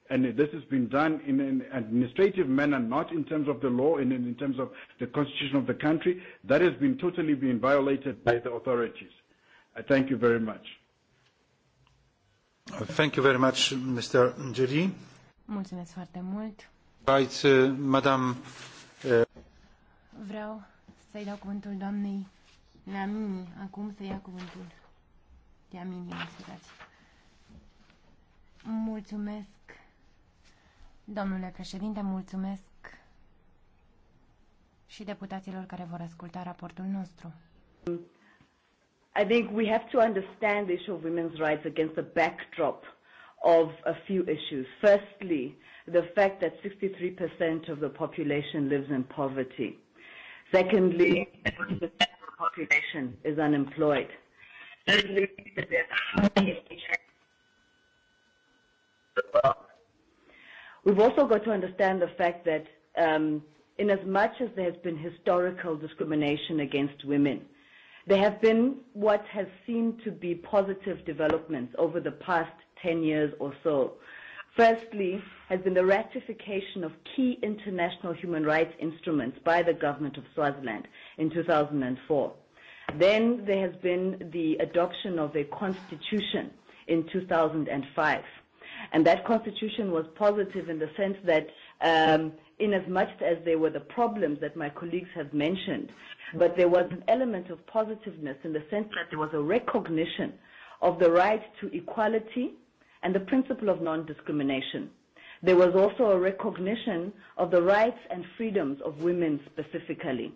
Speaker 5: And this has been done in an administrative manner, not in terms of the law and in terms of the constitution of the country. That has been totally been violated by the
Speaker 1: authorities. I thank you very much. Uh, thank you very much, Mr. Njeri.
Speaker 3: Mulțumesc foarte mult.
Speaker 1: Right, uh, Madam, uh...
Speaker 3: Vreau să-i dau cuvântul doamnei Neamini, acum să ia cuvântul. Neamini, mă scuzați. Mulțumesc Domnule președinte, mulțumesc și deputaților care vor asculta raportul nostru.
Speaker 6: I think we have to understand the issue of women's rights against the backdrop of a few issues. Firstly, the fact that 63% of the population lives in poverty.
Speaker 4: Secondly,
Speaker 6: the population is unemployed. Thirdly, that there's high We've also got to understand the fact that um, in as much as there has been historical discrimination against women, there have been what has seemed to be positive developments over the past 10 years or so. Firstly, has been the ratification of key international human rights instruments by the government of Swaziland in 2004. Then there has been the adoption of a constitution in 2005 And that constitution was positive in the sense that um, in as much as there were the problems that my colleagues have mentioned, but there was an element of positiveness in the sense that there was a recognition of the right to equality and the principle of non-discrimination. There was also a recognition of the rights and freedoms of women specifically.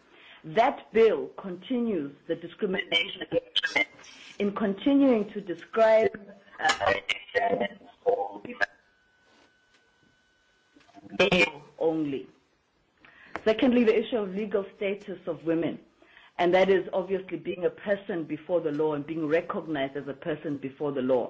Speaker 6: That bill continues the discrimination in continuing to describe uh, only. Secondly, the issue of legal status of women, and that is obviously being a person before the law and being recognized as a person before the law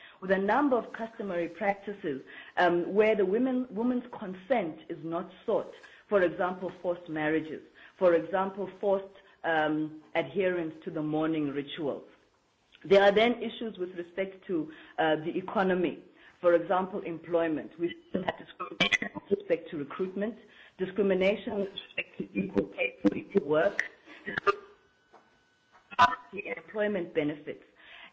Speaker 6: with a number of customary practices um, where the women, woman's consent is not sought. For example, forced marriages. For example, forced um, adherence to the mourning rituals. There are then issues with respect to uh, the economy. For example, employment. We have discrimination with respect to recruitment, discrimination with respect to equal pay for equal work, employment benefits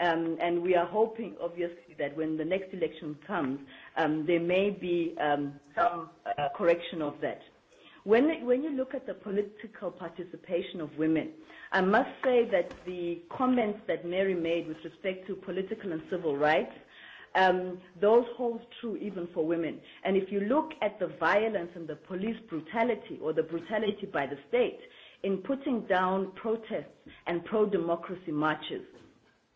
Speaker 6: Um, and we are hoping, obviously, that when the next election comes, um, there may be um, some uh, correction of that. When, when you look at the political participation of women, I must say that the comments that Mary made with respect to political and civil rights, um, those hold true even for women. And if you look at the violence and the police brutality or the brutality by the state in putting down protests and pro-democracy marches,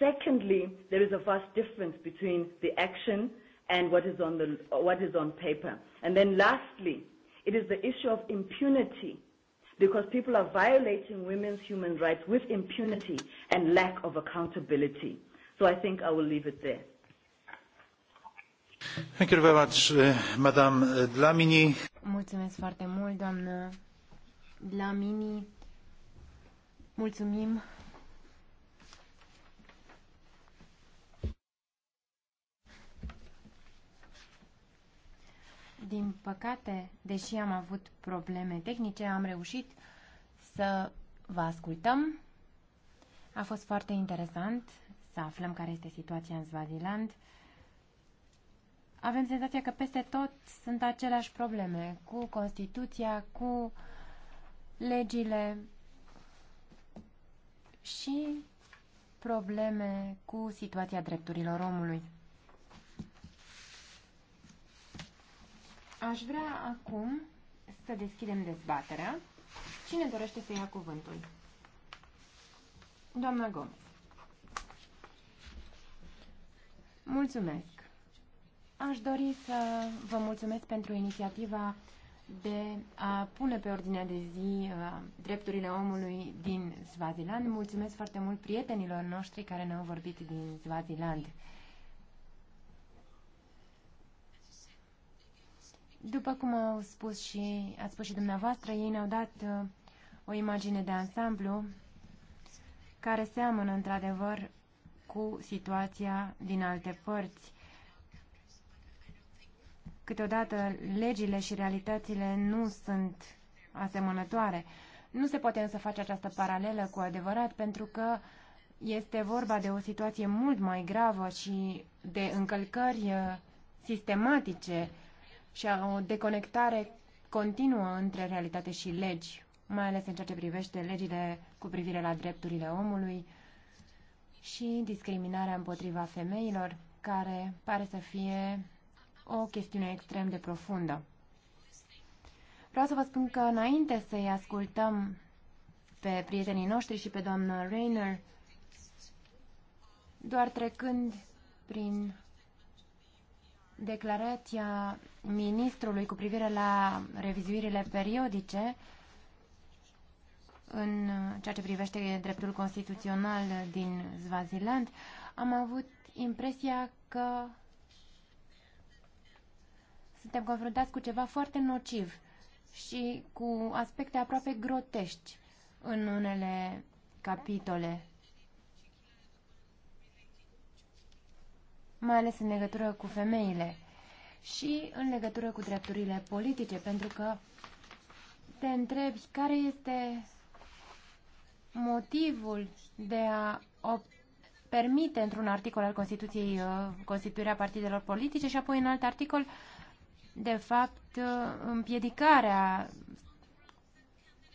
Speaker 6: Secondly, there is a vast difference between the action and what is on the what is on paper. And then lastly, it is the issue of impunity because people are violating women's human rights with impunity and lack of accountability. So I think I will leave it there.
Speaker 1: Thank you very much, uh, Madame Dlamini.
Speaker 3: Mulțumesc foarte mult, doamnă Dlamini. Mulțumim Din păcate, deși am avut probleme tehnice, am reușit să vă ascultăm. A fost foarte interesant să aflăm care este situația în Swaziland. Avem senzația că peste tot sunt aceleași probleme cu Constituția, cu legile și probleme cu situația drepturilor omului. Aș vrea acum să deschidem dezbaterea. Cine dorește să ia cuvântul? Doamna Gomez. Mulțumesc. Aș dori să vă mulțumesc pentru inițiativa de a pune pe ordinea de zi uh, drepturile omului din Swaziland. Mulțumesc foarte mult prietenilor noștri care ne-au vorbit din Swaziland. După cum au spus și, ați spus și dumneavoastră, ei ne-au dat uh, o imagine de ansamblu care seamănă într-adevăr cu situația din alte părți. Câteodată legile și realitățile nu sunt asemănătoare. Nu se poate însă face această paralelă cu adevărat pentru că este vorba de o situație mult mai gravă și de încălcări uh, sistematice și a o deconectare continuă între realitate și legi, mai ales în ceea ce privește legile cu privire la drepturile omului și discriminarea împotriva femeilor, care pare să fie o chestiune extrem de profundă. Vreau să vă spun că înainte să-i ascultăm pe prietenii noștri și pe doamna Rainer, doar trecând prin declarația ministrului cu privire la revizuirile periodice în ceea ce privește dreptul constituțional din Swaziland, am avut impresia că suntem confruntați cu ceva foarte nociv și cu aspecte aproape grotești în unele capitole mai ales în legătură cu femeile și în legătură cu drepturile politice, pentru că te întrebi care este motivul de a permite într-un articol al Constituției uh, constituirea partidelor politice și apoi în alt articol, de fapt, uh, împiedicarea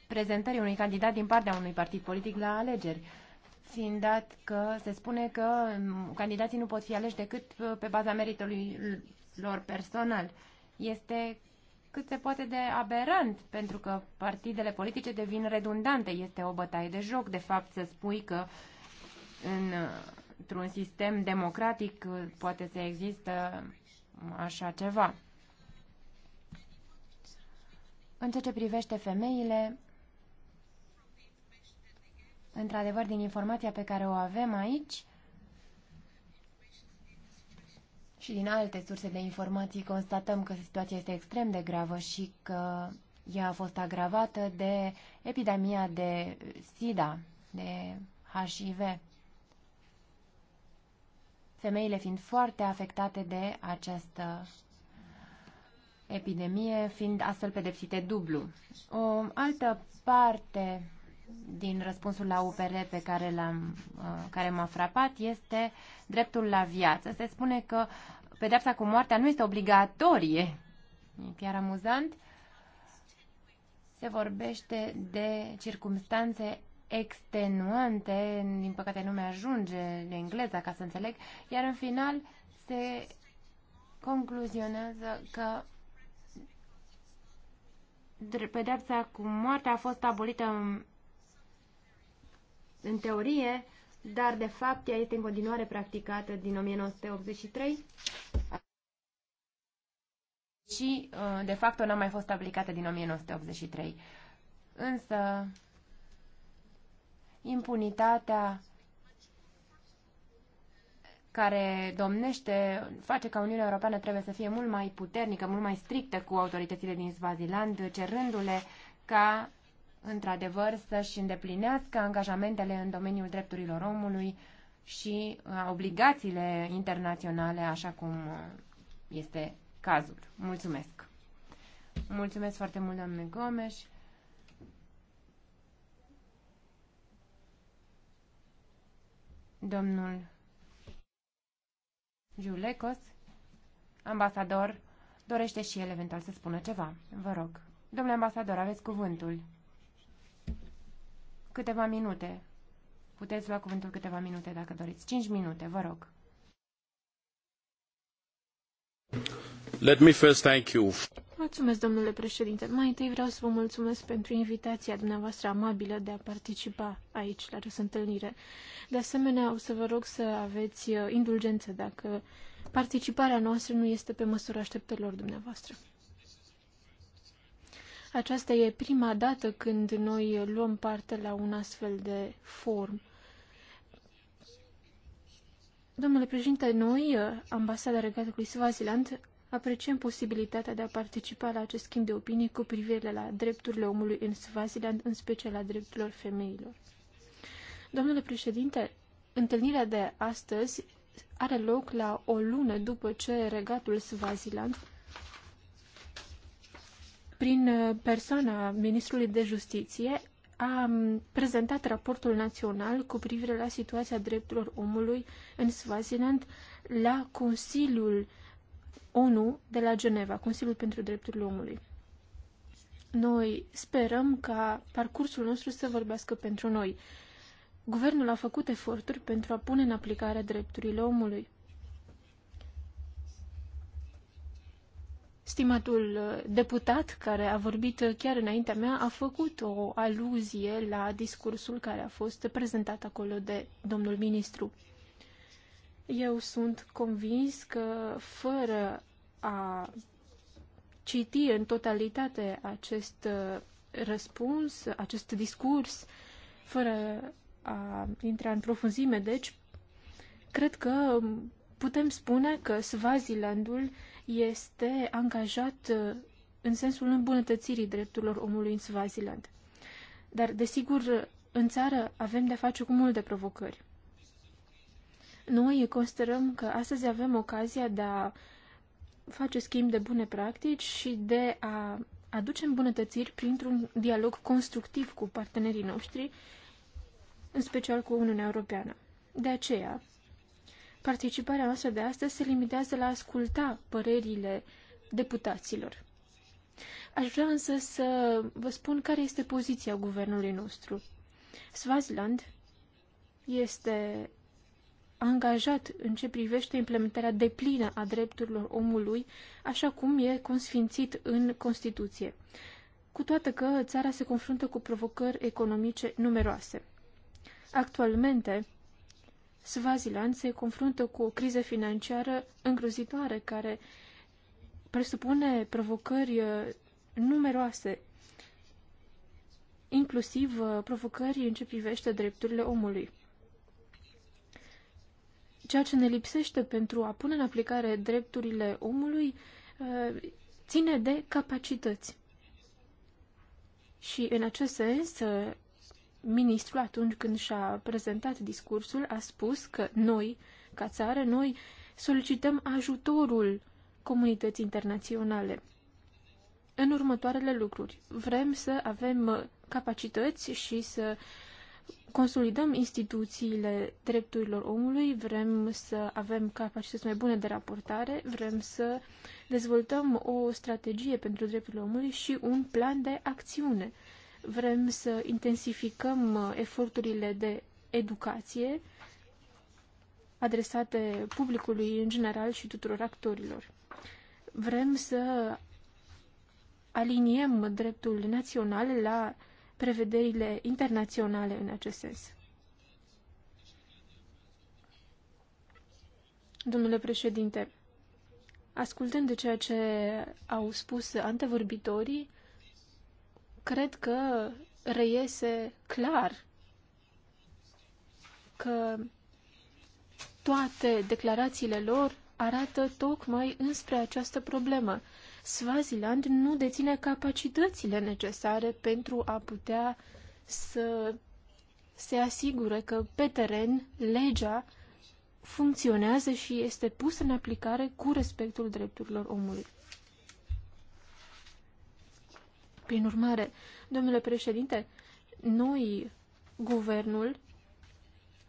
Speaker 3: prezentării unui candidat din partea unui partid politic la alegeri fiind dat că se spune că mm, candidații nu pot fi aleși decât uh, pe baza meritului lor personal. Este cât se poate de aberant, pentru că partidele politice devin redundante. Este o bătaie de joc, de fapt, să spui că în, uh, într-un sistem democratic uh, poate să există așa ceva. În ceea ce privește femeile, într-adevăr, din informația pe care o avem aici și din alte surse de informații, constatăm că situația este extrem de gravă și că ea a fost agravată de epidemia de SIDA, de HIV. Femeile fiind foarte afectate de această epidemie, fiind astfel pedepsite dublu. O altă parte din răspunsul la UPR pe care, l-am, uh, care m-a frapat este dreptul la viață. Se spune că pedepsa cu moartea nu este obligatorie. E chiar amuzant. Se vorbește de circumstanțe extenuante, din păcate nu mi-ajunge engleza ca să înțeleg, iar în final se concluzionează că pedepsa cu moartea a fost abolită în teorie, dar de fapt ea este în continuare practicată din 1983 și uh, de fapt n-a mai fost aplicată din 1983. Însă impunitatea care domnește face ca Uniunea Europeană trebuie să fie mult mai puternică, mult mai strictă cu autoritățile din Swaziland, cerându-le ca într-adevăr, să-și îndeplinească angajamentele în domeniul drepturilor omului și uh, obligațiile internaționale, așa cum uh, este cazul. Mulțumesc! Mulțumesc foarte mult, doamne Gomes! Domnul Giulecos, ambasador, dorește și el eventual să spună ceva. Vă rog. Domnule ambasador, aveți cuvântul câteva minute. Puteți lua cuvântul câteva minute dacă doriți. Cinci minute, vă rog.
Speaker 5: Let me first thank you.
Speaker 4: Mulțumesc, domnule președinte. Mai întâi vreau să vă mulțumesc pentru invitația dumneavoastră amabilă de a participa aici la această întâlnire. De asemenea, o să vă rog să aveți uh, indulgență dacă participarea noastră nu este pe măsura așteptărilor dumneavoastră. Aceasta e prima dată când noi luăm parte la un astfel de form. Domnule președinte, noi, Ambasada Regatului Svaziland, apreciem posibilitatea de a participa la acest schimb de opinii cu privire la drepturile omului în Svaziland, în special la drepturilor femeilor. Domnule președinte, întâlnirea de astăzi are loc la o lună după ce regatul Svaziland prin uh, persoana ministrului de justiție, a prezentat raportul național cu privire la situația drepturilor omului în Swaziland la Consiliul ONU de la Geneva, Consiliul pentru Drepturile Omului. Noi sperăm ca parcursul nostru să vorbească pentru noi. Guvernul a făcut eforturi pentru a pune în aplicare drepturile omului. Stimatul uh, deputat care a vorbit uh, chiar înaintea mea a făcut o aluzie la discursul care a fost prezentat acolo de domnul ministru. Eu sunt convins că fără a citi în totalitate acest uh, răspuns, acest discurs, fără a intra în profunzime, deci, cred că putem spune că Swazilandul este angajat uh, în sensul îmbunătățirii drepturilor omului în Swaziland. Dar, desigur, în țară avem de-a face cu multe provocări. Noi considerăm că astăzi avem ocazia de a face schimb de bune practici și de a aduce îmbunătățiri printr-un dialog constructiv cu partenerii noștri, în special cu Uniunea Europeană. De aceea, participarea noastră de astăzi se limitează la a asculta părerile deputaților. Aș vrea însă să vă spun care este poziția guvernului nostru. Swaziland este angajat în ce privește implementarea deplină a drepturilor omului, așa cum e consfințit în Constituție, cu toate că țara se confruntă cu provocări economice numeroase. Actualmente, Swaziland se confruntă cu o criză financiară îngrozitoare care presupune provocări uh, numeroase, inclusiv uh, provocări în ce privește drepturile omului. Ceea ce ne lipsește pentru a pune în aplicare drepturile omului uh, ține de capacități. Și în acest sens, ministrul, atunci când și-a prezentat discursul, a spus că noi, ca țară, noi solicităm ajutorul comunității internaționale în următoarele lucruri. Vrem să avem uh, capacități și să consolidăm instituțiile drepturilor omului, vrem să avem capacități mai bune de raportare, vrem să dezvoltăm o strategie pentru drepturile omului și un plan de acțiune. Vrem să intensificăm uh, eforturile de educație adresate publicului în general și tuturor actorilor. Vrem să aliniem dreptul național la prevederile internaționale în acest sens. Domnule președinte, ascultând de ceea ce au spus antevorbitorii, cred că reiese clar că toate declarațiile lor arată tocmai înspre această problemă. Swaziland nu deține capacitățile necesare pentru a putea să se asigure că pe teren legea funcționează și este pusă în aplicare cu respectul drepturilor omului. Prin urmare, domnule președinte, noi, guvernul,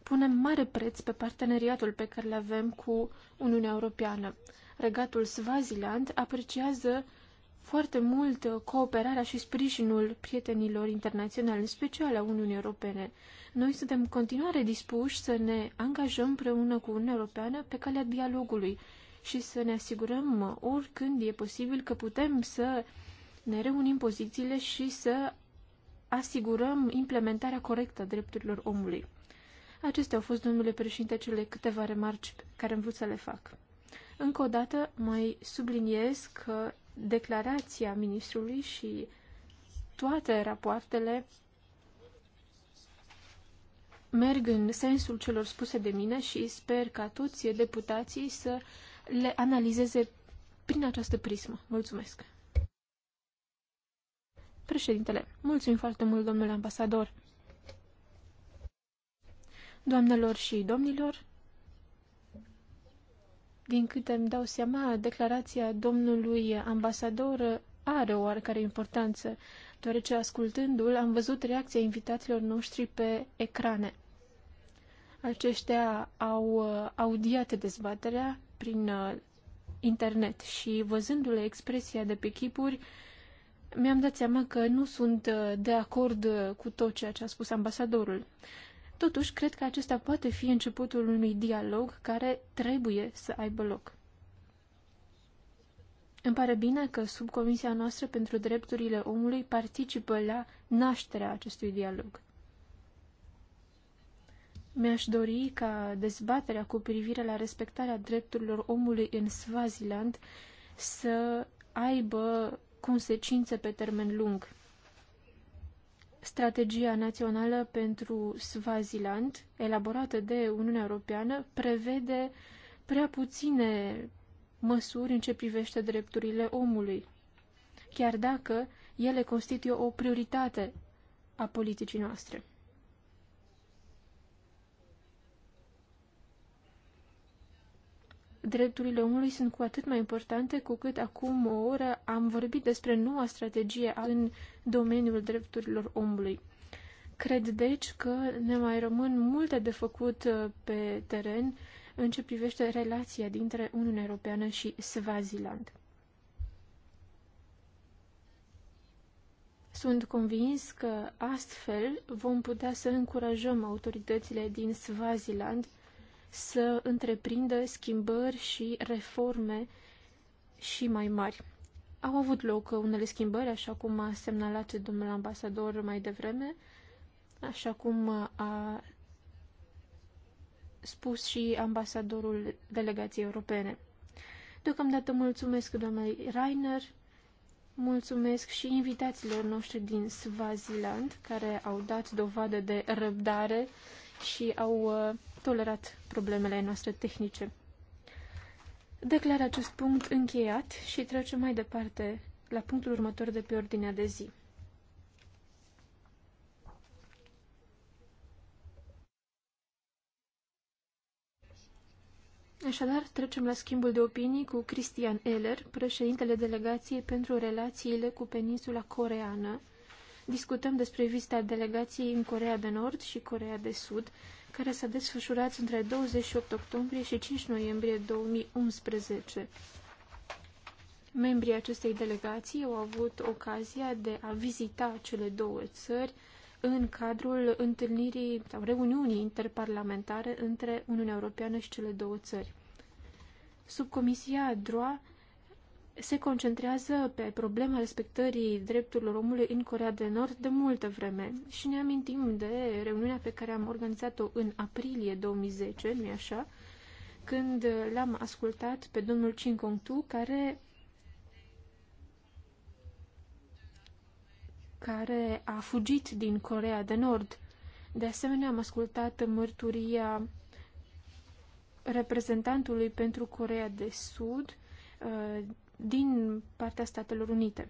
Speaker 4: punem mare preț pe parteneriatul pe care îl avem cu Uniunea Europeană. Regatul Swaziland apreciază foarte mult cooperarea și sprijinul prietenilor internaționali, în special a Uniunii Europene. Noi suntem în continuare dispuși să ne angajăm împreună cu Uniunea Europeană pe calea dialogului și să ne asigurăm oricând e posibil că putem să ne reunim pozițiile și să asigurăm implementarea corectă a drepturilor omului. Acestea au fost, domnule președinte, cele câteva remarci care am vrut să le fac. Încă o dată mai subliniez că declarația ministrului și toate rapoartele merg în sensul celor spuse de mine și sper ca toți deputații să le analizeze prin această prismă. Mulțumesc! Președintele, mulțumim foarte mult, domnule ambasador. Doamnelor și domnilor, din câte îmi dau seama, declarația domnului ambasador are o oarecare importanță, deoarece ascultându-l am văzut reacția invitaților noștri pe ecrane. Aceștia au uh, audiat dezbaterea prin uh, internet și văzându-le expresia de pe chipuri, mi-am dat seama că nu sunt uh, de acord uh, cu tot ceea ce a spus ambasadorul. Totuși, cred că acesta poate fi începutul unui dialog care trebuie să aibă loc. Îmi pare bine că subcomisia noastră pentru drepturile omului participă la nașterea acestui dialog. Mi-aș dori ca dezbaterea cu privire la respectarea drepturilor omului în Swaziland să aibă consecințe pe termen lung. Strategia națională pentru Swaziland, elaborată de Uniunea Europeană, prevede prea puține măsuri în ce privește drepturile omului, chiar dacă ele constituie o prioritate a politicii noastre. drepturile omului sunt cu atât mai importante cu cât acum o oră am vorbit despre noua strategie în domeniul drepturilor omului. Cred deci că ne mai rămân multe de făcut uh, pe teren în ce privește relația dintre Uniunea Europeană și Swaziland. Sunt convins că astfel vom putea să încurajăm autoritățile din Swaziland să întreprindă schimbări și reforme și mai mari. Au avut loc unele schimbări, așa cum a semnalat domnul ambasador mai devreme, așa cum a spus și ambasadorul delegației europene. Deocamdată mulțumesc doamnei Rainer, mulțumesc și invitațiilor noștri din Swaziland, care au dat dovadă de răbdare și au uh, tolerat problemele noastre tehnice. Declar acest punct încheiat și trecem mai departe la punctul următor de pe ordinea de zi. Așadar, trecem la schimbul de opinii cu Cristian Eller, președintele delegației pentru relațiile cu peninsula coreană. Discutăm despre vizita delegației în Corea de Nord și Corea de Sud, care s-a desfășurat între 28 octombrie și 5 noiembrie 2011. Membrii acestei delegații au avut ocazia de a vizita cele două țări în cadrul întâlnirii sau reuniunii interparlamentare între Uniunea Europeană și cele două țări. Subcomisia DROA se concentrează pe problema respectării drepturilor omului în Corea de Nord de multă vreme și ne amintim de reuniunea pe care am organizat-o în aprilie 2010, nu-i așa, când l-am ascultat pe domnul Chin Kong Tu, care care a fugit din Corea de Nord. De asemenea, am ascultat mărturia reprezentantului pentru Corea de Sud, uh, din partea Statelor Unite.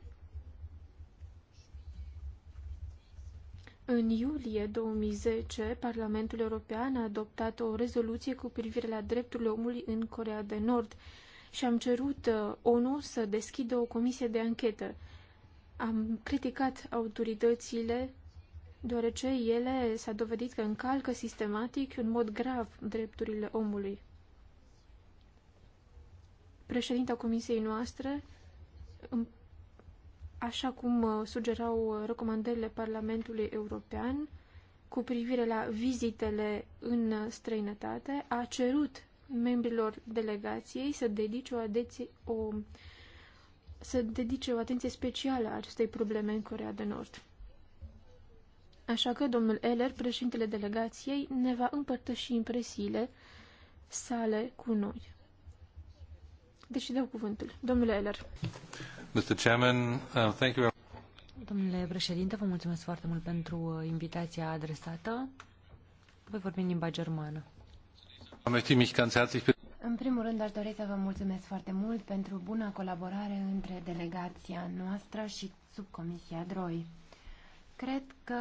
Speaker 4: În iulie 2010, Parlamentul European a adoptat o rezoluție cu privire la drepturile omului în Corea de Nord și am cerut uh, ONU să deschidă o comisie de anchetă. Am criticat autoritățile deoarece ele s-a dovedit că încalcă sistematic în mod grav drepturile omului președinta comisiei noastre, așa cum uh, sugerau uh, recomandările Parlamentului European cu privire la vizitele în străinătate, a cerut membrilor delegației să dedice o, adeție, o să dedice o atenție specială a acestei probleme în Corea de Nord. Așa că domnul Eller, președintele delegației, ne va împărtăși impresiile sale cu noi. Deși dau cuvântul. Domnule Eller.
Speaker 1: Mr. Chairman, uh, thank you.
Speaker 2: Domnule președinte, vă mulțumesc foarte mult pentru uh, invitația adresată. Voi vorbi în limba germană. În primul rând, aș dori
Speaker 3: să vă mulțumesc foarte mult pentru buna colaborare între delegația noastră și subcomisia DROI. Cred că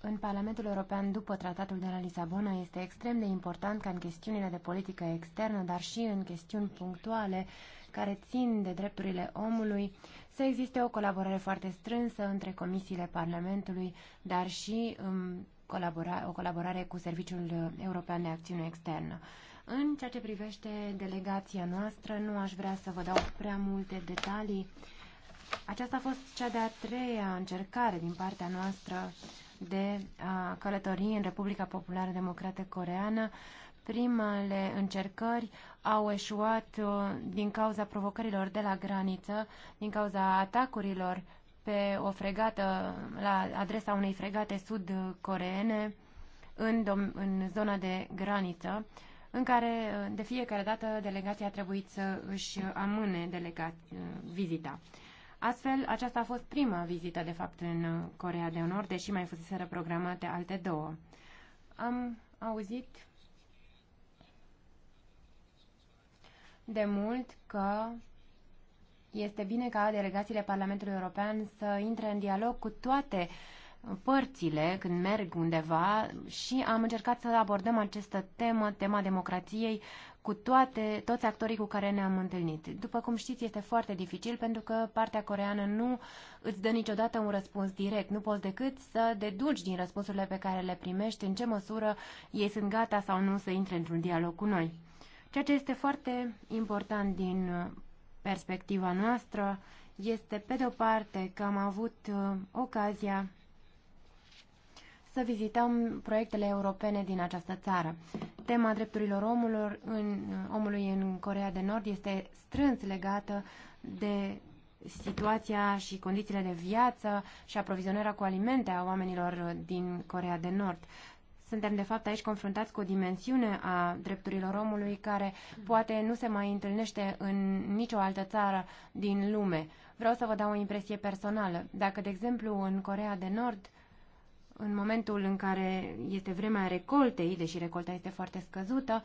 Speaker 3: în Parlamentul European după Tratatul de la Lisabona este extrem de important ca în chestiunile de politică externă, dar și în chestiuni punctuale care țin de drepturile omului, să existe o colaborare foarte strânsă între comisiile Parlamentului, dar și um, colabora o colaborare cu Serviciul European de Acțiune Externă. În ceea ce privește delegația noastră, nu aș vrea să vă dau prea multe detalii. Aceasta a fost cea de-a treia încercare din partea noastră de a călătorii în Republica Populară Democrată Coreană. Primele încercări au eșuat uh, din cauza provocărilor de la graniță, din cauza atacurilor pe o fregată, la adresa unei fregate sud-coreene în, în zona de graniță, în care uh, de fiecare dată delegația a trebuit să își amâne delegat, uh, vizita. Astfel, aceasta a fost prima vizită, de fapt, în Corea de Nord, deși mai fuseseră programate alte două. Am auzit de mult că este bine ca delegațiile Parlamentului European să intre în dialog cu toate părțile când merg undeva și am încercat să abordăm această temă, tema democrației, cu toate, toți actorii cu care ne-am întâlnit. După cum știți, este foarte dificil pentru că partea coreană nu îți dă niciodată un răspuns direct. Nu poți decât să deduci din răspunsurile pe care le primești în ce măsură ei sunt gata sau nu să intre într-un dialog cu noi. Ceea ce este foarte important din uh, perspectiva noastră este, pe de-o parte, că am avut uh, ocazia să vizităm proiectele europene din această țară. Tema drepturilor omului în, omului în Corea de Nord este strâns legată de situația și condițiile de viață și aprovizionarea cu alimente a oamenilor din Corea de Nord. Suntem, de fapt, aici confruntați cu o dimensiune a drepturilor omului care poate nu se mai întâlnește în nicio altă țară din lume. Vreau să vă dau o impresie personală. Dacă, de exemplu, în Corea de Nord în momentul în care este vremea recoltei, deși recolta este foarte scăzută,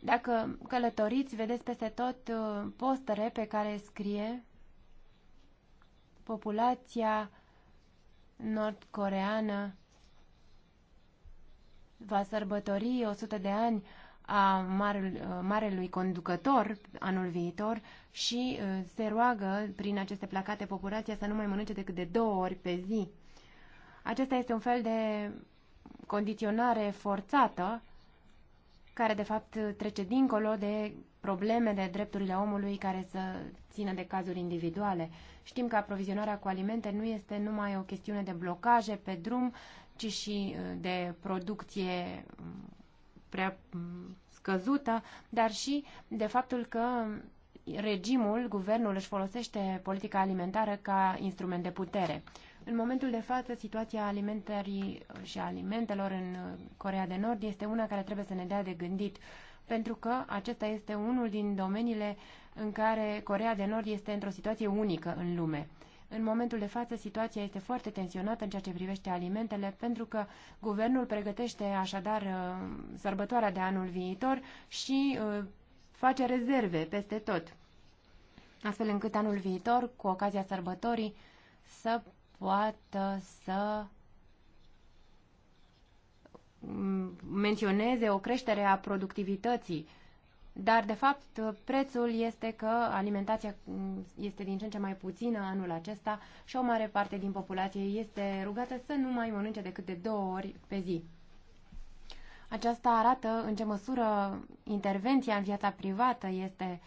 Speaker 3: dacă călătoriți, vedeți peste tot uh, postere pe care scrie populația nord-coreană va sărbători 100 de ani a marelui, uh, marelui conducător anul viitor și uh, se roagă prin aceste placate populația să nu mai mănânce decât de două ori pe zi. Acesta este un fel de condiționare forțată care de fapt trece dincolo de probleme de drepturile omului care să țină de cazuri individuale. Știm că aprovizionarea cu alimente nu este numai o chestiune de blocaje pe drum, ci și uh, de producție um, prea um, scăzută, dar și de faptul că regimul, guvernul își folosește politica alimentară ca instrument de putere. În momentul de față, situația alimentării uh, și alimentelor în uh, Corea de Nord este una care trebuie să ne dea de gândit, pentru că acesta este unul din domeniile în care Corea de Nord este într-o situație unică în lume. În momentul de față, situația este foarte tensionată în ceea ce privește alimentele, pentru că guvernul pregătește așadar uh, sărbătoarea de anul viitor și face rezerve peste tot, astfel încât anul viitor, cu ocazia sărbătorii, să poată să menționeze o creștere a productivității. Dar, de fapt, prețul este că alimentația este din ce în ce mai puțină anul acesta și o mare parte din populație este rugată să nu mai mănânce decât de două ori pe zi. Aceasta arată în ce măsură intervenția în viața privată este,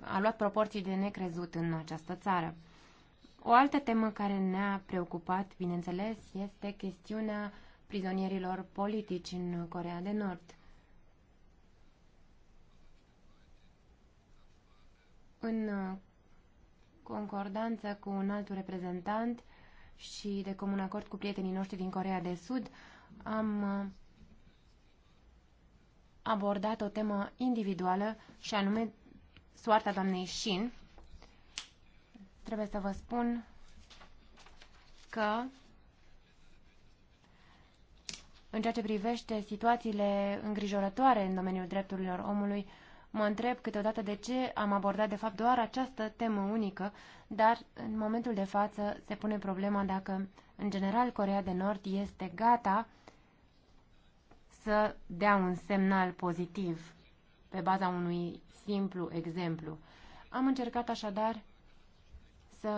Speaker 3: a luat proporții de necrezut în această țară. O altă temă care ne-a preocupat, bineînțeles, este chestiunea prizonierilor politici în Corea de Nord. În concordanță cu un alt reprezentant și de comun acord cu prietenii noștri din Corea de Sud, am abordat o temă individuală și anume soarta doamnei Shin, trebuie să vă spun că în ceea ce privește situațiile îngrijorătoare în domeniul drepturilor omului, mă întreb câteodată de ce am abordat de fapt doar această temă unică, dar în momentul de față se pune problema dacă în general Corea de Nord este gata să dea un semnal pozitiv pe baza unui simplu exemplu. Am încercat așadar să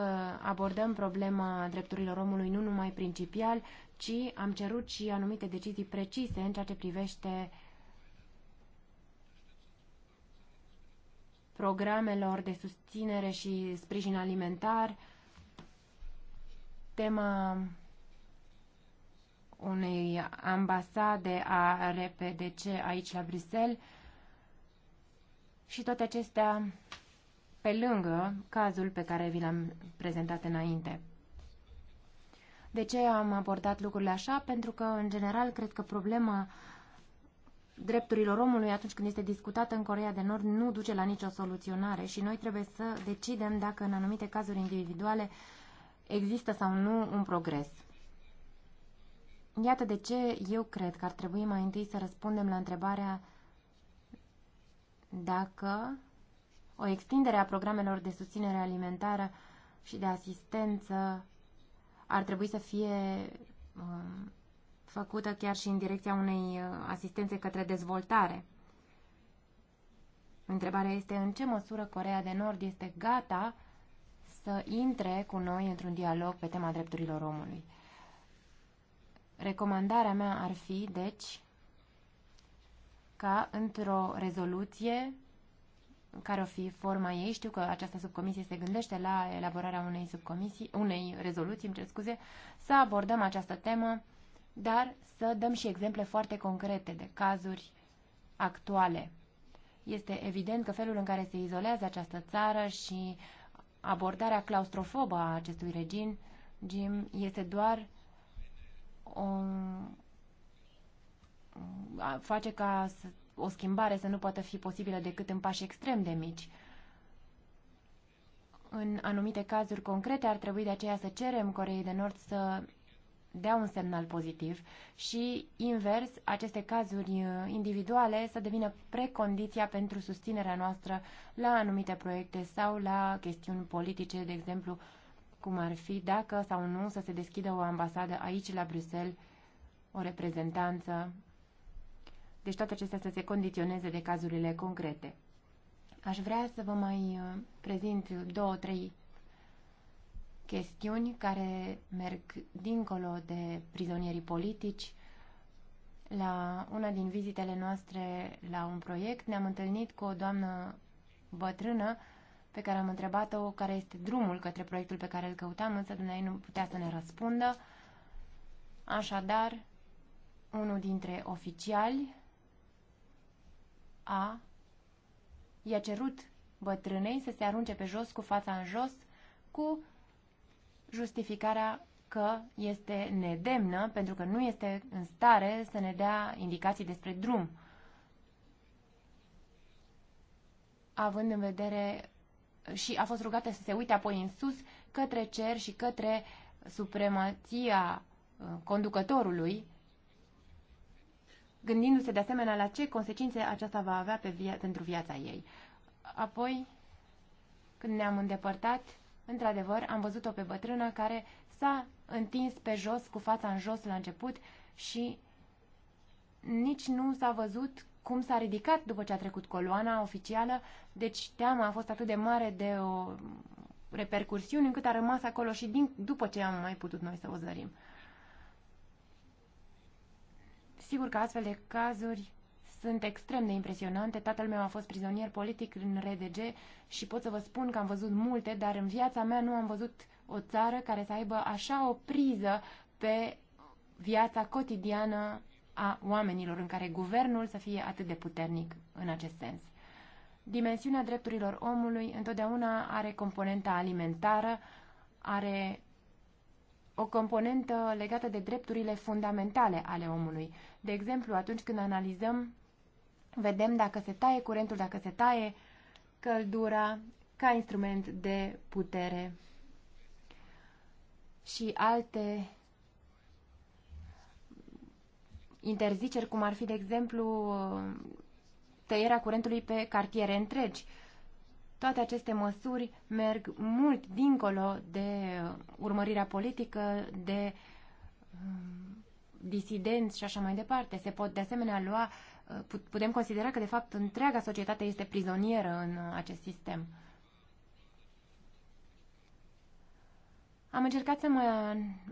Speaker 3: abordăm problema drepturilor omului nu numai principial, ci am cerut și anumite decizii precise în ceea ce privește programelor de susținere și sprijin alimentar, tema unei ambasade a RPDC aici la Bruxelles și toate acestea pe lângă cazul pe care vi l-am prezentat înainte. De ce am abordat lucrurile așa? Pentru că, în general, cred că problema drepturilor omului atunci când este discutată în Corea de Nord nu duce la nicio soluționare și noi trebuie să decidem dacă în anumite cazuri individuale există sau nu un progres. Iată de ce eu cred că ar trebui mai întâi să răspundem la întrebarea dacă o extindere a programelor de susținere alimentară și de asistență ar trebui să fie um, făcută chiar și în direcția unei uh, asistențe către dezvoltare. Întrebarea este în ce măsură Corea de Nord este gata să intre cu noi într-un dialog pe tema drepturilor omului. Recomandarea mea ar fi, deci, ca într-o rezoluție care o fi forma ei. Știu că această subcomisie se gândește la elaborarea unei, subcomisii, unei rezoluții, îmi cer scuze, să abordăm această temă, dar să dăm și exemple foarte concrete de cazuri actuale. Este evident că felul în care se izolează această țară și abordarea claustrofobă a acestui regim Jim, este doar o, face ca o schimbare să nu poată fi posibilă decât în pași extrem de mici. În anumite cazuri concrete ar trebui de aceea să cerem Coreei de Nord să dea un semnal pozitiv și, invers, aceste cazuri uh, individuale să devină precondiția pentru susținerea noastră la anumite proiecte sau la chestiuni politice, de exemplu, cum ar fi dacă sau nu să se deschidă o ambasadă aici, la Bruxelles, o reprezentanță deci toate acestea să se condiționeze de cazurile concrete. Aș vrea să vă mai uh, prezint două, trei chestiuni care merg dincolo de prizonierii politici. La una din vizitele noastre la un proiect ne-am întâlnit cu o doamnă bătrână pe care am întrebat-o care este drumul către proiectul pe care îl căutam, însă dumneai nu putea să ne răspundă. Așadar, unul dintre oficiali a i-a cerut bătrânei să se arunce pe jos cu fața în jos cu justificarea că este nedemnă pentru că nu este în stare să ne dea indicații despre drum. Având în vedere și a fost rugată să se uite apoi în sus către cer și către supremația uh, conducătorului gândindu-se de asemenea la ce consecințe aceasta va avea pe via- pentru viața ei. Apoi, când ne-am îndepărtat, într-adevăr, am văzut-o pe bătrână care s-a întins pe jos, cu fața în jos la început și nici nu s-a văzut cum s-a ridicat după ce a trecut coloana oficială, deci teama a fost atât de mare de o repercursiuni încât a rămas acolo și din, după ce am mai putut noi să o zărim. Sigur că astfel de cazuri sunt extrem de impresionante. Tatăl meu a fost prizonier politic în RDG și pot să vă spun că am văzut multe, dar în viața mea nu am văzut o țară care să aibă așa o priză pe viața cotidiană a oamenilor, în care guvernul să fie atât de puternic în acest sens. Dimensiunea drepturilor omului întotdeauna are componenta alimentară, are o componentă legată de drepturile fundamentale ale omului. De exemplu, atunci când analizăm, vedem dacă se taie curentul, dacă se taie căldura ca instrument de putere și alte interziceri, cum ar fi, de exemplu, tăierea curentului pe cartiere întregi toate aceste măsuri merg mult dincolo de uh, urmărirea politică, de um, disidenți și așa mai departe. Se pot de asemenea lua, uh, putem considera că de fapt întreaga societate este prizonieră în uh, acest sistem. Am încercat să mai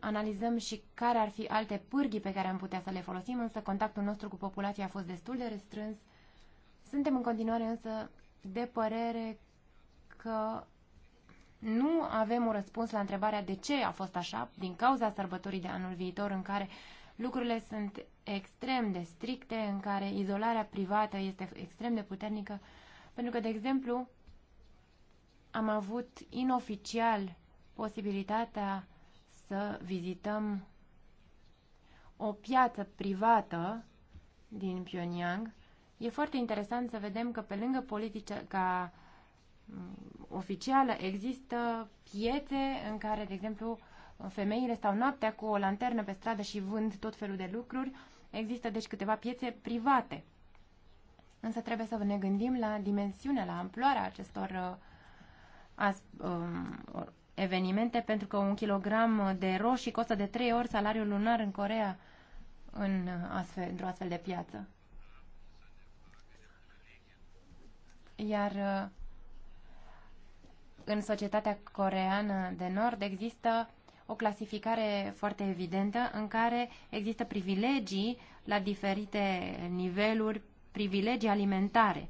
Speaker 3: analizăm și care ar fi alte pârghii pe care am putea să le folosim, însă contactul nostru cu populația a fost destul de restrâns. Suntem în continuare însă de părere că nu avem un răspuns la întrebarea de ce a fost așa, din cauza sărbătorii de anul viitor în care lucrurile sunt extrem de stricte, în care izolarea privată este extrem de puternică, pentru că, de exemplu, am avut inoficial posibilitatea să vizităm o piață privată din Pyongyang. E foarte interesant să vedem că pe lângă politica Mm, oficială, există piețe în care, de exemplu, femeile stau noaptea cu o lanternă pe stradă și vând tot felul de lucruri. Există, deci, câteva piețe private. Însă trebuie să ne gândim la dimensiunea, la amploarea acestor uh, as, uh, evenimente, pentru că un kilogram de roșii costă de trei ori salariul lunar în Corea în uh, astfel, într-o astfel de piață. Iar uh, în societatea coreeană de nord există o clasificare foarte evidentă în care există privilegii la diferite niveluri, privilegii alimentare.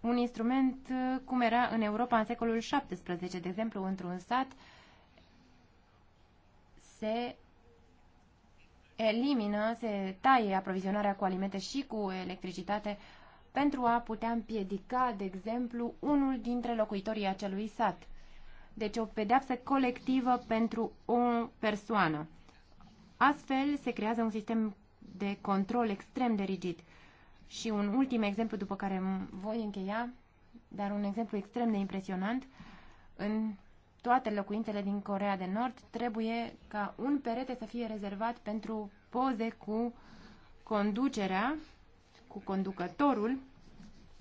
Speaker 3: Un instrument uh, cum era în Europa în secolul XVII, de exemplu, într-un sat, se elimină, se taie aprovizionarea cu alimente și cu electricitate pentru a putea împiedica, de exemplu, unul dintre locuitorii acelui sat. Deci o pedeapsă colectivă pentru o persoană. Astfel se creează un sistem de control extrem de rigid. Și un ultim exemplu după care voi încheia, dar un exemplu extrem de impresionant, în toate locuințele din Corea de Nord trebuie ca un perete să fie rezervat pentru poze cu conducerea cu conducătorul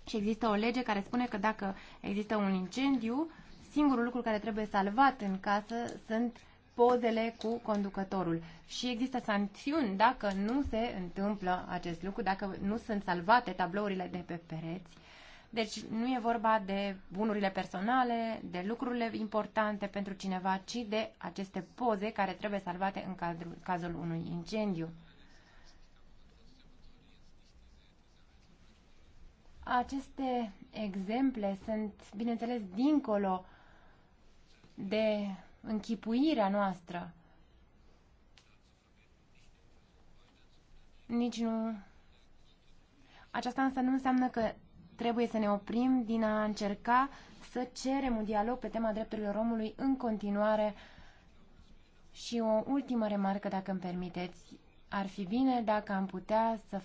Speaker 3: și există o lege care spune că dacă există un incendiu, singurul lucru care trebuie salvat în casă sunt pozele cu conducătorul. Și există sancțiuni dacă nu se întâmplă acest lucru, dacă nu sunt salvate tablourile de pe pereți. Deci nu e vorba de bunurile personale, de lucrurile importante pentru cineva, ci de aceste poze care trebuie salvate în cadrul, cazul unui incendiu. Aceste exemple sunt, bineînțeles, dincolo de închipuirea noastră. Nici nu... Aceasta însă nu înseamnă că trebuie să ne oprim din a încerca să cerem un dialog pe tema drepturilor omului în continuare. Și o ultimă remarcă, dacă îmi permiteți. Ar fi bine dacă am putea să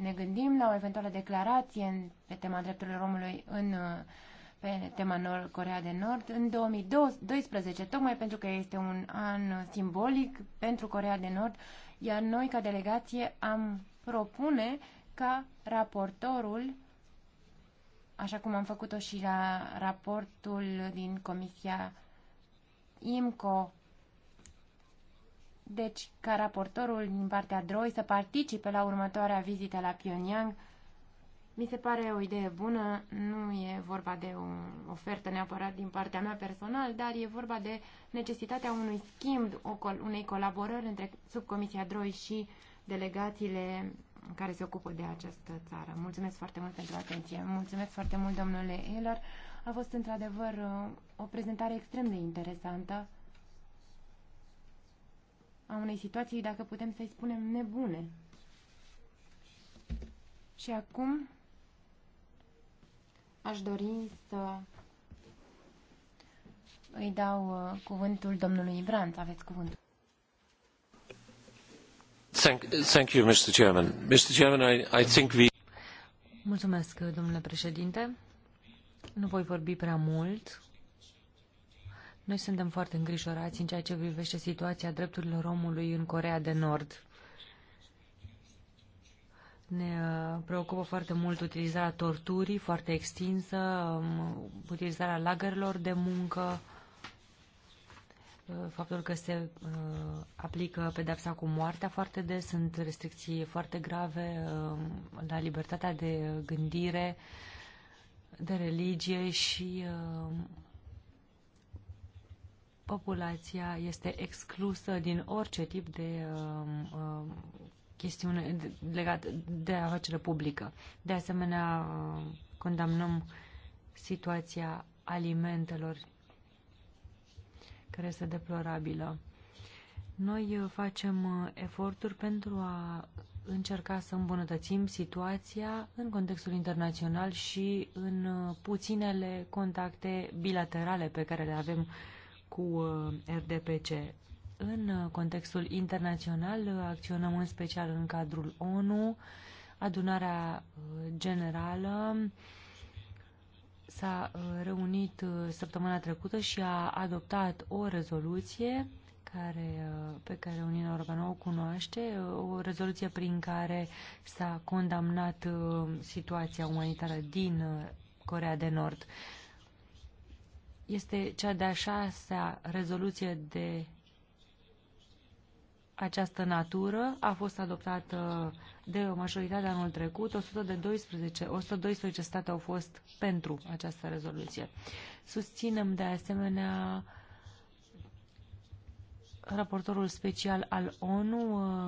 Speaker 3: ne gândim la o eventuală declarație pe tema drepturilor omului în uh, pe tema Nord, Corea de Nord în 2012, tocmai pentru că este un an simbolic pentru Corea de Nord, iar noi ca delegație am propune ca raportorul, așa cum am făcut-o și la raportul din Comisia IMCO deci, ca raportorul din partea DROI să participe la următoarea vizită la Pyongyang, mi se pare o idee bună, nu e vorba de o ofertă neapărat din partea mea personal, dar e vorba de necesitatea unui schimb, unei colaborări între subcomisia DROI și delegațiile care se ocupă de această țară. Mulțumesc foarte mult pentru atenție. Mulțumesc foarte mult, domnule Eller. A fost într-adevăr o prezentare extrem de interesantă a unei situații, dacă putem să-i spunem, nebune. Și acum aș dori să îi dau uh, cuvântul domnului Branț. Aveți cuvântul.
Speaker 1: Thank, thank you, Mr. Chairman. Mr. Chairman, I, I think we...
Speaker 2: Mulțumesc, domnule președinte. Nu voi vorbi prea mult. Noi suntem foarte îngrijorați în ceea ce privește situația drepturilor omului în Corea de Nord. Ne uh, preocupă foarte mult utilizarea torturii, foarte extinsă, um, utilizarea lagărilor de muncă, uh, faptul că se uh, aplică pedepsa cu moartea foarte des, sunt restricții foarte grave um, la libertatea de gândire, de religie și um, populația este exclusă din orice tip de um, um, chestiune legată de afacere publică. De asemenea, um, condamnăm situația alimentelor care este deplorabilă. Noi uh, facem uh, eforturi pentru a încerca să îmbunătățim situația în contextul internațional și în uh, puținele contacte bilaterale pe care le avem cu uh, RDPC. În uh, contextul internațional uh, acționăm în special în cadrul ONU, adunarea generală s-a reunit săptămâna trecută și a adoptat o rezoluție care, pe care Uniunea Europeană o cunoaște, o rezoluție prin care s-a condamnat situația umanitară din Corea de Nord. Este cea de-a șasea rezoluție de această natură a fost adoptată de o majoritate anul trecut. 112, 112 state au fost pentru această rezoluție. Susținem de asemenea raportorul special al ONU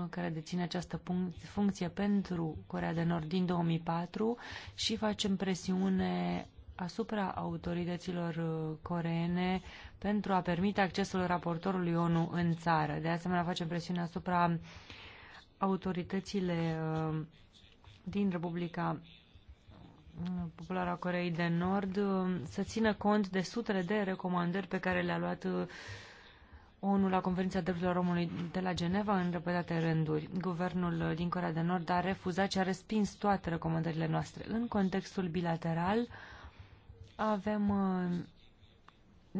Speaker 2: uh, care deține această funcție pentru Corea de Nord din 2004 și facem presiune asupra autorităților uh, coreene pentru a permite accesul raportorului ONU în țară. De asemenea, facem presiune asupra autoritățile uh, din Republica uh, Populară a Coreei de Nord să țină cont de sutele de recomandări pe care le-a luat ONU la Conferința Drepturilor Omului de la Geneva în repetate rânduri. Guvernul din Corea de Nord a refuzat și a respins toate recomandările noastre. În contextul bilateral, avem uh,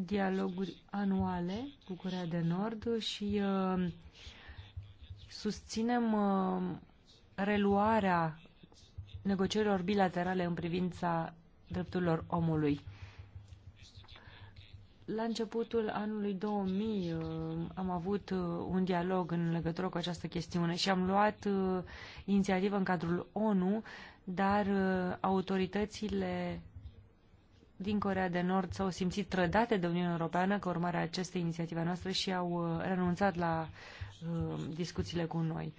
Speaker 2: dialoguri anuale cu Corea de Nord și uh, susținem uh, reluarea negocierilor bilaterale în privința drepturilor omului. La începutul anului 2000 am avut un dialog în legătură cu această chestiune și am luat inițiativă în cadrul ONU, dar autoritățile din Corea de Nord s-au simțit trădate de Uniunea Europeană ca urmare a acestei inițiative noastre și au uh, renunțat la uh, discuțiile cu noi.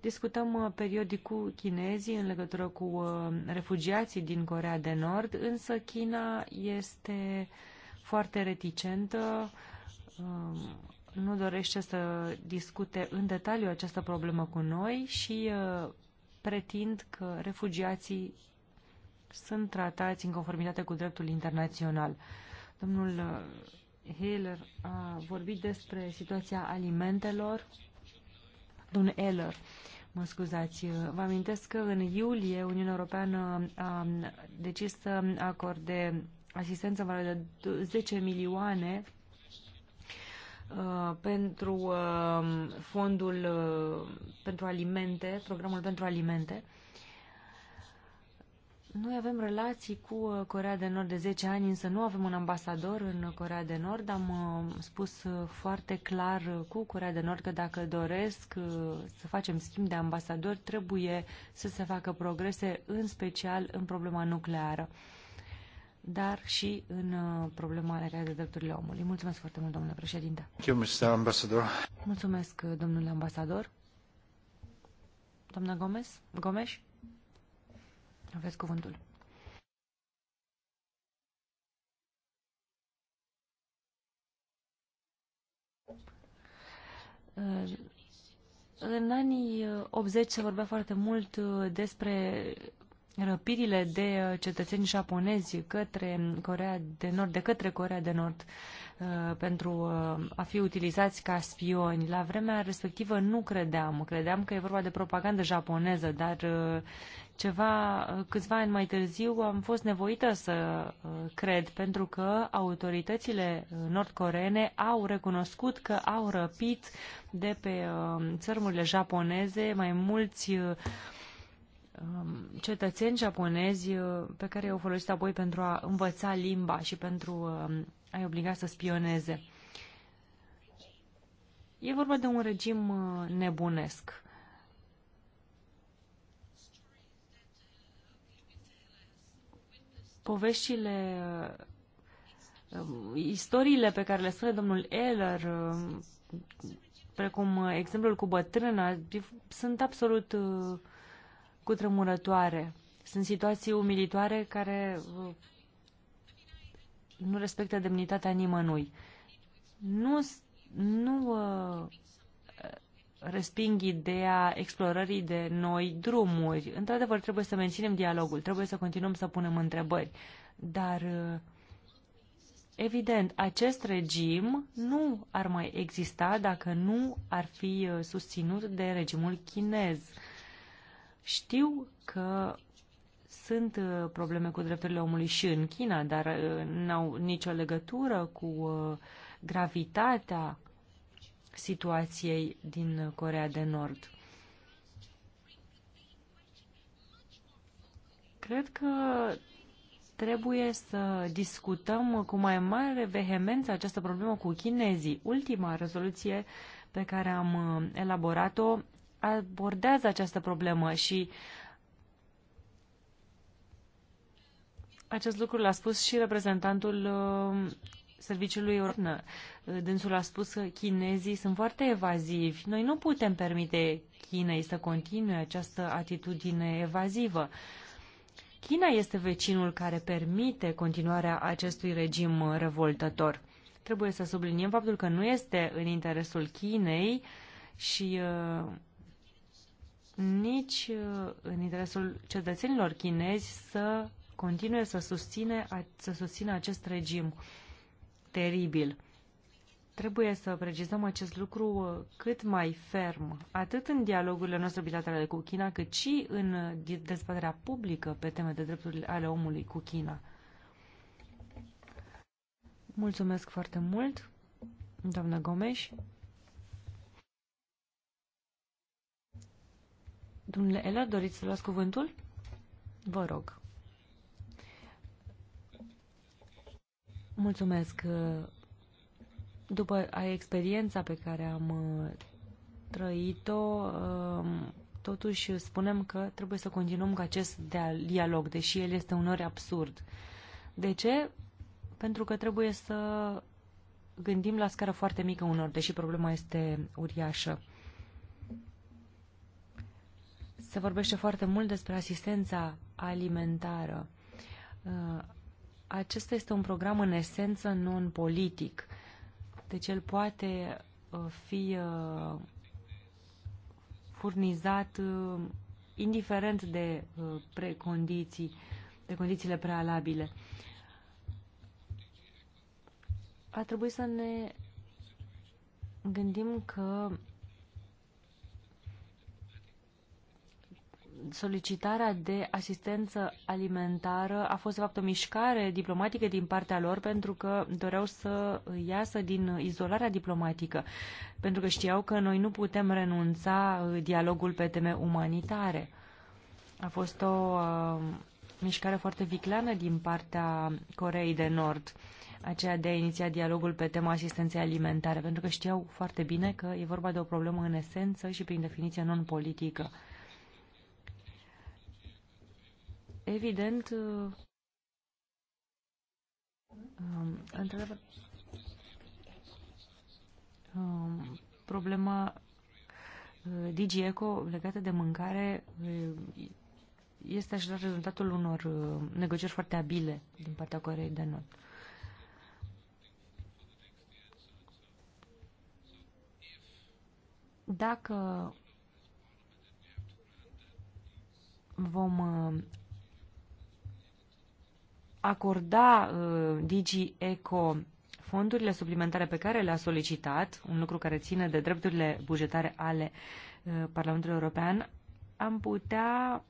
Speaker 2: Discutăm uh, periodic cu chinezii în legătură cu uh, refugiații din Corea de Nord, însă China este foarte reticentă, um, nu dorește să discute în detaliu această problemă cu noi și uh, pretind că refugiații sunt tratați în conformitate cu dreptul internațional. Domnul uh, Heller a vorbit despre situația alimentelor. Domnul Heller, mă scuzați, uh, vă amintesc că în iulie Uniunea Europeană a um, decis să acorde asistență în valoare de 10 milioane uh, pentru um, fondul pentru alimente, programul pentru alimente. Noi avem relații cu uh, Corea de Nord de 10 ani, însă nu avem un ambasador în Corea de Nord. Am uh, spus uh, foarte clar cu Corea de Nord că dacă doresc să facem schimb de ambasador, trebuie să se facă progrese, în special în problema nucleară, dar și în problema legată de drepturile omului. Mulțumesc foarte mult, domnule președinte. Mulțumesc, domnule ambasador. Doamna Gomez? Gomes? Aveți cuvântul. În anii 80 uh, se vorbea foarte mult uh, despre răpirile de uh, cetățeni japonezi către Corea de Nord, de către Corea de Nord uh, pentru uh, a fi utilizați ca spioni. La vremea respectivă nu credeam. Credeam că e vorba de propagandă japoneză, dar ceva, câțiva ani mai târziu am fost nevoită să cred, pentru că autoritățile nordcoreene au recunoscut că au răpit de pe țărmurile japoneze mai mulți Um, cetățeni japonezi uh, pe care i-au folosit apoi pentru a învăța limba și pentru um, a-i obliga să spioneze. E vorba de un regim uh, nebunesc. Poveștile, uh, istoriile pe care le spune domnul Eller, precum exemplul cu bătrâna, sunt absolut uh, cutremurătoare. Sunt situații umilitoare care uh, nu respectă demnitatea nimănui. Nu, nu uh, resping ideea explorării de noi drumuri. Într-adevăr, trebuie să menținem dialogul, trebuie să continuăm să punem întrebări. Dar, uh, evident, acest regim nu ar mai exista dacă nu ar fi uh, susținut de regimul chinez. Știu că sunt uh, probleme cu drepturile omului și în China, dar uh, n-au nicio legătură cu uh, gravitatea situației din Corea de Nord. Cred că trebuie să discutăm cu mai mare vehemență această problemă cu chinezii. Ultima rezoluție pe care am elaborat-o abordează această problemă și acest lucru l-a spus și reprezentantul uh, Serviciului European. Uh, dânsul a spus că chinezii sunt foarte evazivi. Noi nu putem permite Chinei să continue această atitudine evazivă. China este vecinul care permite continuarea acestui regim uh, revoltător. Trebuie să subliniem faptul că nu este în interesul Chinei și uh, nici uh, în interesul cetățenilor chinezi să continue să, susține, să susțină acest regim teribil. Trebuie să precizăm acest lucru uh, cât mai ferm, atât în dialogurile noastre bilaterale cu China, cât și în uh, dezbaterea publică pe teme de drepturile ale omului cu China. Mulțumesc foarte mult, doamnă Gomes. Domnule Eller, doriți să luați cuvântul? Vă rog. Mulțumesc. După experiența pe care am uh, trăit-o, um, totuși spunem că trebuie să continuăm cu acest dialog, deși el este uneori absurd. De ce? Pentru că trebuie să gândim la scară foarte mică unor, deși problema este uriașă. Se vorbește foarte mult despre asistența alimentară. Uh, acesta este un program în esență non-politic, deci el poate uh, fi uh, furnizat indiferent de precondiții, de condițiile prealabile. A trebuit să ne gândim că solicitarea de asistență alimentară a fost, de fapt, o mișcare diplomatică din partea lor pentru că doreau să iasă din izolarea diplomatică, pentru că știau că noi nu putem renunța uh, dialogul pe teme umanitare. A fost o uh, mișcare foarte vicleană din partea Coreei de Nord, aceea de a iniția dialogul pe tema asistenței alimentare, pentru că știau foarte bine că e vorba de o problemă în esență și, prin definiție, non-politică. Evident, uh, um, într-adevăr, um, problema uh, DigiEco legată de mâncare uh, este așa rezultatul unor negocieri foarte abile din partea Coreei de Nord. Dacă vom acorda uh, Digi Eco fondurile suplimentare pe care le-a solicitat, un lucru care ține de drepturile bugetare ale uh, Parlamentului European, am putea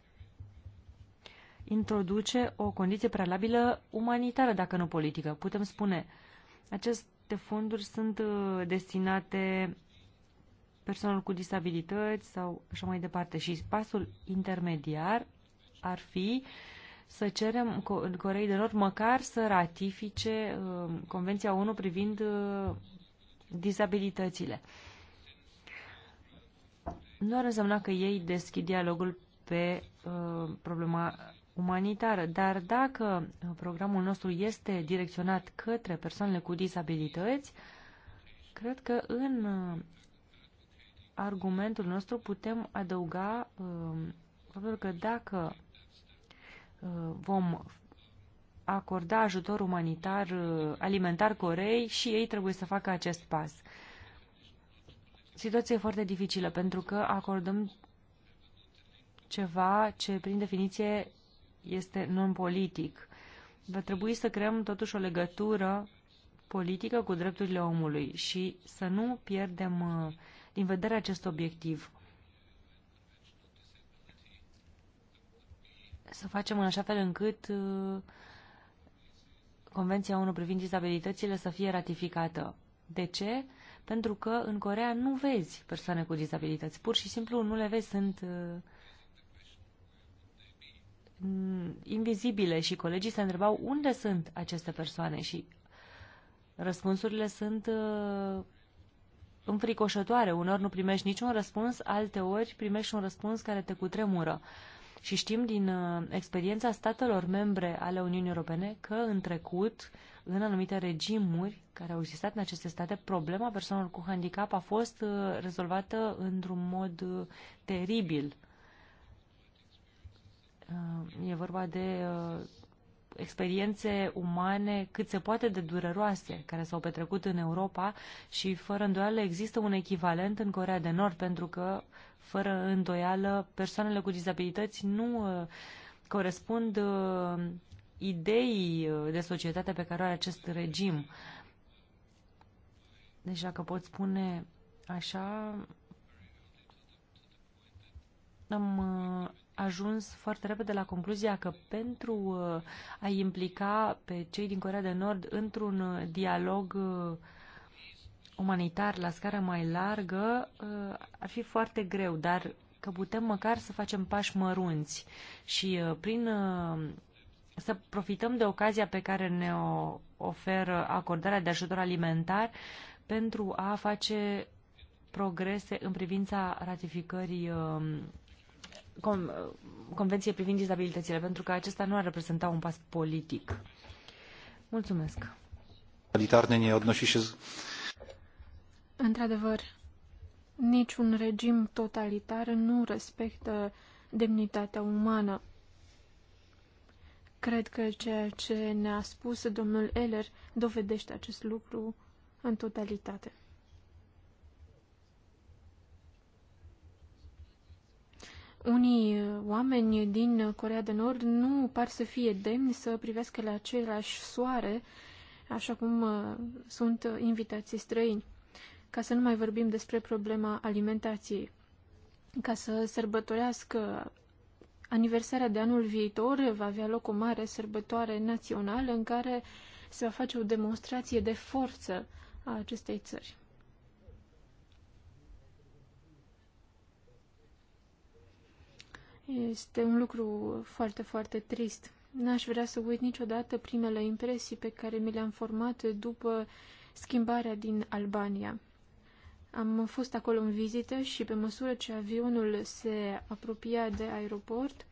Speaker 2: introduce o condiție prealabilă umanitară, dacă nu politică. Putem spune, aceste fonduri sunt uh, destinate persoanelor cu disabilități sau așa mai departe. Și pasul intermediar ar fi uh, să cerem Coreei de Nord măcar să ratifice um, Convenția ONU privind uh, dizabilitățile. Nu ar însemna că ei deschid dialogul pe uh, problema umanitară, dar dacă programul nostru este direcționat către persoanele cu dizabilități, cred că în uh, argumentul nostru putem adăuga um, faptul că dacă vom acorda ajutor umanitar alimentar Corei și ei trebuie să facă acest pas. Situația e foarte dificilă pentru că acordăm ceva ce prin definiție este non-politic. Va trebui să creăm totuși o legătură politică cu drepturile omului și să nu pierdem uh, din vedere acest obiectiv. să facem în așa fel încât uh, Convenția 1 privind dizabilitățile să fie ratificată. De ce? Pentru că în Corea nu vezi persoane cu dizabilități. Pur și simplu nu le vezi, sunt uh, invizibile și colegii se întrebau unde sunt aceste persoane și răspunsurile sunt uh, înfricoșătoare. Unor nu primești niciun răspuns, alteori primești un răspuns care te cutremură. Uh, și știm din uh, experiența statelor membre ale Uniunii Europene că în trecut, în anumite regimuri care au existat în aceste state, problema persoanelor cu handicap a fost uh, rezolvată într-un mod uh, teribil. E vorba de experiențe umane cât se poate de dureroase care s-au petrecut în Europa și fără îndoială există un echivalent în Corea de Nord pentru că fără îndoială, persoanele cu dizabilități nu uh, corespund uh, ideii uh, de societate pe care o are acest regim. Deci dacă pot spune așa, am ajuns foarte repede la concluzia că pentru a implica pe cei din Corea de Nord într-un dialog umanitar la scară mai largă uh, ar fi foarte greu, dar că putem măcar să facem pași mărunți și uh, prin uh, să profităm de ocazia pe care ne o oferă acordarea de ajutor alimentar pentru a face progrese în privința ratificării Convenției privind dizabilitățile, pentru că acesta nu ar reprezenta un pas politic.
Speaker 4: Mulțumesc. odnosi Într-adevăr, niciun regim totalitar nu respectă demnitatea umană. Cred că ceea ce ne-a spus domnul Eller dovedește acest lucru în totalitate. Unii oameni din Corea de Nord nu par să fie demni să privească la același soare, așa cum uh, sunt invitații străini ca să nu mai vorbim despre problema alimentației. Ca să sărbătorească aniversarea de anul viitor, va avea loc o mare sărbătoare națională în care se va face o demonstrație de forță a acestei țări. Este un lucru foarte, foarte trist. N-aș vrea să uit niciodată primele impresii pe care mi le-am format după schimbarea din Albania. Am fost acolo în vizită și pe măsură ce avionul se apropia de aeroport,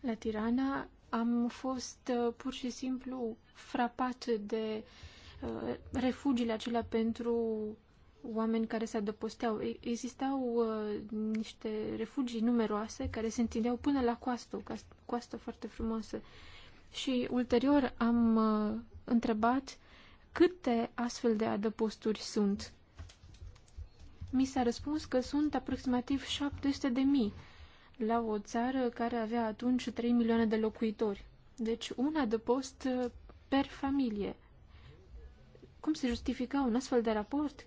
Speaker 4: la Tirana, am fost uh, pur și simplu frapat de uh, refugiile acelea pentru oameni care se adăposteau. Existau uh, niște refugii numeroase care se întindeau până la coastă, o coastă foarte frumoasă. Și ulterior am uh, întrebat câte astfel de adăposturi sunt mi s-a răspuns că sunt aproximativ 700 de mii la o țară care avea atunci 3 milioane de locuitori. Deci una de post uh, per familie. Cum se justifica un astfel de raport?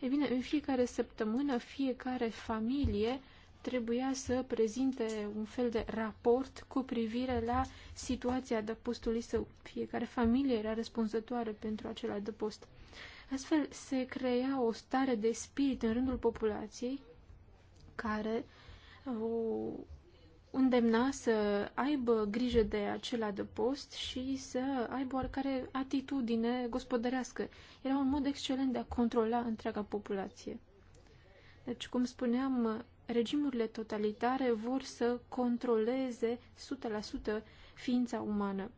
Speaker 4: E bine, în fiecare săptămână, fiecare familie trebuia să prezinte un fel de raport cu privire la situația de postului său. Fiecare familie era răspunzătoare pentru acel post. Astfel se crea o stare de spirit în rândul populației care o îndemna să aibă grijă de acel adăpost și să aibă oricare atitudine gospodărească. Era un mod excelent de a controla întreaga populație. Deci, cum spuneam, regimurile totalitare vor să controleze 100% ființa umană.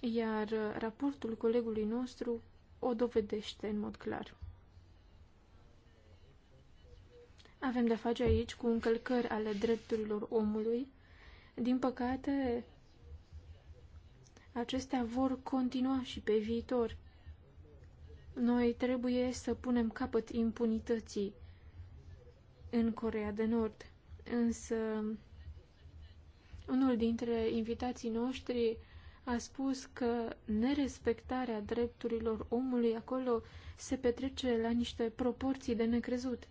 Speaker 4: Iar raportul colegului nostru o dovedește în mod clar. Avem de-a face aici cu încălcări ale drepturilor omului. Din păcate, acestea vor continua și pe viitor. Noi trebuie să punem capăt impunității în Corea de Nord. Însă, unul dintre invitații noștri a spus că nerespectarea drepturilor omului acolo se petrece la niște proporții de necrezut.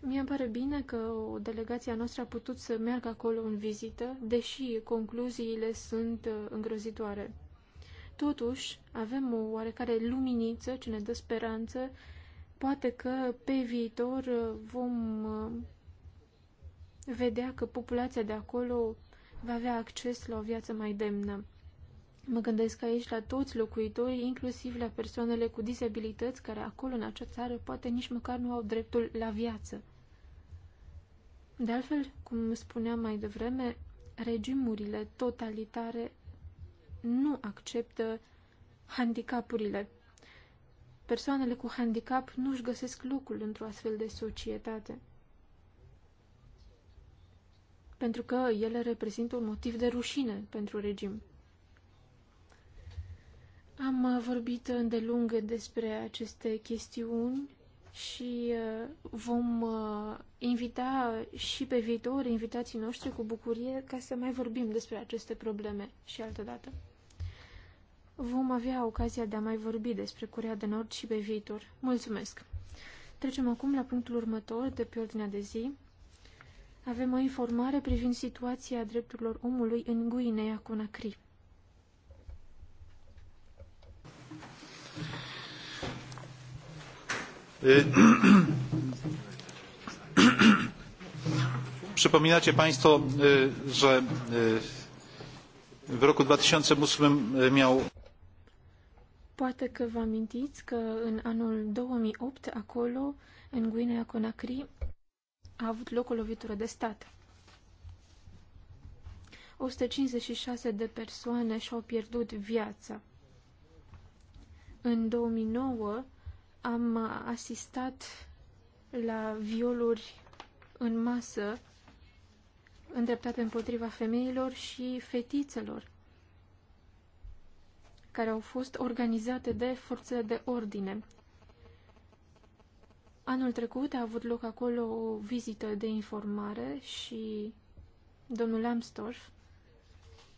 Speaker 4: Mi-e pare bine că o delegație a noastră a putut să meargă acolo în vizită, deși concluziile sunt uh, îngrozitoare. Totuși, avem o oarecare luminiță ce ne dă speranță. Poate că pe viitor uh, vom uh, vedea că populația de acolo va avea acces la o viață mai demnă. Mă gândesc aici la toți locuitorii, inclusiv la persoanele cu disabilități care acolo, în acea țară, poate nici măcar nu au dreptul la viață. De altfel, cum spuneam mai devreme, regimurile totalitare nu acceptă handicapurile. Persoanele cu handicap nu își găsesc locul într-o astfel de societate pentru că ele reprezintă un motiv de rușine pentru regim. Am uh, vorbit îndelung despre aceste chestiuni și uh, vom uh, invita și pe viitor invitații noștri cu bucurie ca să mai vorbim despre aceste probleme și altădată. dată. Vom avea ocazia de a mai vorbi despre Corea de Nord și pe viitor. Mulțumesc! Trecem acum la punctul următor de pe ordinea de zi, avem o informare privind situația drepturilor omului în Guinea Conakry.
Speaker 1: Przypominacie Państwo, że w roku 2008 miał.
Speaker 4: Poate că vă amintiți că în anul 2008 acolo, în Guinea Conakry, a avut loc o lovitură de stat. 156 de persoane și-au pierdut viața. În 2009 am asistat la violuri în masă îndreptate împotriva femeilor și fetițelor, care au fost organizate de forțele de ordine. Anul trecut a avut loc acolo o vizită de informare și domnul Lambsdorff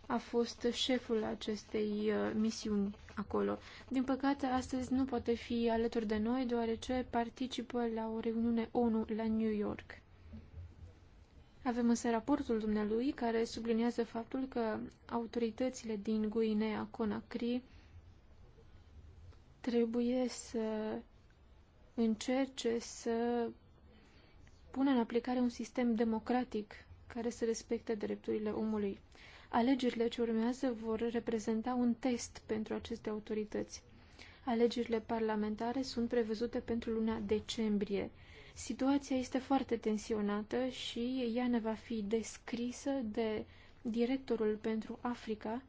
Speaker 4: a fost șeful acestei uh, misiuni acolo. Din păcate, astăzi nu poate fi alături de noi, deoarece participă la o reuniune ONU la New York. Avem însă raportul dumnealui care subliniază faptul că autoritățile din Guinea Conakry trebuie să încerce să pună în aplicare un sistem democratic care să respecte drepturile omului. Alegerile ce urmează vor reprezenta un test pentru aceste autorități. Alegerile parlamentare sunt prevăzute pentru luna decembrie. Situația este foarte tensionată și ea ne va fi descrisă de directorul pentru Africa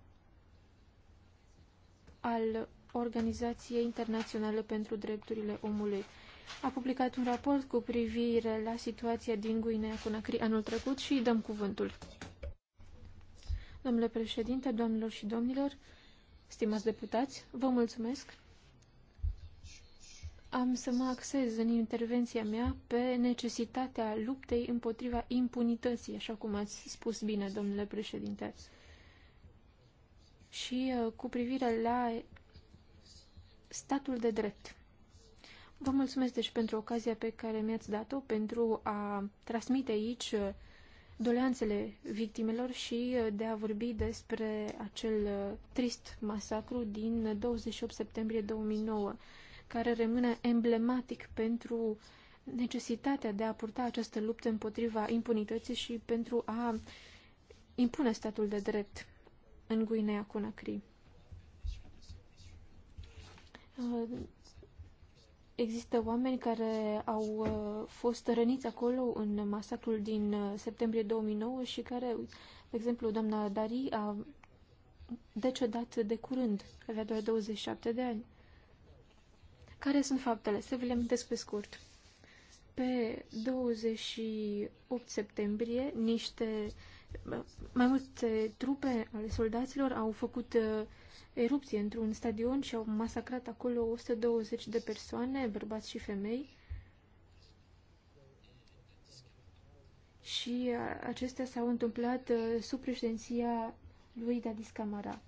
Speaker 4: al Organizației Internaționale pentru Drepturile Omului. A publicat un raport cu privire la situația din Guinea Conakry anul trecut și îi dăm cuvântul. Domnule președinte, doamnelor și domnilor, stimați deputați, vă mulțumesc. Am să mă axez în intervenția mea pe necesitatea luptei împotriva impunității, așa cum ați spus bine, domnule președinte și uh, cu privire la statul de drept. Vă mulțumesc deci pentru ocazia pe care mi-ați dat-o pentru a transmite aici uh, doleanțele victimelor și uh, de a vorbi despre acel uh, trist masacru din 28 septembrie 2009, care rămâne emblematic pentru necesitatea de a purta această luptă împotriva impunității și pentru a impune statul de drept în Guinea Conakry. Uh, există oameni care au uh, fost răniți acolo în masacrul din uh, septembrie 2009 și care, de exemplu, doamna Dari a decedat de curând, avea doar 27 de ani. Care sunt faptele? Să vă le amintesc pe scurt. Pe 28 septembrie, niște uh, mai multe trupe ale soldaților au făcut uh, erupție într-un stadion și au masacrat acolo 120 de persoane, bărbați și femei. Și uh, acestea s-au întâmplat uh, sub președinția lui Dadis Camara.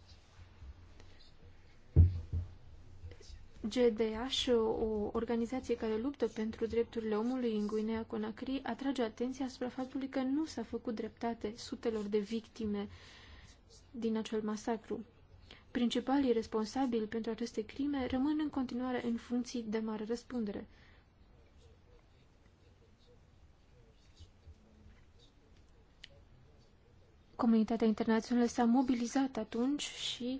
Speaker 4: GDH, o organizație care luptă pentru drepturile omului în Guinea Conakry, atrage atenția asupra faptului că nu s-a făcut dreptate sutelor de victime din acel masacru. Principalii responsabili pentru aceste crime rămân în continuare în funcții de mare răspundere. Comunitatea internațională s-a mobilizat atunci și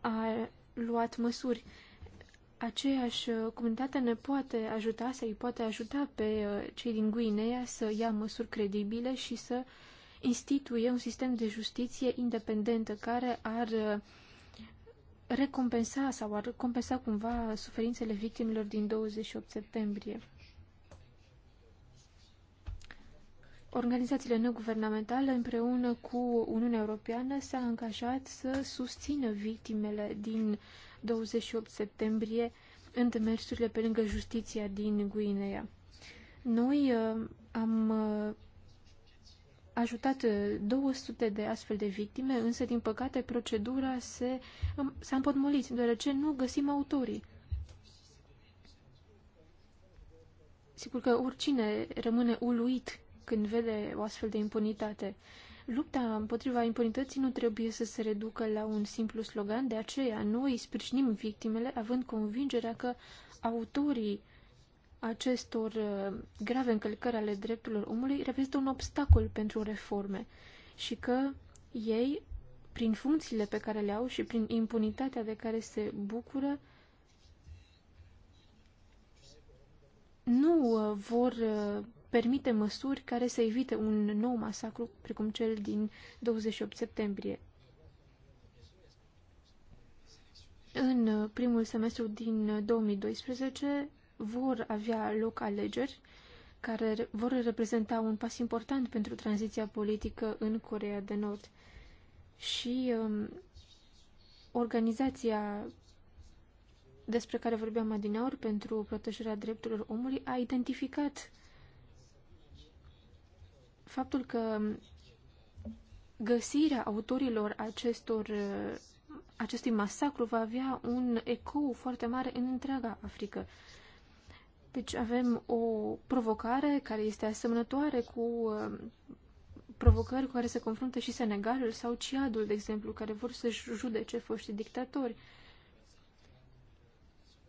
Speaker 4: a luat măsuri aceeași uh, comunitate ne poate ajuta, să îi poate ajuta pe uh, cei din Guinea să ia măsuri credibile și să instituie un sistem de justiție independentă care ar uh, recompensa sau ar compensa cumva suferințele victimilor din 28 septembrie. Organizațiile neguvernamentale împreună cu Uniunea Europeană s au angajat să susțină victimele din uh, 28 septembrie în demersurile pe lângă justiția din Guinea. Noi uh, am uh, ajutat 200 uh, de astfel de victime, însă, din păcate, procedura se, um, s-a împotmolit, deoarece nu găsim autorii. Sigur că oricine rămâne uluit când vede o astfel de impunitate. Uh, Lupta împotriva impunității nu trebuie să se reducă la un simplu slogan, de aceea noi sprijinim victimele având convingerea că autorii acestor uh, grave încălcări ale drepturilor omului reprezintă un obstacol pentru reforme și că ei, prin funcțiile pe care le au și prin impunitatea de care se bucură, nu uh, vor uh, permite măsuri care să evite un nou masacru precum cel din 28 septembrie. În primul semestru din 2012 vor avea loc alegeri care vor reprezenta un pas important pentru tranziția politică în Corea de Nord. Și um, organizația despre care vorbeam adineauri pentru protejarea drepturilor omului a identificat faptul că găsirea autorilor acestor, acestui masacru va avea un ecou foarte mare în întreaga Africă. Deci avem o provocare care este asemănătoare cu uh, provocări cu care se confruntă și Senegalul sau Ciadul, de exemplu, care vor să-și judece foștii dictatori.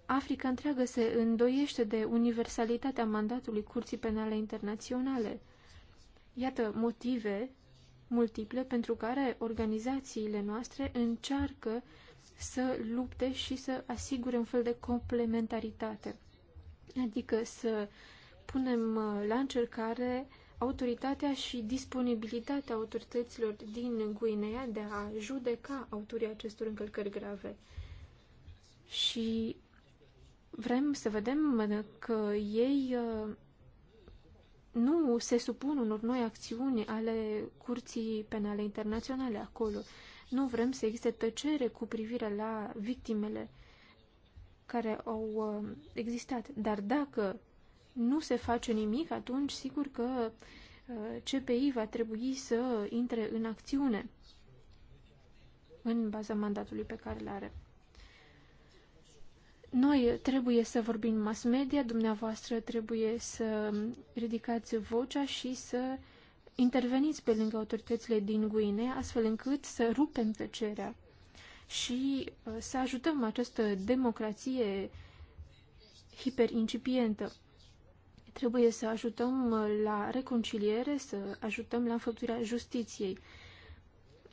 Speaker 4: Africa întreagă se îndoiește de universalitatea mandatului Curții Penale Internaționale – Iată motive multiple pentru care organizațiile noastre încearcă să lupte și să asigure un fel de complementaritate. Adică să punem uh, la încercare autoritatea și disponibilitatea autorităților din Guinea de a judeca autorii acestor încălcări grave. Și vrem să vedem uh, că ei uh, nu se supun unor noi acțiuni ale Curții Penale Internaționale acolo. Nu vrem să existe tăcere cu privire la victimele care au uh, existat. Dar dacă nu se face nimic, atunci sigur că uh, CPI va trebui să intre în acțiune în baza mandatului pe care îl are. Noi trebuie să vorbim mass media, dumneavoastră trebuie să ridicați vocea și să interveniți pe lângă autoritățile din Guinea, astfel încât să rupem tăcerea și uh, să ajutăm această democrație hiperincipientă. Trebuie să ajutăm uh, la reconciliere, să ajutăm la înfăptuirea justiției.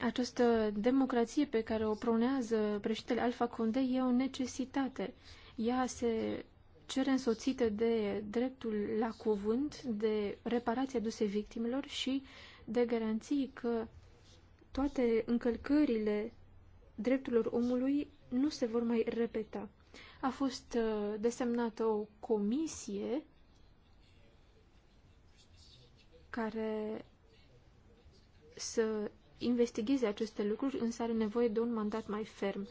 Speaker 4: Această democrație pe care o pronează președintele Alfa Conde e o necesitate. Ea se cere însoțită de dreptul la cuvânt, de reparații aduse victimelor și de garanții că toate încălcările drepturilor omului nu se vor mai repeta. A fost uh, desemnată o comisie care să investigheze aceste lucruri, însă are nevoie de un mandat mai ferm.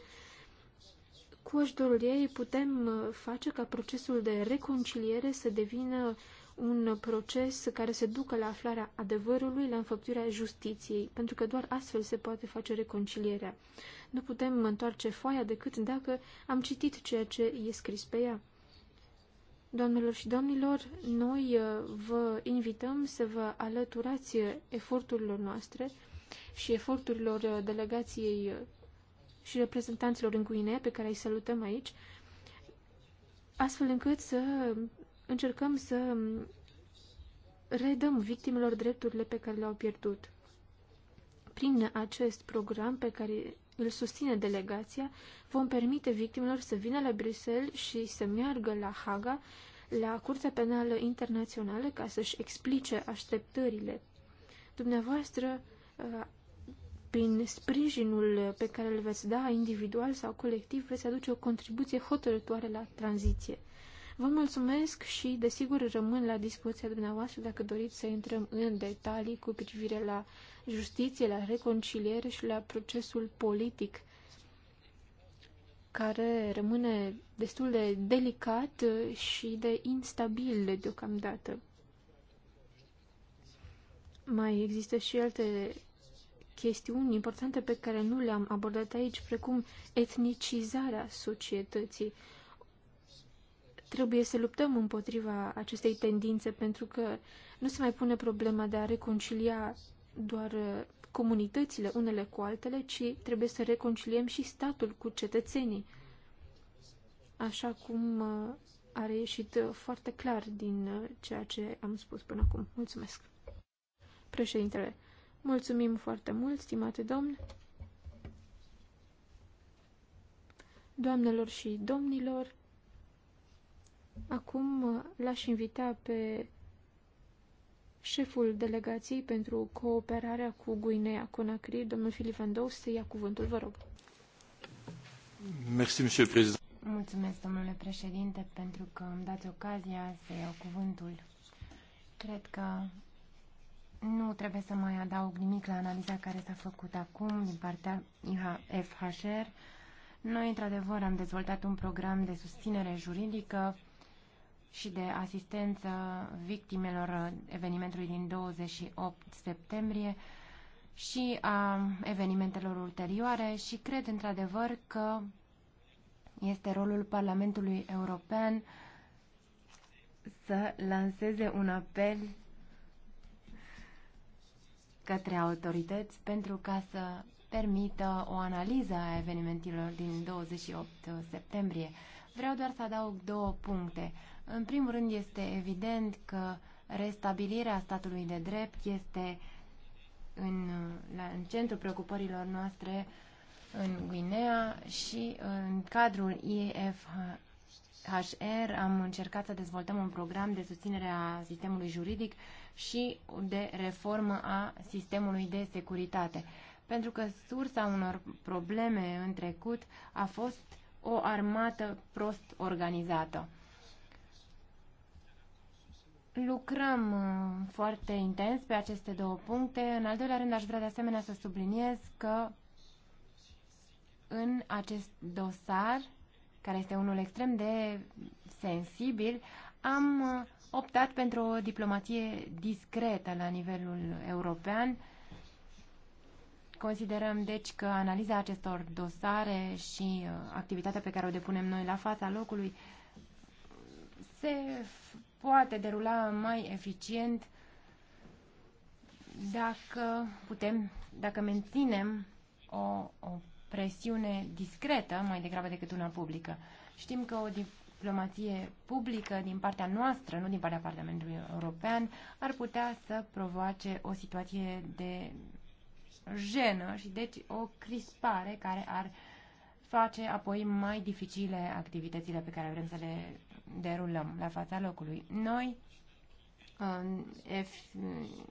Speaker 4: Cu ajutorul ei putem uh, face ca procesul de reconciliere să devină un proces care se ducă la aflarea adevărului, la înfăptuirea justiției, pentru că doar astfel se poate face reconcilierea. Nu putem întoarce foaia decât dacă am citit ceea ce e scris pe ea. Doamnelor și domnilor, noi uh, vă invităm să vă alăturați uh, eforturilor noastre și eforturilor uh, delegației uh, și reprezentanților în Guinea, pe care îi salutăm aici, astfel încât să încercăm să um, redăm victimelor drepturile pe care le-au pierdut. Prin acest program pe care îl susține delegația, vom permite victimelor să vină la Bruxelles și să meargă la Haga, la Curtea Penală Internațională, ca să-și explice așteptările. Dumneavoastră, prin sprijinul pe care îl veți da, individual sau colectiv, veți aduce o contribuție hotărătoare la tranziție. Vă mulțumesc și, desigur, rămân la dispoziția dumneavoastră dacă doriți să intrăm în detalii cu privire la justiție, la reconciliere și la procesul politic, care rămâne destul de delicat și de instabil deocamdată. Mai există și alte chestiuni importante pe care nu le-am abordat aici, precum etnicizarea societății. Trebuie să luptăm împotriva acestei tendințe pentru că nu se mai pune problema de a reconcilia doar uh, comunitățile unele cu altele, ci trebuie să reconciliem și statul cu cetățenii, așa cum uh, a reieșit uh, foarte clar din ceea ce am spus până acum. Mulțumesc! Președintele, Mulțumim foarte mult, stimate domn. Doamnelor și domnilor, acum l-aș invita pe șeful delegației pentru cooperarea cu Guinea Conakry, domnul Filip Dous, să ia cuvântul, vă rog.
Speaker 2: Mersi, monsieur président.
Speaker 3: Mulțumesc, domnule președinte, pentru că îmi dați ocazia să iau cuvântul. Cred că nu trebuie să mai adaug nimic la analiza care s-a făcut acum din partea IHFHR. Noi, într-adevăr, am dezvoltat un program de susținere juridică și de asistență victimelor evenimentului din 28 septembrie și a evenimentelor ulterioare și cred, într-adevăr, că este rolul Parlamentului European să lanseze un apel către autorități pentru ca să permită o analiză a evenimentelor din 28 septembrie. Vreau doar să adaug două puncte. În primul rând este evident că restabilirea statului de drept este în, la, în centrul preocupărilor noastre în Guinea și în cadrul IFHR am încercat să dezvoltăm un program de susținere a sistemului juridic și de reformă a sistemului de securitate. Pentru că sursa unor probleme în trecut a fost o armată prost organizată. Lucrăm uh, foarte intens pe aceste două puncte. În al doilea rând, aș vrea de asemenea să subliniez că în acest dosar, care este unul extrem de sensibil, am uh, optat pentru o diplomație discretă la nivelul european. Considerăm, deci, că analiza acestor dosare și uh, activitatea pe care o depunem noi la fața locului se poate derula mai eficient dacă putem, dacă menținem o, o presiune discretă mai degrabă decât una publică. Știm că o dip diplomație publică din partea noastră, nu din partea Parlamentului European, ar putea să provoace o situație de jenă și deci o crispare care ar face apoi mai dificile activitățile pe care vrem să le derulăm la fața locului. Noi,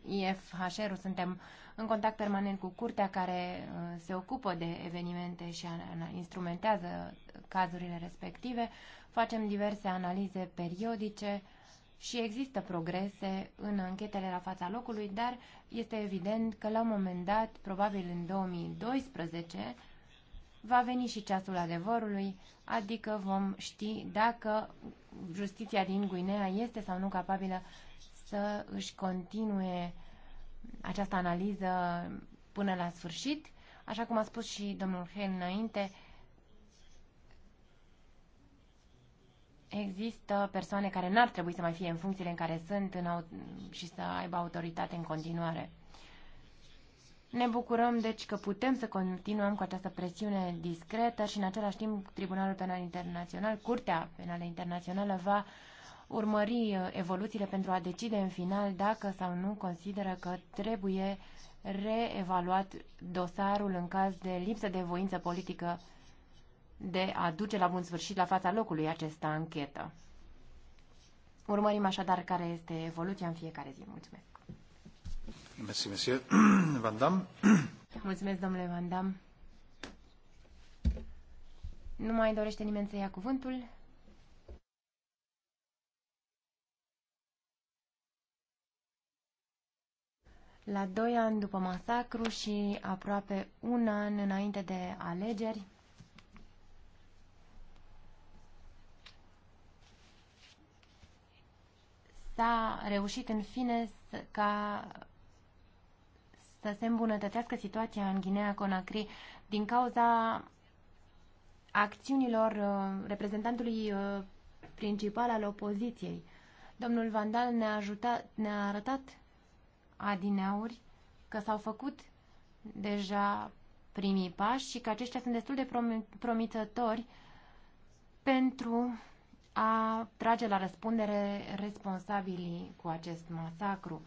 Speaker 3: IFHR-ul, suntem în contact permanent cu curtea care uh, se ocupă de evenimente și instrumentează cazurile respective facem diverse analize periodice și există progrese în anchetele la fața locului, dar este evident că la un moment dat, probabil în 2012, va veni și ceasul adevărului, adică vom ști dacă justiția din Guinea este sau nu capabilă să își continue această analiză până la sfârșit. Așa cum a spus și domnul Hel înainte, Există persoane care n-ar trebui să mai fie în funcțiile în care sunt în și să aibă autoritate în continuare. Ne bucurăm, deci, că putem să continuăm cu această presiune discretă și, în același timp, Tribunalul Penal Internațional, Curtea Penală Internațională, va urmări uh, evoluțiile pentru a decide, în final, dacă sau nu consideră că trebuie reevaluat dosarul în caz de lipsă de voință politică de a duce la bun sfârșit la fața locului acesta anchetă. Urmărim așadar care este evoluția în fiecare zi. Mulțumesc!
Speaker 1: Mersi, monsieur. Van Damme.
Speaker 3: Mulțumesc, domnule Van Damme. Nu mai dorește nimeni să ia cuvântul? La doi ani după masacru și aproape un an înainte de alegeri, s-a reușit în fine să, ca să se îmbunătățească situația în Guinea-Conakry din cauza acțiunilor uh, reprezentantului uh, principal al opoziției. Domnul Vandal ne-a, ajutat, ne-a arătat adineauri că s-au făcut deja primii pași și că aceștia sunt destul de promițători pentru a trage la răspundere responsabilii cu acest masacru.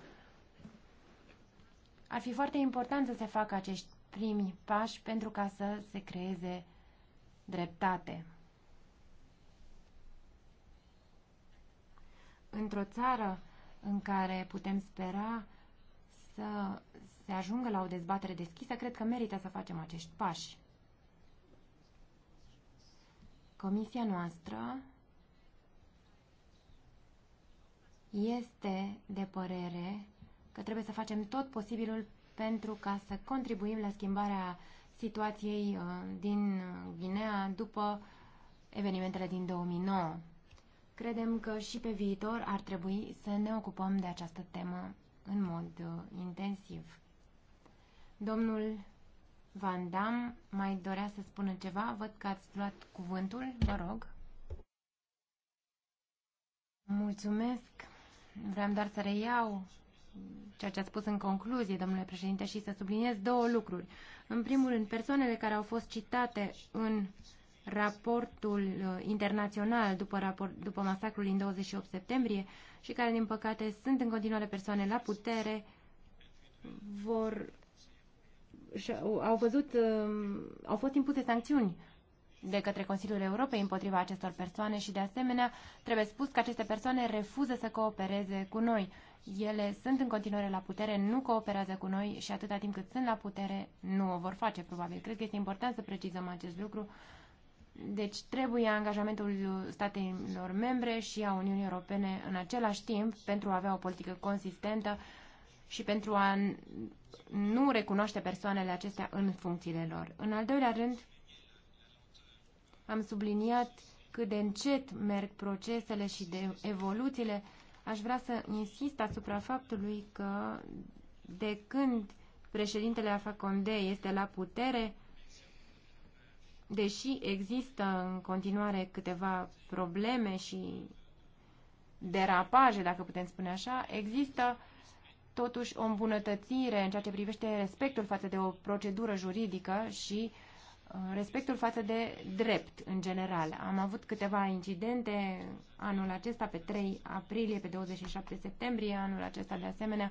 Speaker 3: Ar fi foarte important să se facă acești primi pași pentru ca să se creeze dreptate. Într-o țară în care putem spera să se ajungă la o dezbatere deschisă, cred că merită să facem acești pași. Comisia noastră este de părere că trebuie să facem tot posibilul pentru ca să contribuim la schimbarea situației uh, din Guinea după evenimentele din 2009. Credem că și pe viitor ar trebui să ne ocupăm de această temă în mod uh, intensiv. Domnul Van Dam mai dorea să spună ceva. Văd că ați luat cuvântul. Vă rog. Mulțumesc. Vreau doar să reiau ceea ce a spus în concluzie, domnule președinte, și să subliniez două lucruri. În primul rând, persoanele care au fost citate în raportul uh, internațional după, raport, după masacrul din 28 septembrie și care, din păcate, sunt în continuare persoane la putere, vor, au văzut, um, au fost impuse sancțiuni de către Consiliul Europei împotriva acestor persoane și, de asemenea, trebuie spus că aceste persoane refuză să coopereze cu noi. Ele sunt în continuare la putere, nu cooperează cu noi și atâta timp cât sunt la putere, nu o vor face, probabil. Cred că este important să precizăm acest lucru. Deci trebuie angajamentul statelor membre și a Uniunii Europene în același timp pentru a avea o politică consistentă și pentru a nu recunoaște persoanele acestea în funcțiile lor. În al doilea rând, am subliniat cât de încet merg procesele și de evoluțiile. Aș vrea să insist asupra faptului că de când președintele Conde este la putere, deși există în continuare câteva probleme și derapaje, dacă putem spune așa, există totuși o îmbunătățire în ceea ce privește respectul față de o procedură juridică și uh, Uh, respectul față de drept în general. Am avut câteva incidente anul acesta, pe 3 aprilie, pe 27 septembrie, anul acesta de asemenea,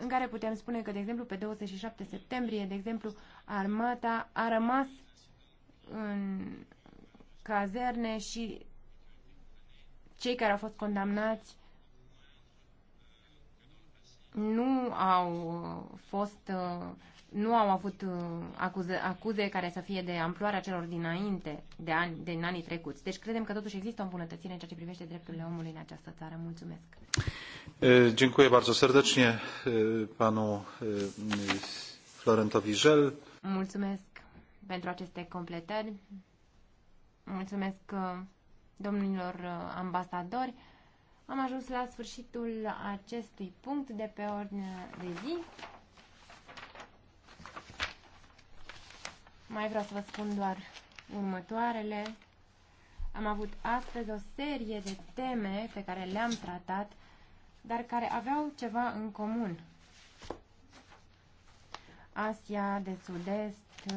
Speaker 3: în care putem spune că, de exemplu, pe 27 septembrie, de exemplu, armata a rămas în cazerne și cei care au fost condamnați nu au fost uh, nu au avut uh, acuze, acuze care să fie de amploarea celor dinainte, de ani, din anii trecuți. Deci credem că totuși există o îmbunătățire în ceea ce privește drepturile omului în această țară. Mulțumesc.
Speaker 1: Dziękuję bardzo serdecznie panu Florentowi Żel.
Speaker 3: Mulțumesc pentru aceste completări. Mulțumesc domnilor ambasadori. Am ajuns la sfârșitul acestui punct de pe ordine de zi. Mai vreau să vă spun doar următoarele. Am avut astăzi o serie de teme pe care le-am tratat, dar care aveau ceva în comun. Asia de Sud-Est,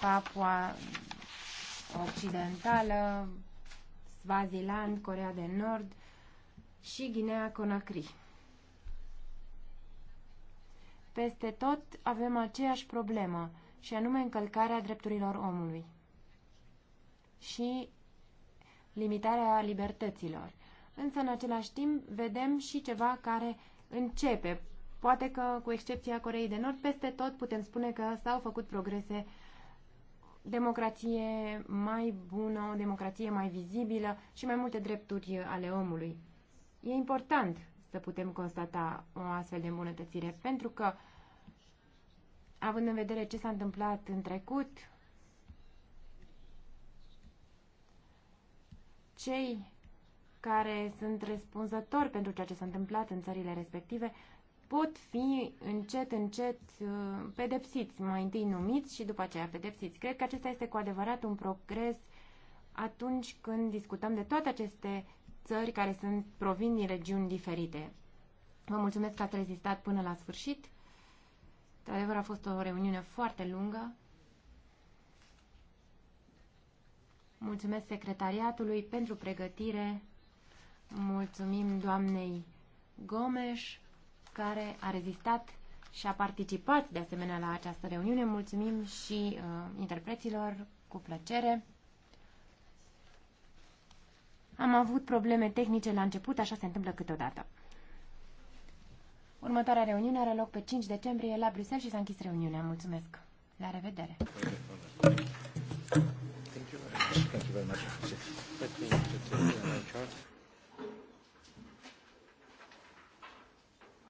Speaker 3: Papua Occidentală, Swaziland, Corea de Nord și Guinea Conakry. Peste tot avem aceeași problemă – și anume încălcarea drepturilor omului și limitarea libertăților. Însă, în același timp, vedem și ceva care începe. Poate că, cu excepția Coreei de Nord, peste tot putem spune că s-au făcut progrese democrație mai bună, o democrație mai vizibilă și mai multe drepturi ale omului. E important să putem constata o astfel de îmbunătățire, pentru că uh, având în vedere ce s-a întâmplat în trecut, cei care sunt răspunzători pentru ceea ce s-a întâmplat în țările respective pot fi încet, încet uh, pedepsiți, mai întâi numiți și după aceea pedepsiți. Cred că acesta este cu adevărat un progres atunci când discutăm de toate aceste țări care sunt provin din regiuni diferite. Vă mulțumesc că ați rezistat până la sfârșit de adevăr, a fost o reuniune foarte lungă. Mulțumesc secretariatului pentru pregătire. Mulțumim doamnei Gomes, care a rezistat și a participat de asemenea la această reuniune. Mulțumim și uh, interpreților cu plăcere. Am avut probleme tehnice la început, așa se întâmplă câteodată. Următoarea reuniune are loc pe 5 decembrie la Bruxelles și s-a închis reuniunea. Mulțumesc! La revedere!
Speaker 1: Thank you very much.